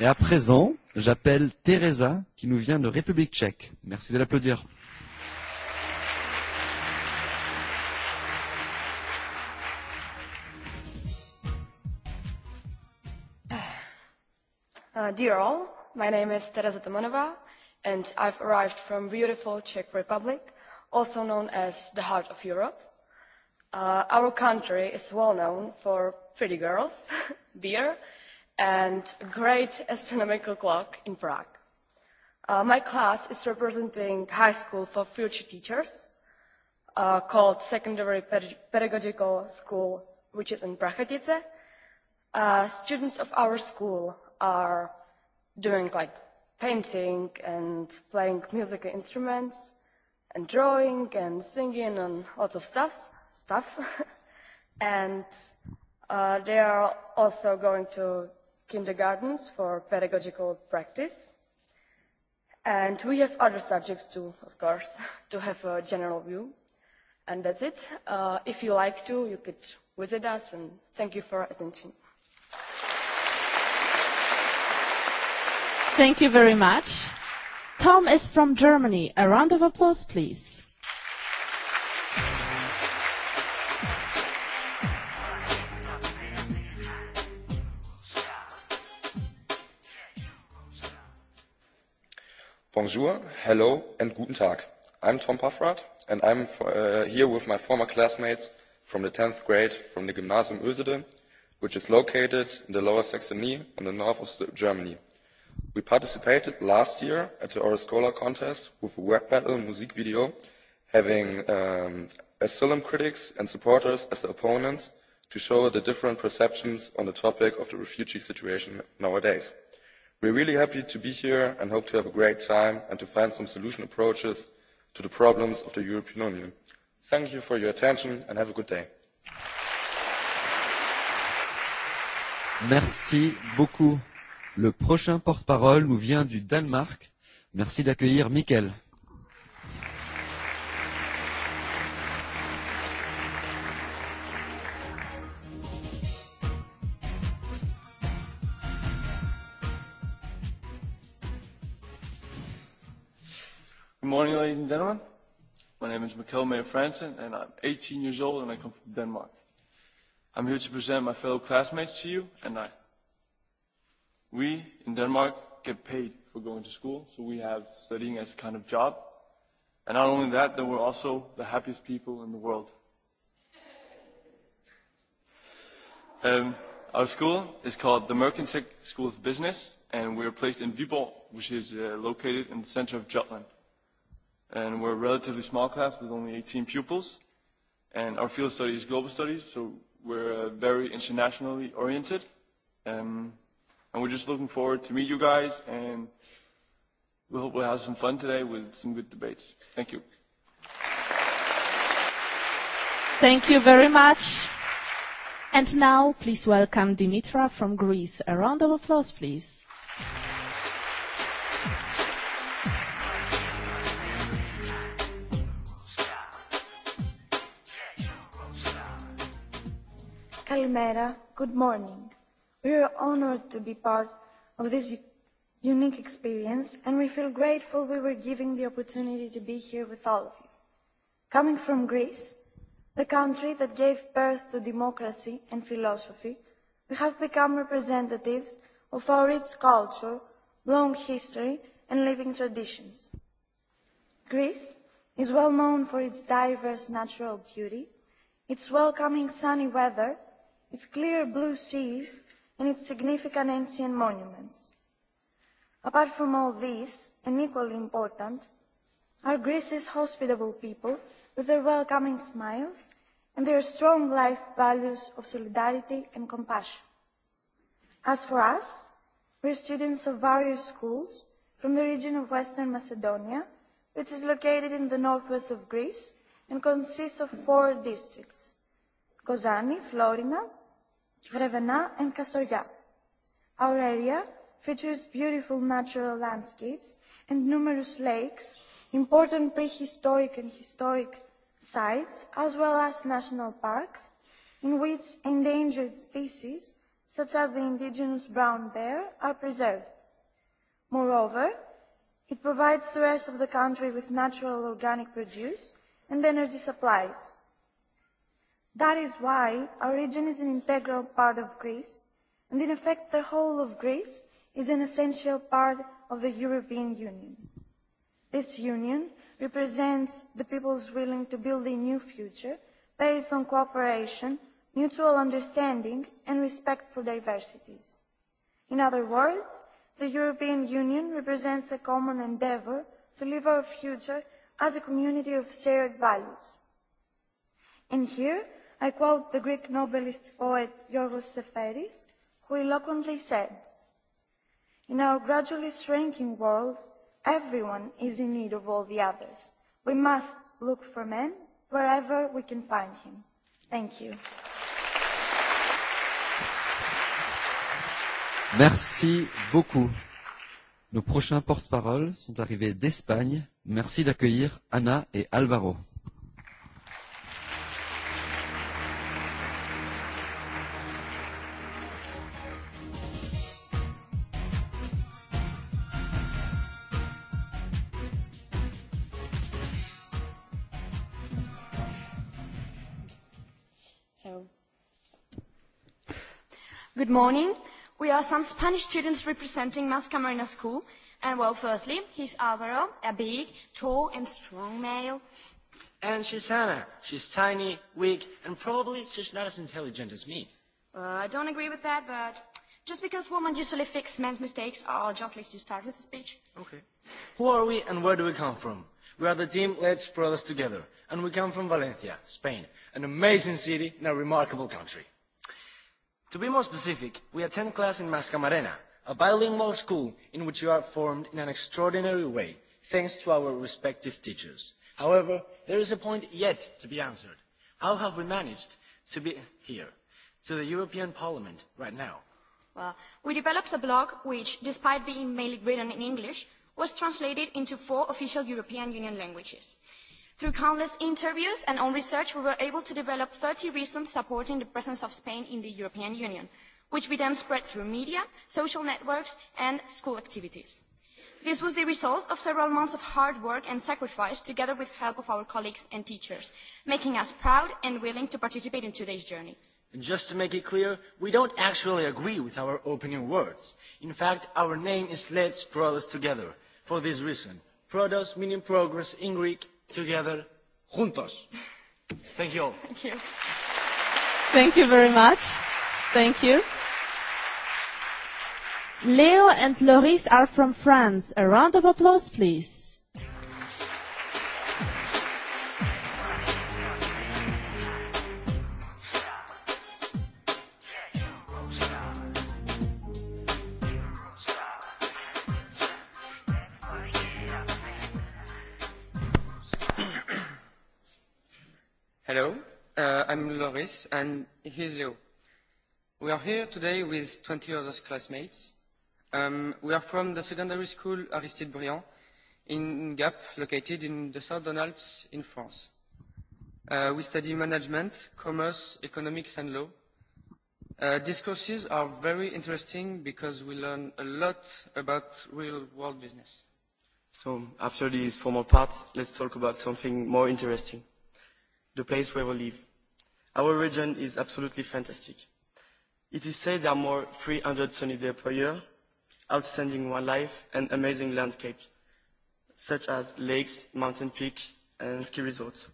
Et à présent, j'appelle Teresa qui nous vient de République tchèque. Merci de l'applaudir. Uh, dear all, my name is Teresa Tomanova, and I've arrived from beautiful Czech Republic, also known as the heart of Europe. Uh, our country is well known for pretty girls, beer, and a great astronomical clock in Prague. Uh, my class is representing High School for Future Teachers, uh, called Secondary Ped Pedagogical School, which is in Prachatice. Uh, students of our school are doing like painting and playing musical instruments and drawing and singing and lots of stuff stuff and uh, they are also going to kindergartens for pedagogical practice and we have other subjects too of course to have a general view and that's it uh, if you like to you could visit us and thank you for attention Thank you very much. Tom is from Germany. A round of applause, please. Bonjour, hello, and guten Tag. I'm Tom Paffrath, and I'm uh, here with my former classmates from the 10th grade from the Gymnasium Oesede, which is located in the Lower Saxony on the north of Germany. We participated last year at the Oriscola contest with a web battle music video having um, asylum critics and supporters as the opponents to show the different perceptions on the topic of the refugee situation nowadays. We're really happy to be here and hope to have a great time and to find some solution approaches to the problems of the European Union. Thank you for your attention and have a good day. Merci beaucoup. Le prochain porte-parole nous vient du Danemark. Merci d'accueillir Mickaël. Good morning, ladies and gentlemen. My name is Mikkel Mayer Franson and I'm 18 years old, and I come from Denmark. I'm here to present my fellow classmates to you, and I We in Denmark get paid for going to school, so we have studying as a kind of job. And not only that, then were also the happiest people in the world. Um, our school is called the Merkensek School of Business, and we're placed in Viborg, which is uh, located in the center of Jutland. And we're a relatively small class with only 18 pupils. And our field study is global studies, so we're uh, very internationally oriented. Um, And we're just looking forward to meet you guys, and we hope we'll have some fun today with some good debates. Thank you. Thank you very much. And now, please welcome Dimitra from Greece. A round of applause, please. Good morning. We are honored to be part of this unique experience, and we feel grateful we were given the opportunity to be here with all of you. Coming from Greece, the country that gave birth to democracy and philosophy, we have become representatives of our rich culture, long history, and living traditions. Greece is well known for its diverse natural beauty, its welcoming sunny weather, its clear blue seas, and its significant ancient monuments. Apart from all these, and equally important, are Greece's hospitable people with their welcoming smiles and their strong life values of solidarity and compassion. As for us, we're students of various schools from the region of Western Macedonia, which is located in the northwest of Greece and consists of four districts, Kozani, Florina, Revena and Castoria. Our area features beautiful natural landscapes and numerous lakes, important prehistoric and historic sites, as well as national parks, in which endangered species, such as the indigenous brown bear, are preserved. Moreover, it provides the rest of the country with natural organic produce and energy supplies That is why our region is an integral part of Greece, and in effect the whole of Greece is an essential part of the European Union. This union represents the peoples willing to build a new future based on cooperation, mutual understanding and respect for diversities. In other words, the European Union represents a common endeavour to live our future as a community of shared values. And here, I quote the Greek Nobelist poet Yorgos Seferis, who eloquently said, In our gradually shrinking world, everyone is in need of all the others. We must look for man wherever we can find him. Thank you. Merci beaucoup. Nos prochains porte-parole sont arrivés d'Espagne. Merci d'accueillir Anna et Alvaro. Good morning. We are some Spanish students representing Mascamarina School. And well, firstly, he's Alvaro, a big, tall, and strong male. And she's Hannah. She's tiny, weak, and probably she's not as intelligent as me. Uh, I don't agree with that, but just because women usually fix men's mistakes, I'll just let you start with the speech. Okay. Who are we and where do we come from? We are the team Let's Brothers Together, and we come from Valencia, Spain, an amazing city in a remarkable country. To be more specific, we attend class in Mascamarena, a bilingual school in which you are formed in an extraordinary way, thanks to our respective teachers. However, there is a point yet to be answered. How have we managed to be here, to the European Parliament, right now? Well, we developed a blog which, despite being mainly written in English, was translated into four official European Union languages. Through countless interviews and own research, we were able to develop 30 reasons supporting the presence of Spain in the European Union, which we then spread through media, social networks, and school activities. This was the result of several months of hard work and sacrifice together with the help of our colleagues and teachers, making us proud and willing to participate in today's journey. And just to make it clear, we don't actually agree with our opening words. In fact, our name is Let's Prodos Together. For this reason, Prodos meaning progress in Greek together, juntos. Thank you all. Thank you. Thank you very much. Thank you. Leo and Loris are from France. A round of applause, please. Weiss and here's Leo. We are here today with 20 other classmates. Um, we are from the secondary school Aristide Briand in Gap, located in the Southern Alps in France. Uh, we study management, commerce, economics and law. Uh, these courses are very interesting because we learn a lot about real-world business. So after these formal parts, let's talk about something more interesting, the place where we live. Our region is absolutely fantastic. It is said there are more 300 sunny days per year, outstanding wildlife, and amazing landscapes, such as lakes, mountain peaks, and ski resorts.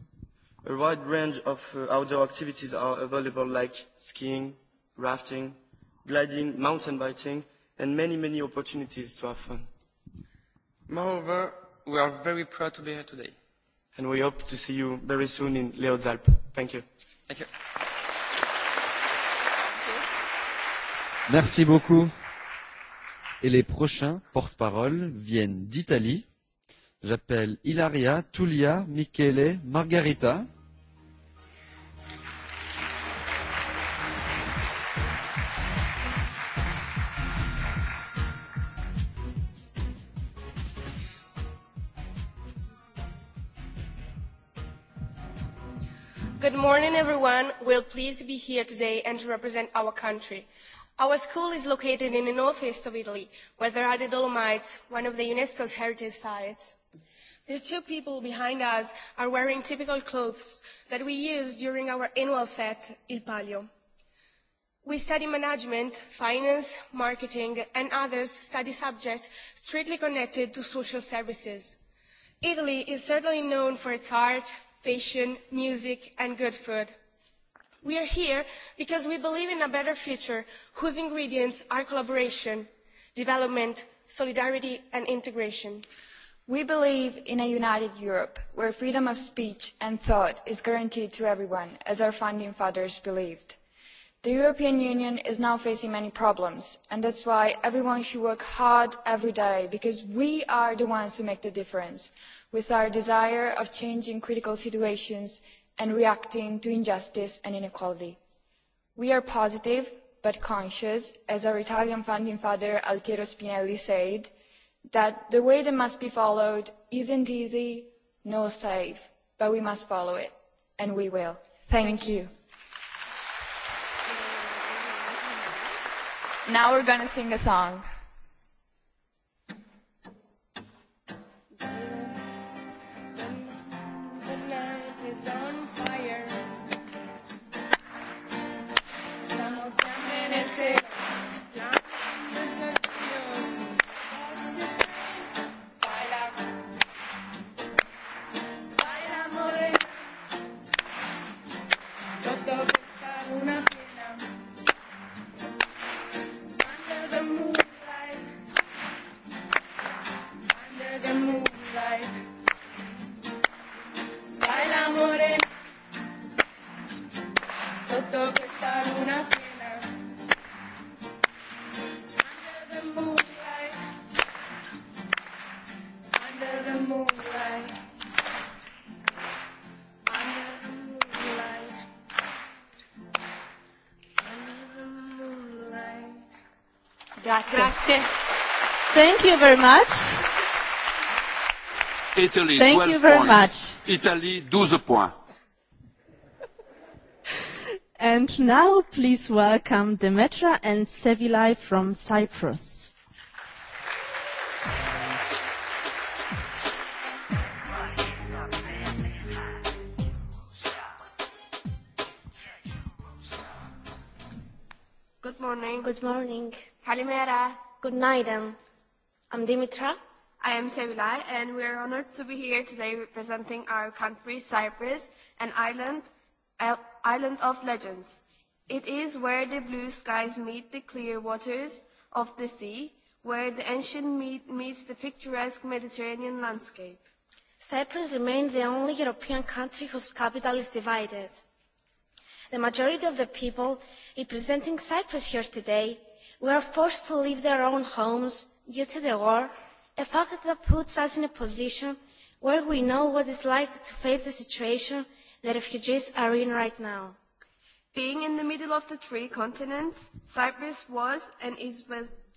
A wide range of uh, outdoor activities are available like skiing, rafting, gliding, mountain biking, and many, many opportunities to have fun. Moreover, we are very proud to be here today. And we hope to see you very soon in Alp. Thank you. Thank you. Merci beaucoup. Et les prochains porte-parole viennent d'Italie. J'appelle Ilaria, Tullia, Michele, Margarita. morning, everyone. We're pleased to be here today and to represent our country. Our school is located in the northeast of Italy, where there are the Dolomites, one of the UNESCO's heritage sites. The two people behind us are wearing typical clothes that we use during our annual fete, Il Palio. We study management, finance, marketing, and others study subjects strictly connected to social services. Italy is certainly known for its art, fashion, music, and good food. We are here because we believe in a better future whose ingredients are collaboration, development, solidarity, and integration. We believe in a united Europe where freedom of speech and thought is guaranteed to everyone, as our founding fathers believed. The European Union is now facing many problems, and that's why everyone should work hard every day because we are the ones who make the difference with our desire of changing critical situations and reacting to injustice and inequality. We are positive but conscious, as our Italian founding father Altiero Spinelli said, that the way that must be followed isn't easy nor safe, but we must follow it, and we will. Thank you. Now we're going to sing a song. Thank you very much. Italy, Thank 12 you very points. much. Italy, 12 points. And now please welcome Demetra and Sevilai from Cyprus. Good morning. Good morning. Kalimera. Good night and I'm Dimitra. I am Sevilay, and we are honored to be here today representing our country, Cyprus, an island, uh, island of legends. It is where the blue skies meet the clear waters of the sea, where the ancient meet, meets the picturesque Mediterranean landscape. Cyprus remains the only European country whose capital is divided. The majority of the people representing Cyprus here today were forced to leave their own homes due to the war, a fact that puts us in a position where we know what it's like to face the situation the refugees are in right now. Being in the middle of the three continents, Cyprus was and is,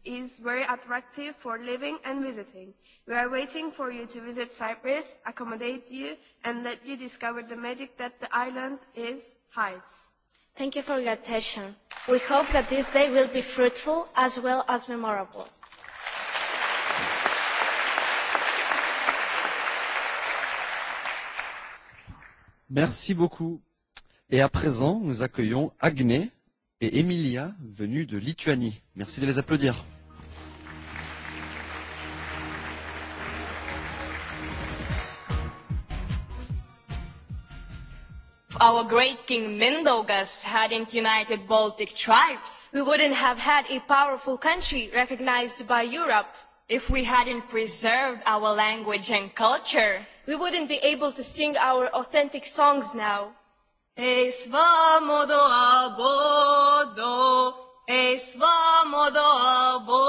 is very attractive for living and visiting. We are waiting for you to visit Cyprus, accommodate you, and let you discover the magic that the island is hides. Thank you for your attention. We hope that this day will be fruitful as well as memorable. Merci beaucoup. Et à présent, nous accueillons Agné et Emilia, venues de Lituanie. Merci de les applaudir. our great king Mindaugas hadn't united Baltic tribes, we wouldn't have had a powerful country recognized by Europe. If we hadn't preserved our language and culture, we wouldn't be able to sing our authentic songs now. Es abodo, es abodo,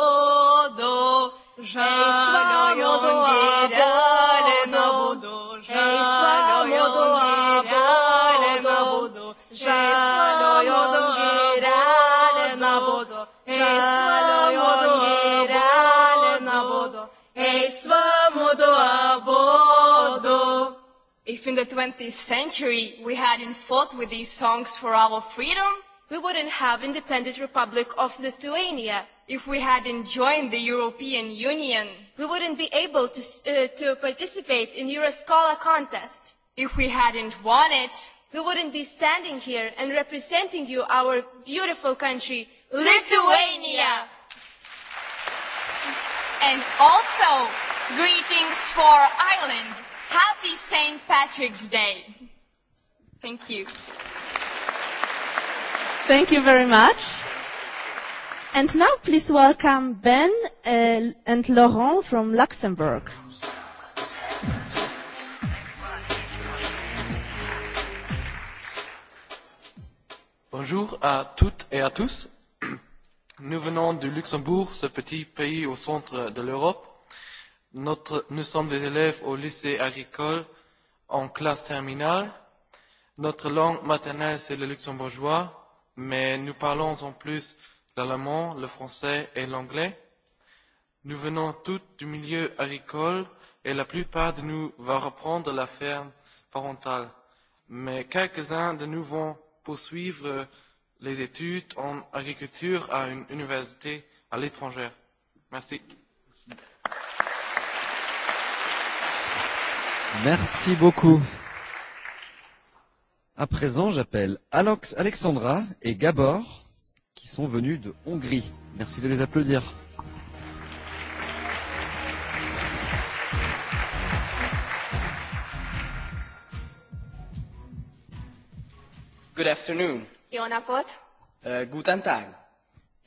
the 20th century we hadn't fought with these songs for our freedom, we wouldn't have independent Republic of Lithuania. If we hadn't joined the European Union, we wouldn't be able to, uh, to participate in Euroscola contest. If we hadn't won it, we wouldn't be standing here and representing you, our beautiful country, Lithuania! And also, greetings for Ireland Happy St. Patrick's Day. Thank you. Thank you very much. And now please welcome Ben uh, and Laurent from Luxembourg. Bonjour à toutes et à tous. Nous venons du Luxembourg, ce petit pays au centre de l'Europe Notre, nous sommes des élèves au lycée agricole en classe terminale. Notre langue maternelle, c'est le luxembourgeois, mais nous parlons en plus l'allemand, le français et l'anglais. Nous venons tous du milieu agricole et la plupart de nous va reprendre la ferme parentale. Mais quelques-uns de nous vont poursuivre les études en agriculture à une université à l'étranger. Merci. Merci beaucoup. À présent, j'appelle Alex, Alexandra et Gabor qui sont venus de Hongrie. Merci de les applaudir. Good afternoon. Jó napot. Uh, guten Tag.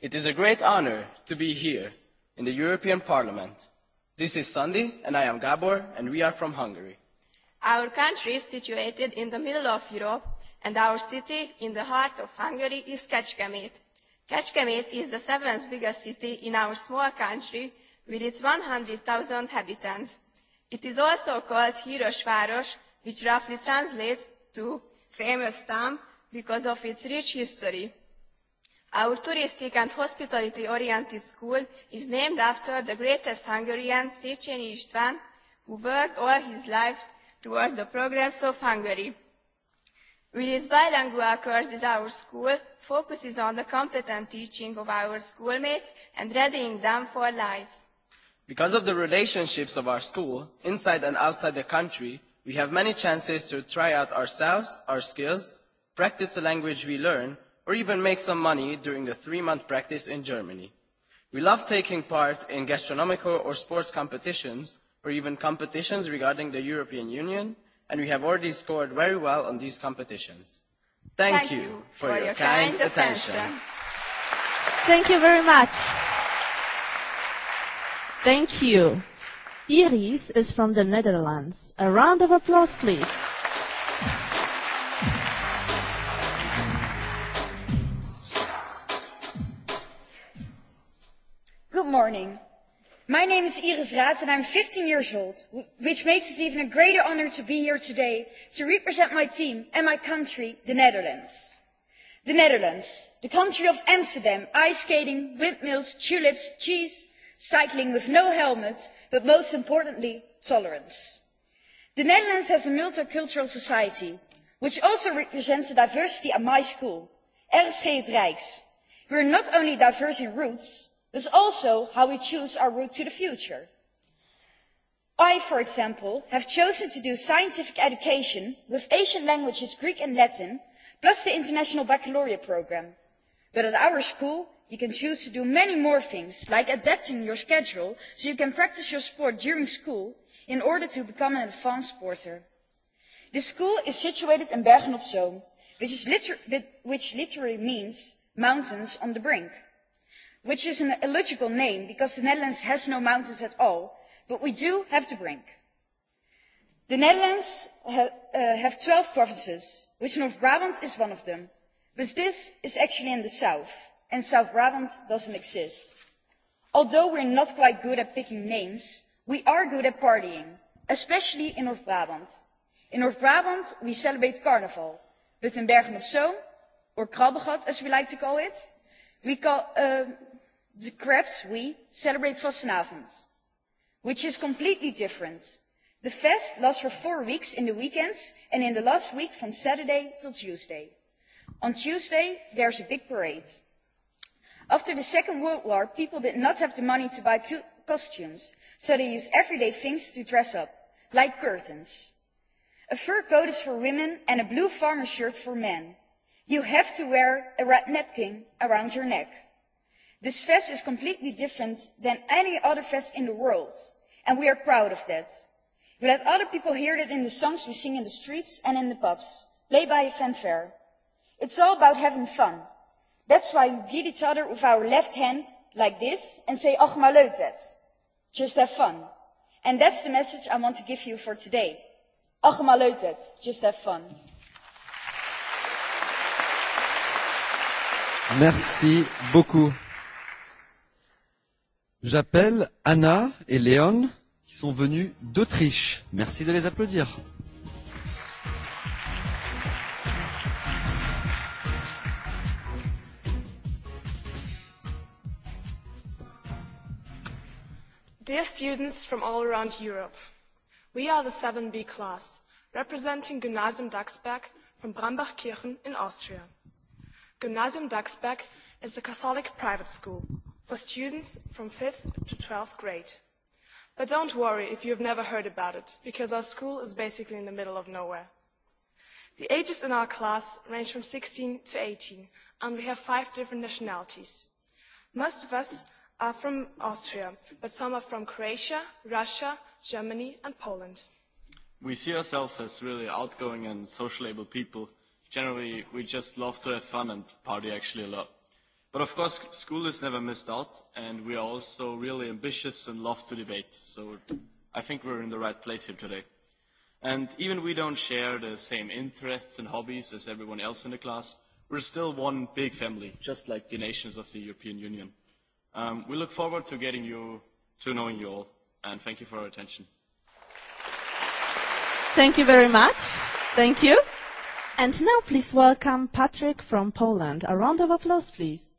It is a great honor to be here in the European Parliament This is Sandy, and I am Gabor, and we are from Hungary. Our country is situated in the middle of Europe, and our city in the heart of Hungary is Kecskemét. Kecskemét is the seventh biggest city in our small country, with its 100,000 inhabitants. It is also called Hirosváros, which roughly translates to famous town because of its rich history. Our touristic and hospitality-oriented school is named after the greatest Hungarian, Széchenyi István, who worked all his life towards the progress of Hungary. With its bilingual courses, our school focuses on the competent teaching of our schoolmates and readying them for life. Because of the relationships of our school, inside and outside the country, we have many chances to try out ourselves, our skills, practice the language we learn, or even make some money during the three-month practice in Germany. We love taking part in gastronomical or sports competitions, or even competitions regarding the European Union, and we have already scored very well on these competitions. Thank, Thank you, you for, for your, your kind, kind attention. attention. Thank you very much. Thank you. Iris is from the Netherlands. A round of applause, please. Good morning. My name is Iris Raat and I'm 15 years old, which makes it even a greater honor to be here today to represent my team and my country, the Netherlands. The Netherlands, the country of Amsterdam, ice skating, windmills, tulips, cheese, cycling with no helmets, but most importantly, tolerance. The Netherlands has a multicultural society, which also represents the diversity at my school, RSG Het Rijks. We are not only diverse in roots, is also how we choose our route to the future. I, for example, have chosen to do scientific education with Asian languages Greek and Latin, plus the International Baccalaureate programme. But at our school, you can choose to do many more things, like adapting your schedule so you can practice your sport during school in order to become an advanced sporter. The school is situated in Bergen op Zoom, which, is liter- which literally means mountains on the brink which is an illogical name because the Netherlands has no mountains at all, but we do have the brink. The Netherlands ha uh, have 12 provinces, which North Brabant is one of them, but this is actually in the south, and South Brabant doesn't exist. Although we're not quite good at picking names, we are good at partying, especially in North Brabant. In North Brabant, we celebrate Carnival, but in Bergen-op-Zoom, or Krabbegat as we like to call it, we call, uh, the crepes we celebrate Vastenavond, which is completely different. The fest lasts for four weeks in the weekends and in the last week from Saturday till Tuesday. On Tuesday, there's a big parade. After the Second World War, people did not have the money to buy cu- costumes, so they used everyday things to dress up, like curtains. A fur coat is for women and a blue farmer shirt for men. You have to wear a red napkin around your neck. This fest is completely different than any other fest in the world, and we are proud of that. We let other people hear it in the songs we sing in the streets and in the pubs, played by a fanfare. It's all about having fun. That's why we beat each other with our left hand like this and say, Och maar leuk dat. Just have fun. And that's the message I want to give you for today. Och maar leuk dat. Just have fun. Merci beaucoup. J'appelle Anna et Léon qui sont venus d'Autriche. Merci de les applaudir. Dear students from all around Europe, we are the 7B class, representing Gymnasium Daxberg from Brambachkirchen in Austria. Gymnasium Daxberg is a Catholic private school for students from 5th to 12th grade. But don't worry if you have never heard about it, because our school is basically in the middle of nowhere. The ages in our class range from 16 to 18, and we have five different nationalities. Most of us are from Austria, but some are from Croatia, Russia, Germany, and Poland. We see ourselves as really outgoing and sociable people. Generally, we just love to have fun and party actually a lot. But of course, school is never missed out, and we are also really ambitious and love to debate. So I think we're in the right place here today. And even we don't share the same interests and hobbies as everyone else in the class, we're still one big family, just like the nations of the European Union. Um, we look forward to getting you, to knowing you all, and thank you for your attention. Thank you very much. Thank you. And now please welcome Patrick from Poland. A round of applause, please.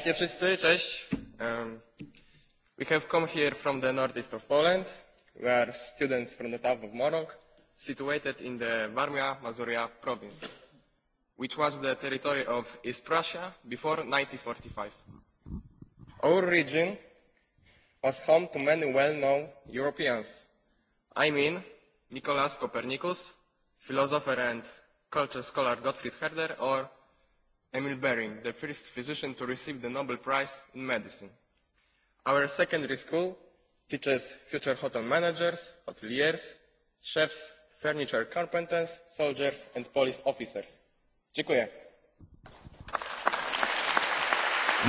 Witajcie wszyscy, cześć. Um, we have come here from the northeast of Poland. We are students from the town of Morog, situated in the Warmia Mazuria province, which was the territory of East Prussia before 1945. Our region was home to many well-known Europeans. I mean, Nicolas Copernicus, philosopher and culture scholar Gottfried Herder, or Emil Bering, the first physician to receive the Nobel Prize in Medicine. Our secondary school teaches future hotel managers, hoteliers, chefs, furniture carpenters, soldiers and police officers. Dziękuję.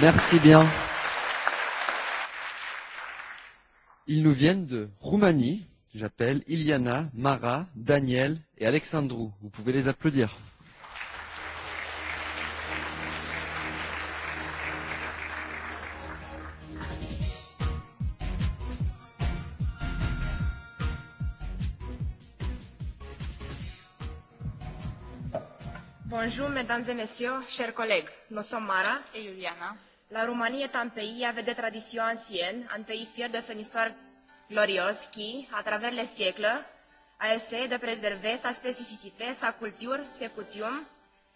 Merci bien. Ils nous viennent de Roumanie. J'appelle Iliana, Mara, Daniel et Alexandru. Vous pouvez les applaudir. mesdames et messieurs, chers collègues, nous sommes Mara et Juliana. La Roumanie est un pays avec des traditions anciennes, un pays fier de son histoire glorieuse qui, à travers les siècles, a essayé de préserver sa spécificité, sa culture, ses coutumes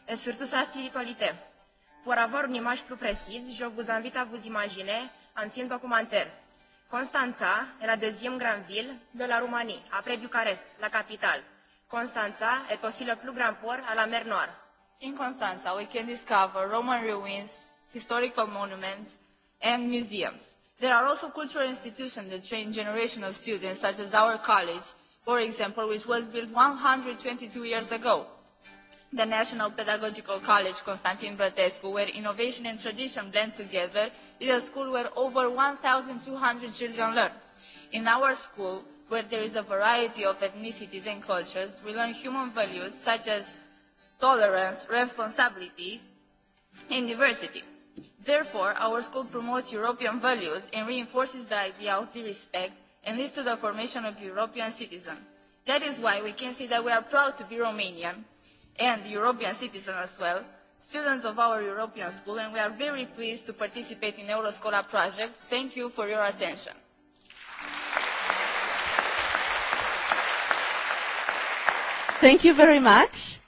et surtout sa spiritualité. Pour avoir une image plus précise, je vous invite à vous imaginer un film documentaire. Constanța est la deuxième grande ville de la Roumanie, après Bucarest, la capitale. Constanța est aussi le plus grand port à la mer Noire in Constanza we can discover Roman ruins, historical monuments, and museums. There are also cultural institutions that train generational of students, such as our college, for example, which was built 122 years ago. The National Pedagogical College Constantin Bratescu, where innovation and tradition blend together, is a school where over 1,200 children learn. In our school, where there is a variety of ethnicities and cultures, we learn human values such as tolerance, responsibility, and diversity. Therefore, our school promotes European values and reinforces the idea of the respect and leads to the formation of European citizens. That is why we can say that we are proud to be Romanian and European citizens as well, students of our European school, and we are very pleased to participate in Euroscola project. Thank you for your attention. Thank you very much.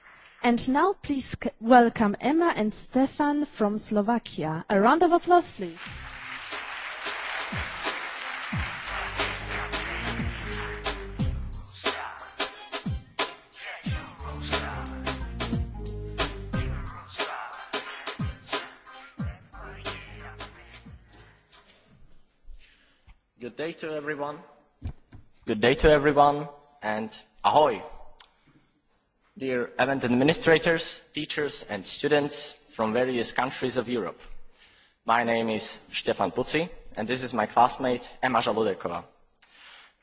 And now please welcome Emma and Stefan from Slovakia. A round of applause, please. Good day to everyone. Good day to everyone, and ahoy! dear event administrators, teachers and students from various countries of Europe. My name is Stefan Puci and this is my classmate Emma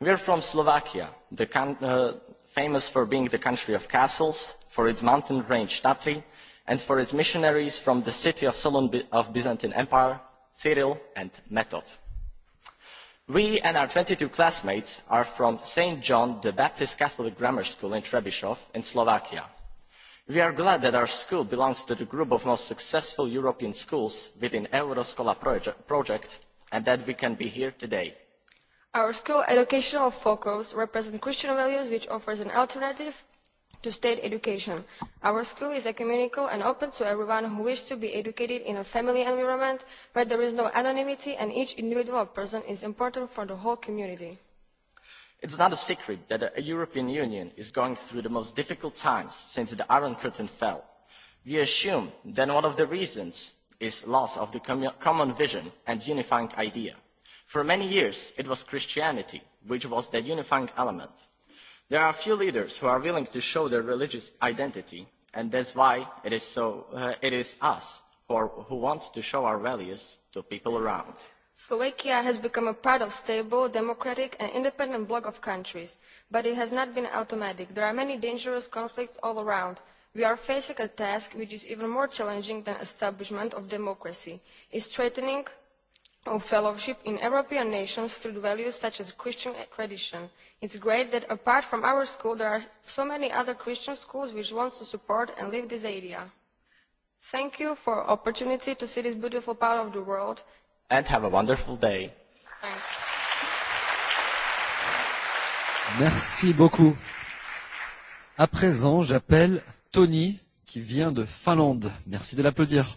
We are from Slovakia, the uh, famous for being the country of castles, for its mountain range Tatry, and for its missionaries from the city of Solon of Byzantine Empire, Cyril and Method. We and our 22 classmates are from St. John the Baptist Catholic Grammar School in Trebišov in Slovakia. We are glad that our school belongs to the group of most successful European schools within Euroscola project and that we can be here today. Our school educational focus represents Christian values which offers an alternative to state education. Our school is ecumenical and open to everyone who wishes to be educated in a family environment where there is no anonymity and each individual person is important for the whole community. It's not a secret that the European Union is going through the most difficult times since the Iron Curtain fell. We assume that one of the reasons is loss of the com- common vision and unifying idea. For many years, it was Christianity which was the unifying element There are few leaders who are willing to show their religious identity, and that's why it is, so, uh, it is us who, are, who want to show our values to people around. Slovakia has become a part of stable, democratic and independent bloc of countries, but it has not been automatic. There are many dangerous conflicts all around. We are facing a task which is even more challenging than establishment of democracy. is threatening of fellowship in European nations through values such as Christian tradition. It's great that apart from our school, there are so many other Christian schools which want to support and live this idea. Thank you for opportunity to see this beautiful part of the world. And have a wonderful day. Thanks. Merci beaucoup. À présent, j'appelle Tony qui vient de Finlande. Merci de l'applaudir.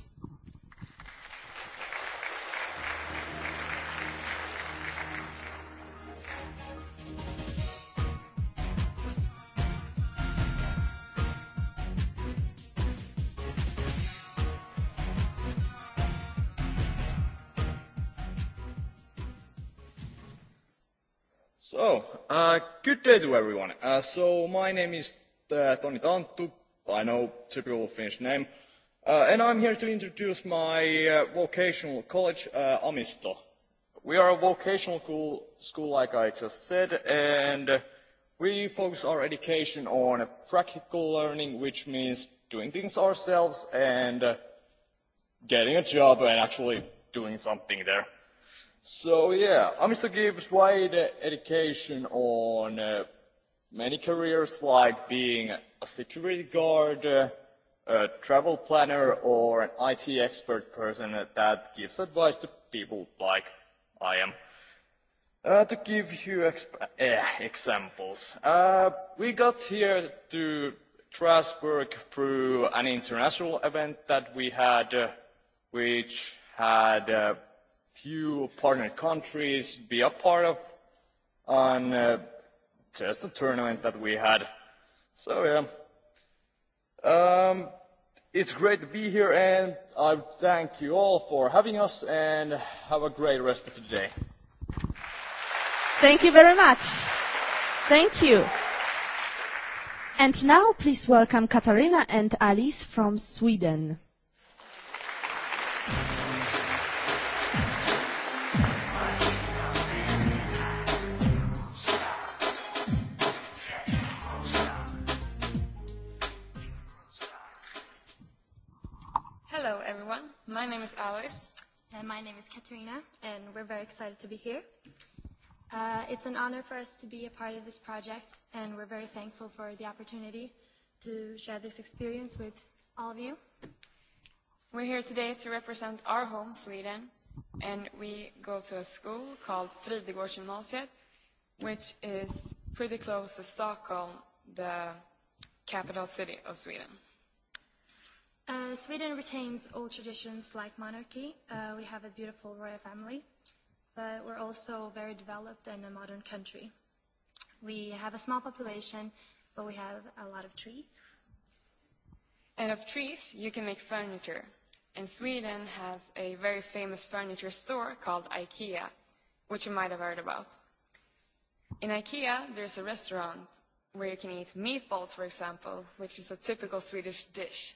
Good day to everyone. Uh, so my name is uh, Toni Tanttu. I know typical Finnish name, uh, and I'm here to introduce my uh, vocational college, uh, Amisto. We are a vocational school, school, like I just said, and we focus our education on practical learning, which means doing things ourselves and uh, getting a job and actually doing something there. So yeah, Amistad gives wide education on uh, many careers like being a security guard, uh, a travel planner or an IT expert person that gives advice to people like I am. Uh, to give you exp eh, examples, uh, we got here to Strasbourg through an international event that we had, uh, which had uh, few partner countries be a part of on uh, just a tournament that we had. So yeah, um, it's great to be here, and I thank you all for having us, and have a great rest of the day. Thank you very much. Thank you. And now please welcome Katarina and Alice from Sweden. Katrina, and we're very excited to be here. Uh, it's an honor for us to be a part of this project, and we're very thankful for the opportunity to share this experience with all of you. We're here today to represent our home, Sweden, and we go to a school called Fridegårdsgymnasiet, which is pretty close to Stockholm, the capital city of Sweden. Uh, Sweden retains old traditions like monarchy. Uh, we have a beautiful royal family, but we're also very developed and a modern country. We have a small population, but we have a lot of trees. And of trees, you can make furniture. And Sweden has a very famous furniture store called IKEA, which you might have heard about. In IKEA, there's a restaurant where you can eat meatballs, for example, which is a typical Swedish dish.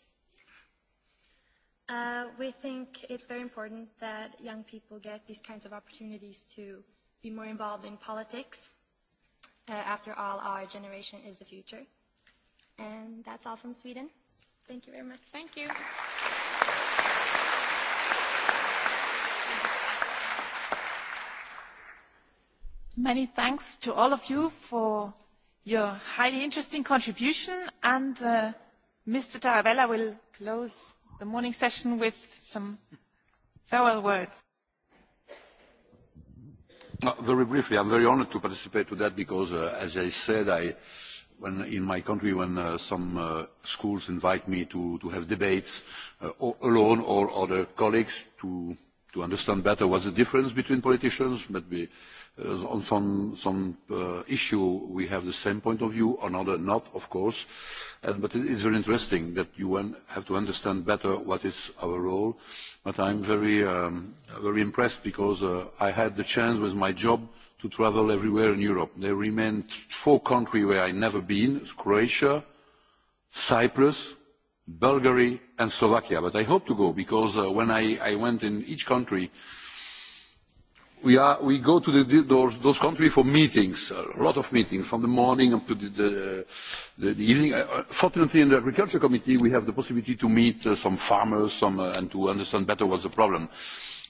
Uh, we think it's very important that young people get these kinds of opportunities to be more involved in politics. Uh, after all, our generation is the future. And that's all from Sweden. Thank you very much. Thank you. Many thanks to all of you for your highly interesting contribution. And uh, Mr. Tarabella will close the morning session with some farewell words. Very briefly, I'm very honored to participate to that because, uh, as I said, I, when in my country, when uh, some uh, schools invite me to, to have debates uh, alone or other colleagues to to understand better what's the difference between politicians, but we, uh, on some, some uh, issue we have the same point of view, on other not, of course. And, but it is very interesting that you have to understand better what is our role. But I'm very, um, very impressed because uh, I had the chance with my job to travel everywhere in Europe. There remain four countries where I've never been, Croatia, Cyprus, Bulgaria and Slovakia. But I hope to go because uh, when I, I went in each country, we, are, we go to the, those, those countries for meetings, a lot of meetings, from the morning up to the, the, the, the evening. Uh, fortunately, in the Agriculture Committee, we have the possibility to meet uh, some farmers some, uh, and to understand better what's the problem.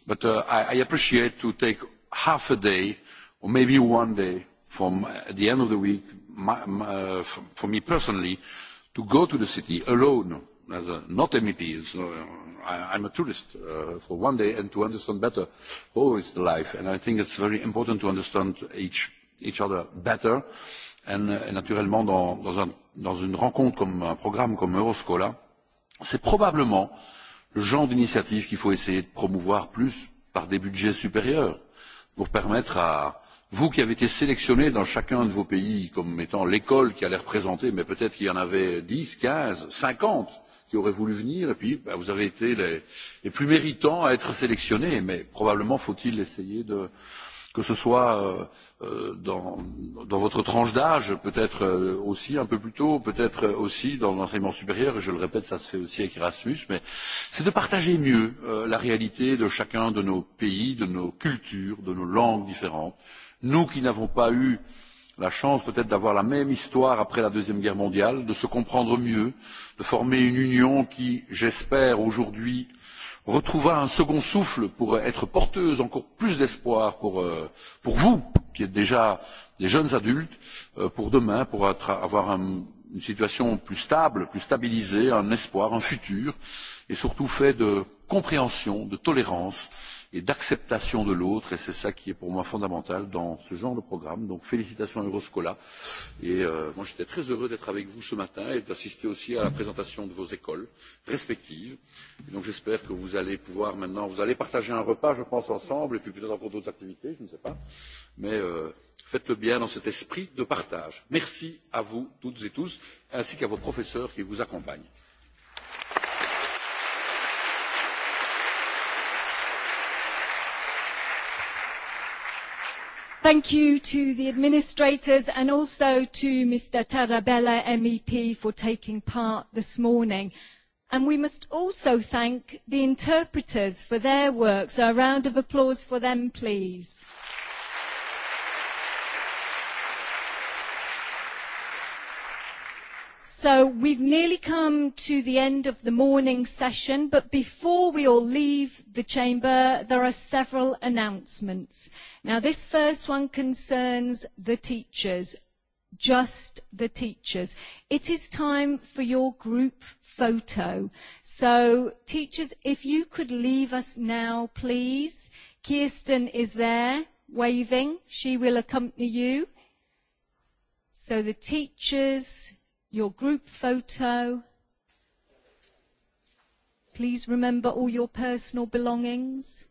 But uh, I, I appreciate to take half a day or maybe one day from the end of the week, my, my, for me personally, to go to the city alone as a not MEP, so I, I'm a tourist uh, for one day and to understand better how is the life. And I think it's very important to understand each, each other better. And, uh, naturellement, dans, dans, un, dans une rencontre comme un programme comme Euroscola, c'est probablement le genre d'initiative qu'il faut essayer de promouvoir plus par des budgets supérieurs pour permettre à, Vous qui avez été sélectionné dans chacun de vos pays comme étant l'école qui allait représenter, mais peut-être qu'il y en avait dix, quinze, cinquante qui auraient voulu venir, et puis vous avez été les, les plus méritants à être sélectionnés, mais probablement faut-il essayer de, que ce soit dans, dans votre tranche d'âge, peut-être aussi un peu plus tôt, peut-être aussi dans l'enseignement supérieur, et je le répète, ça se fait aussi avec Erasmus, mais c'est de partager mieux la réalité de chacun de nos pays, de nos cultures, de nos langues différentes. Nous qui n'avons pas eu la chance peut-être d'avoir la même histoire après la Deuxième Guerre mondiale, de se comprendre mieux, de former une union qui, j'espère, aujourd'hui retrouvera un second souffle pour être porteuse encore plus d'espoir pour, vous, qui êtes déjà des jeunes adultes, pour demain, pour avoir un une situation plus stable, plus stabilisée, un espoir, un futur, et surtout fait de compréhension, de tolérance, et d'acceptation de l'autre. Et c'est ça qui est pour moi fondamental dans ce genre de programme. Donc félicitations à Euroscola. Et euh, moi j'étais très heureux d'être avec vous ce matin et d'assister aussi à la présentation de vos écoles respectives. Et donc j'espère que vous allez pouvoir maintenant, vous allez partager un repas, je pense, ensemble, et puis peut-être encore d'autres activités, je ne sais pas. Mais euh, faites-le bien dans cet esprit de partage. Merci à vous toutes et tous, ainsi qu'à vos professeurs qui vous accompagnent. Thank you to the administrators and also to Mr Tarabella MEP for taking part this morning. And we must also thank the interpreters for their work. So a round of applause for them, please. So we've nearly come to the end of the morning session, but before we all leave the chamber, there are several announcements. Now, this first one concerns the teachers, just the teachers. It is time for your group photo. So teachers, if you could leave us now, please. Kirsten is there waving. She will accompany you. So the teachers, your group photo. Please remember all your personal belongings.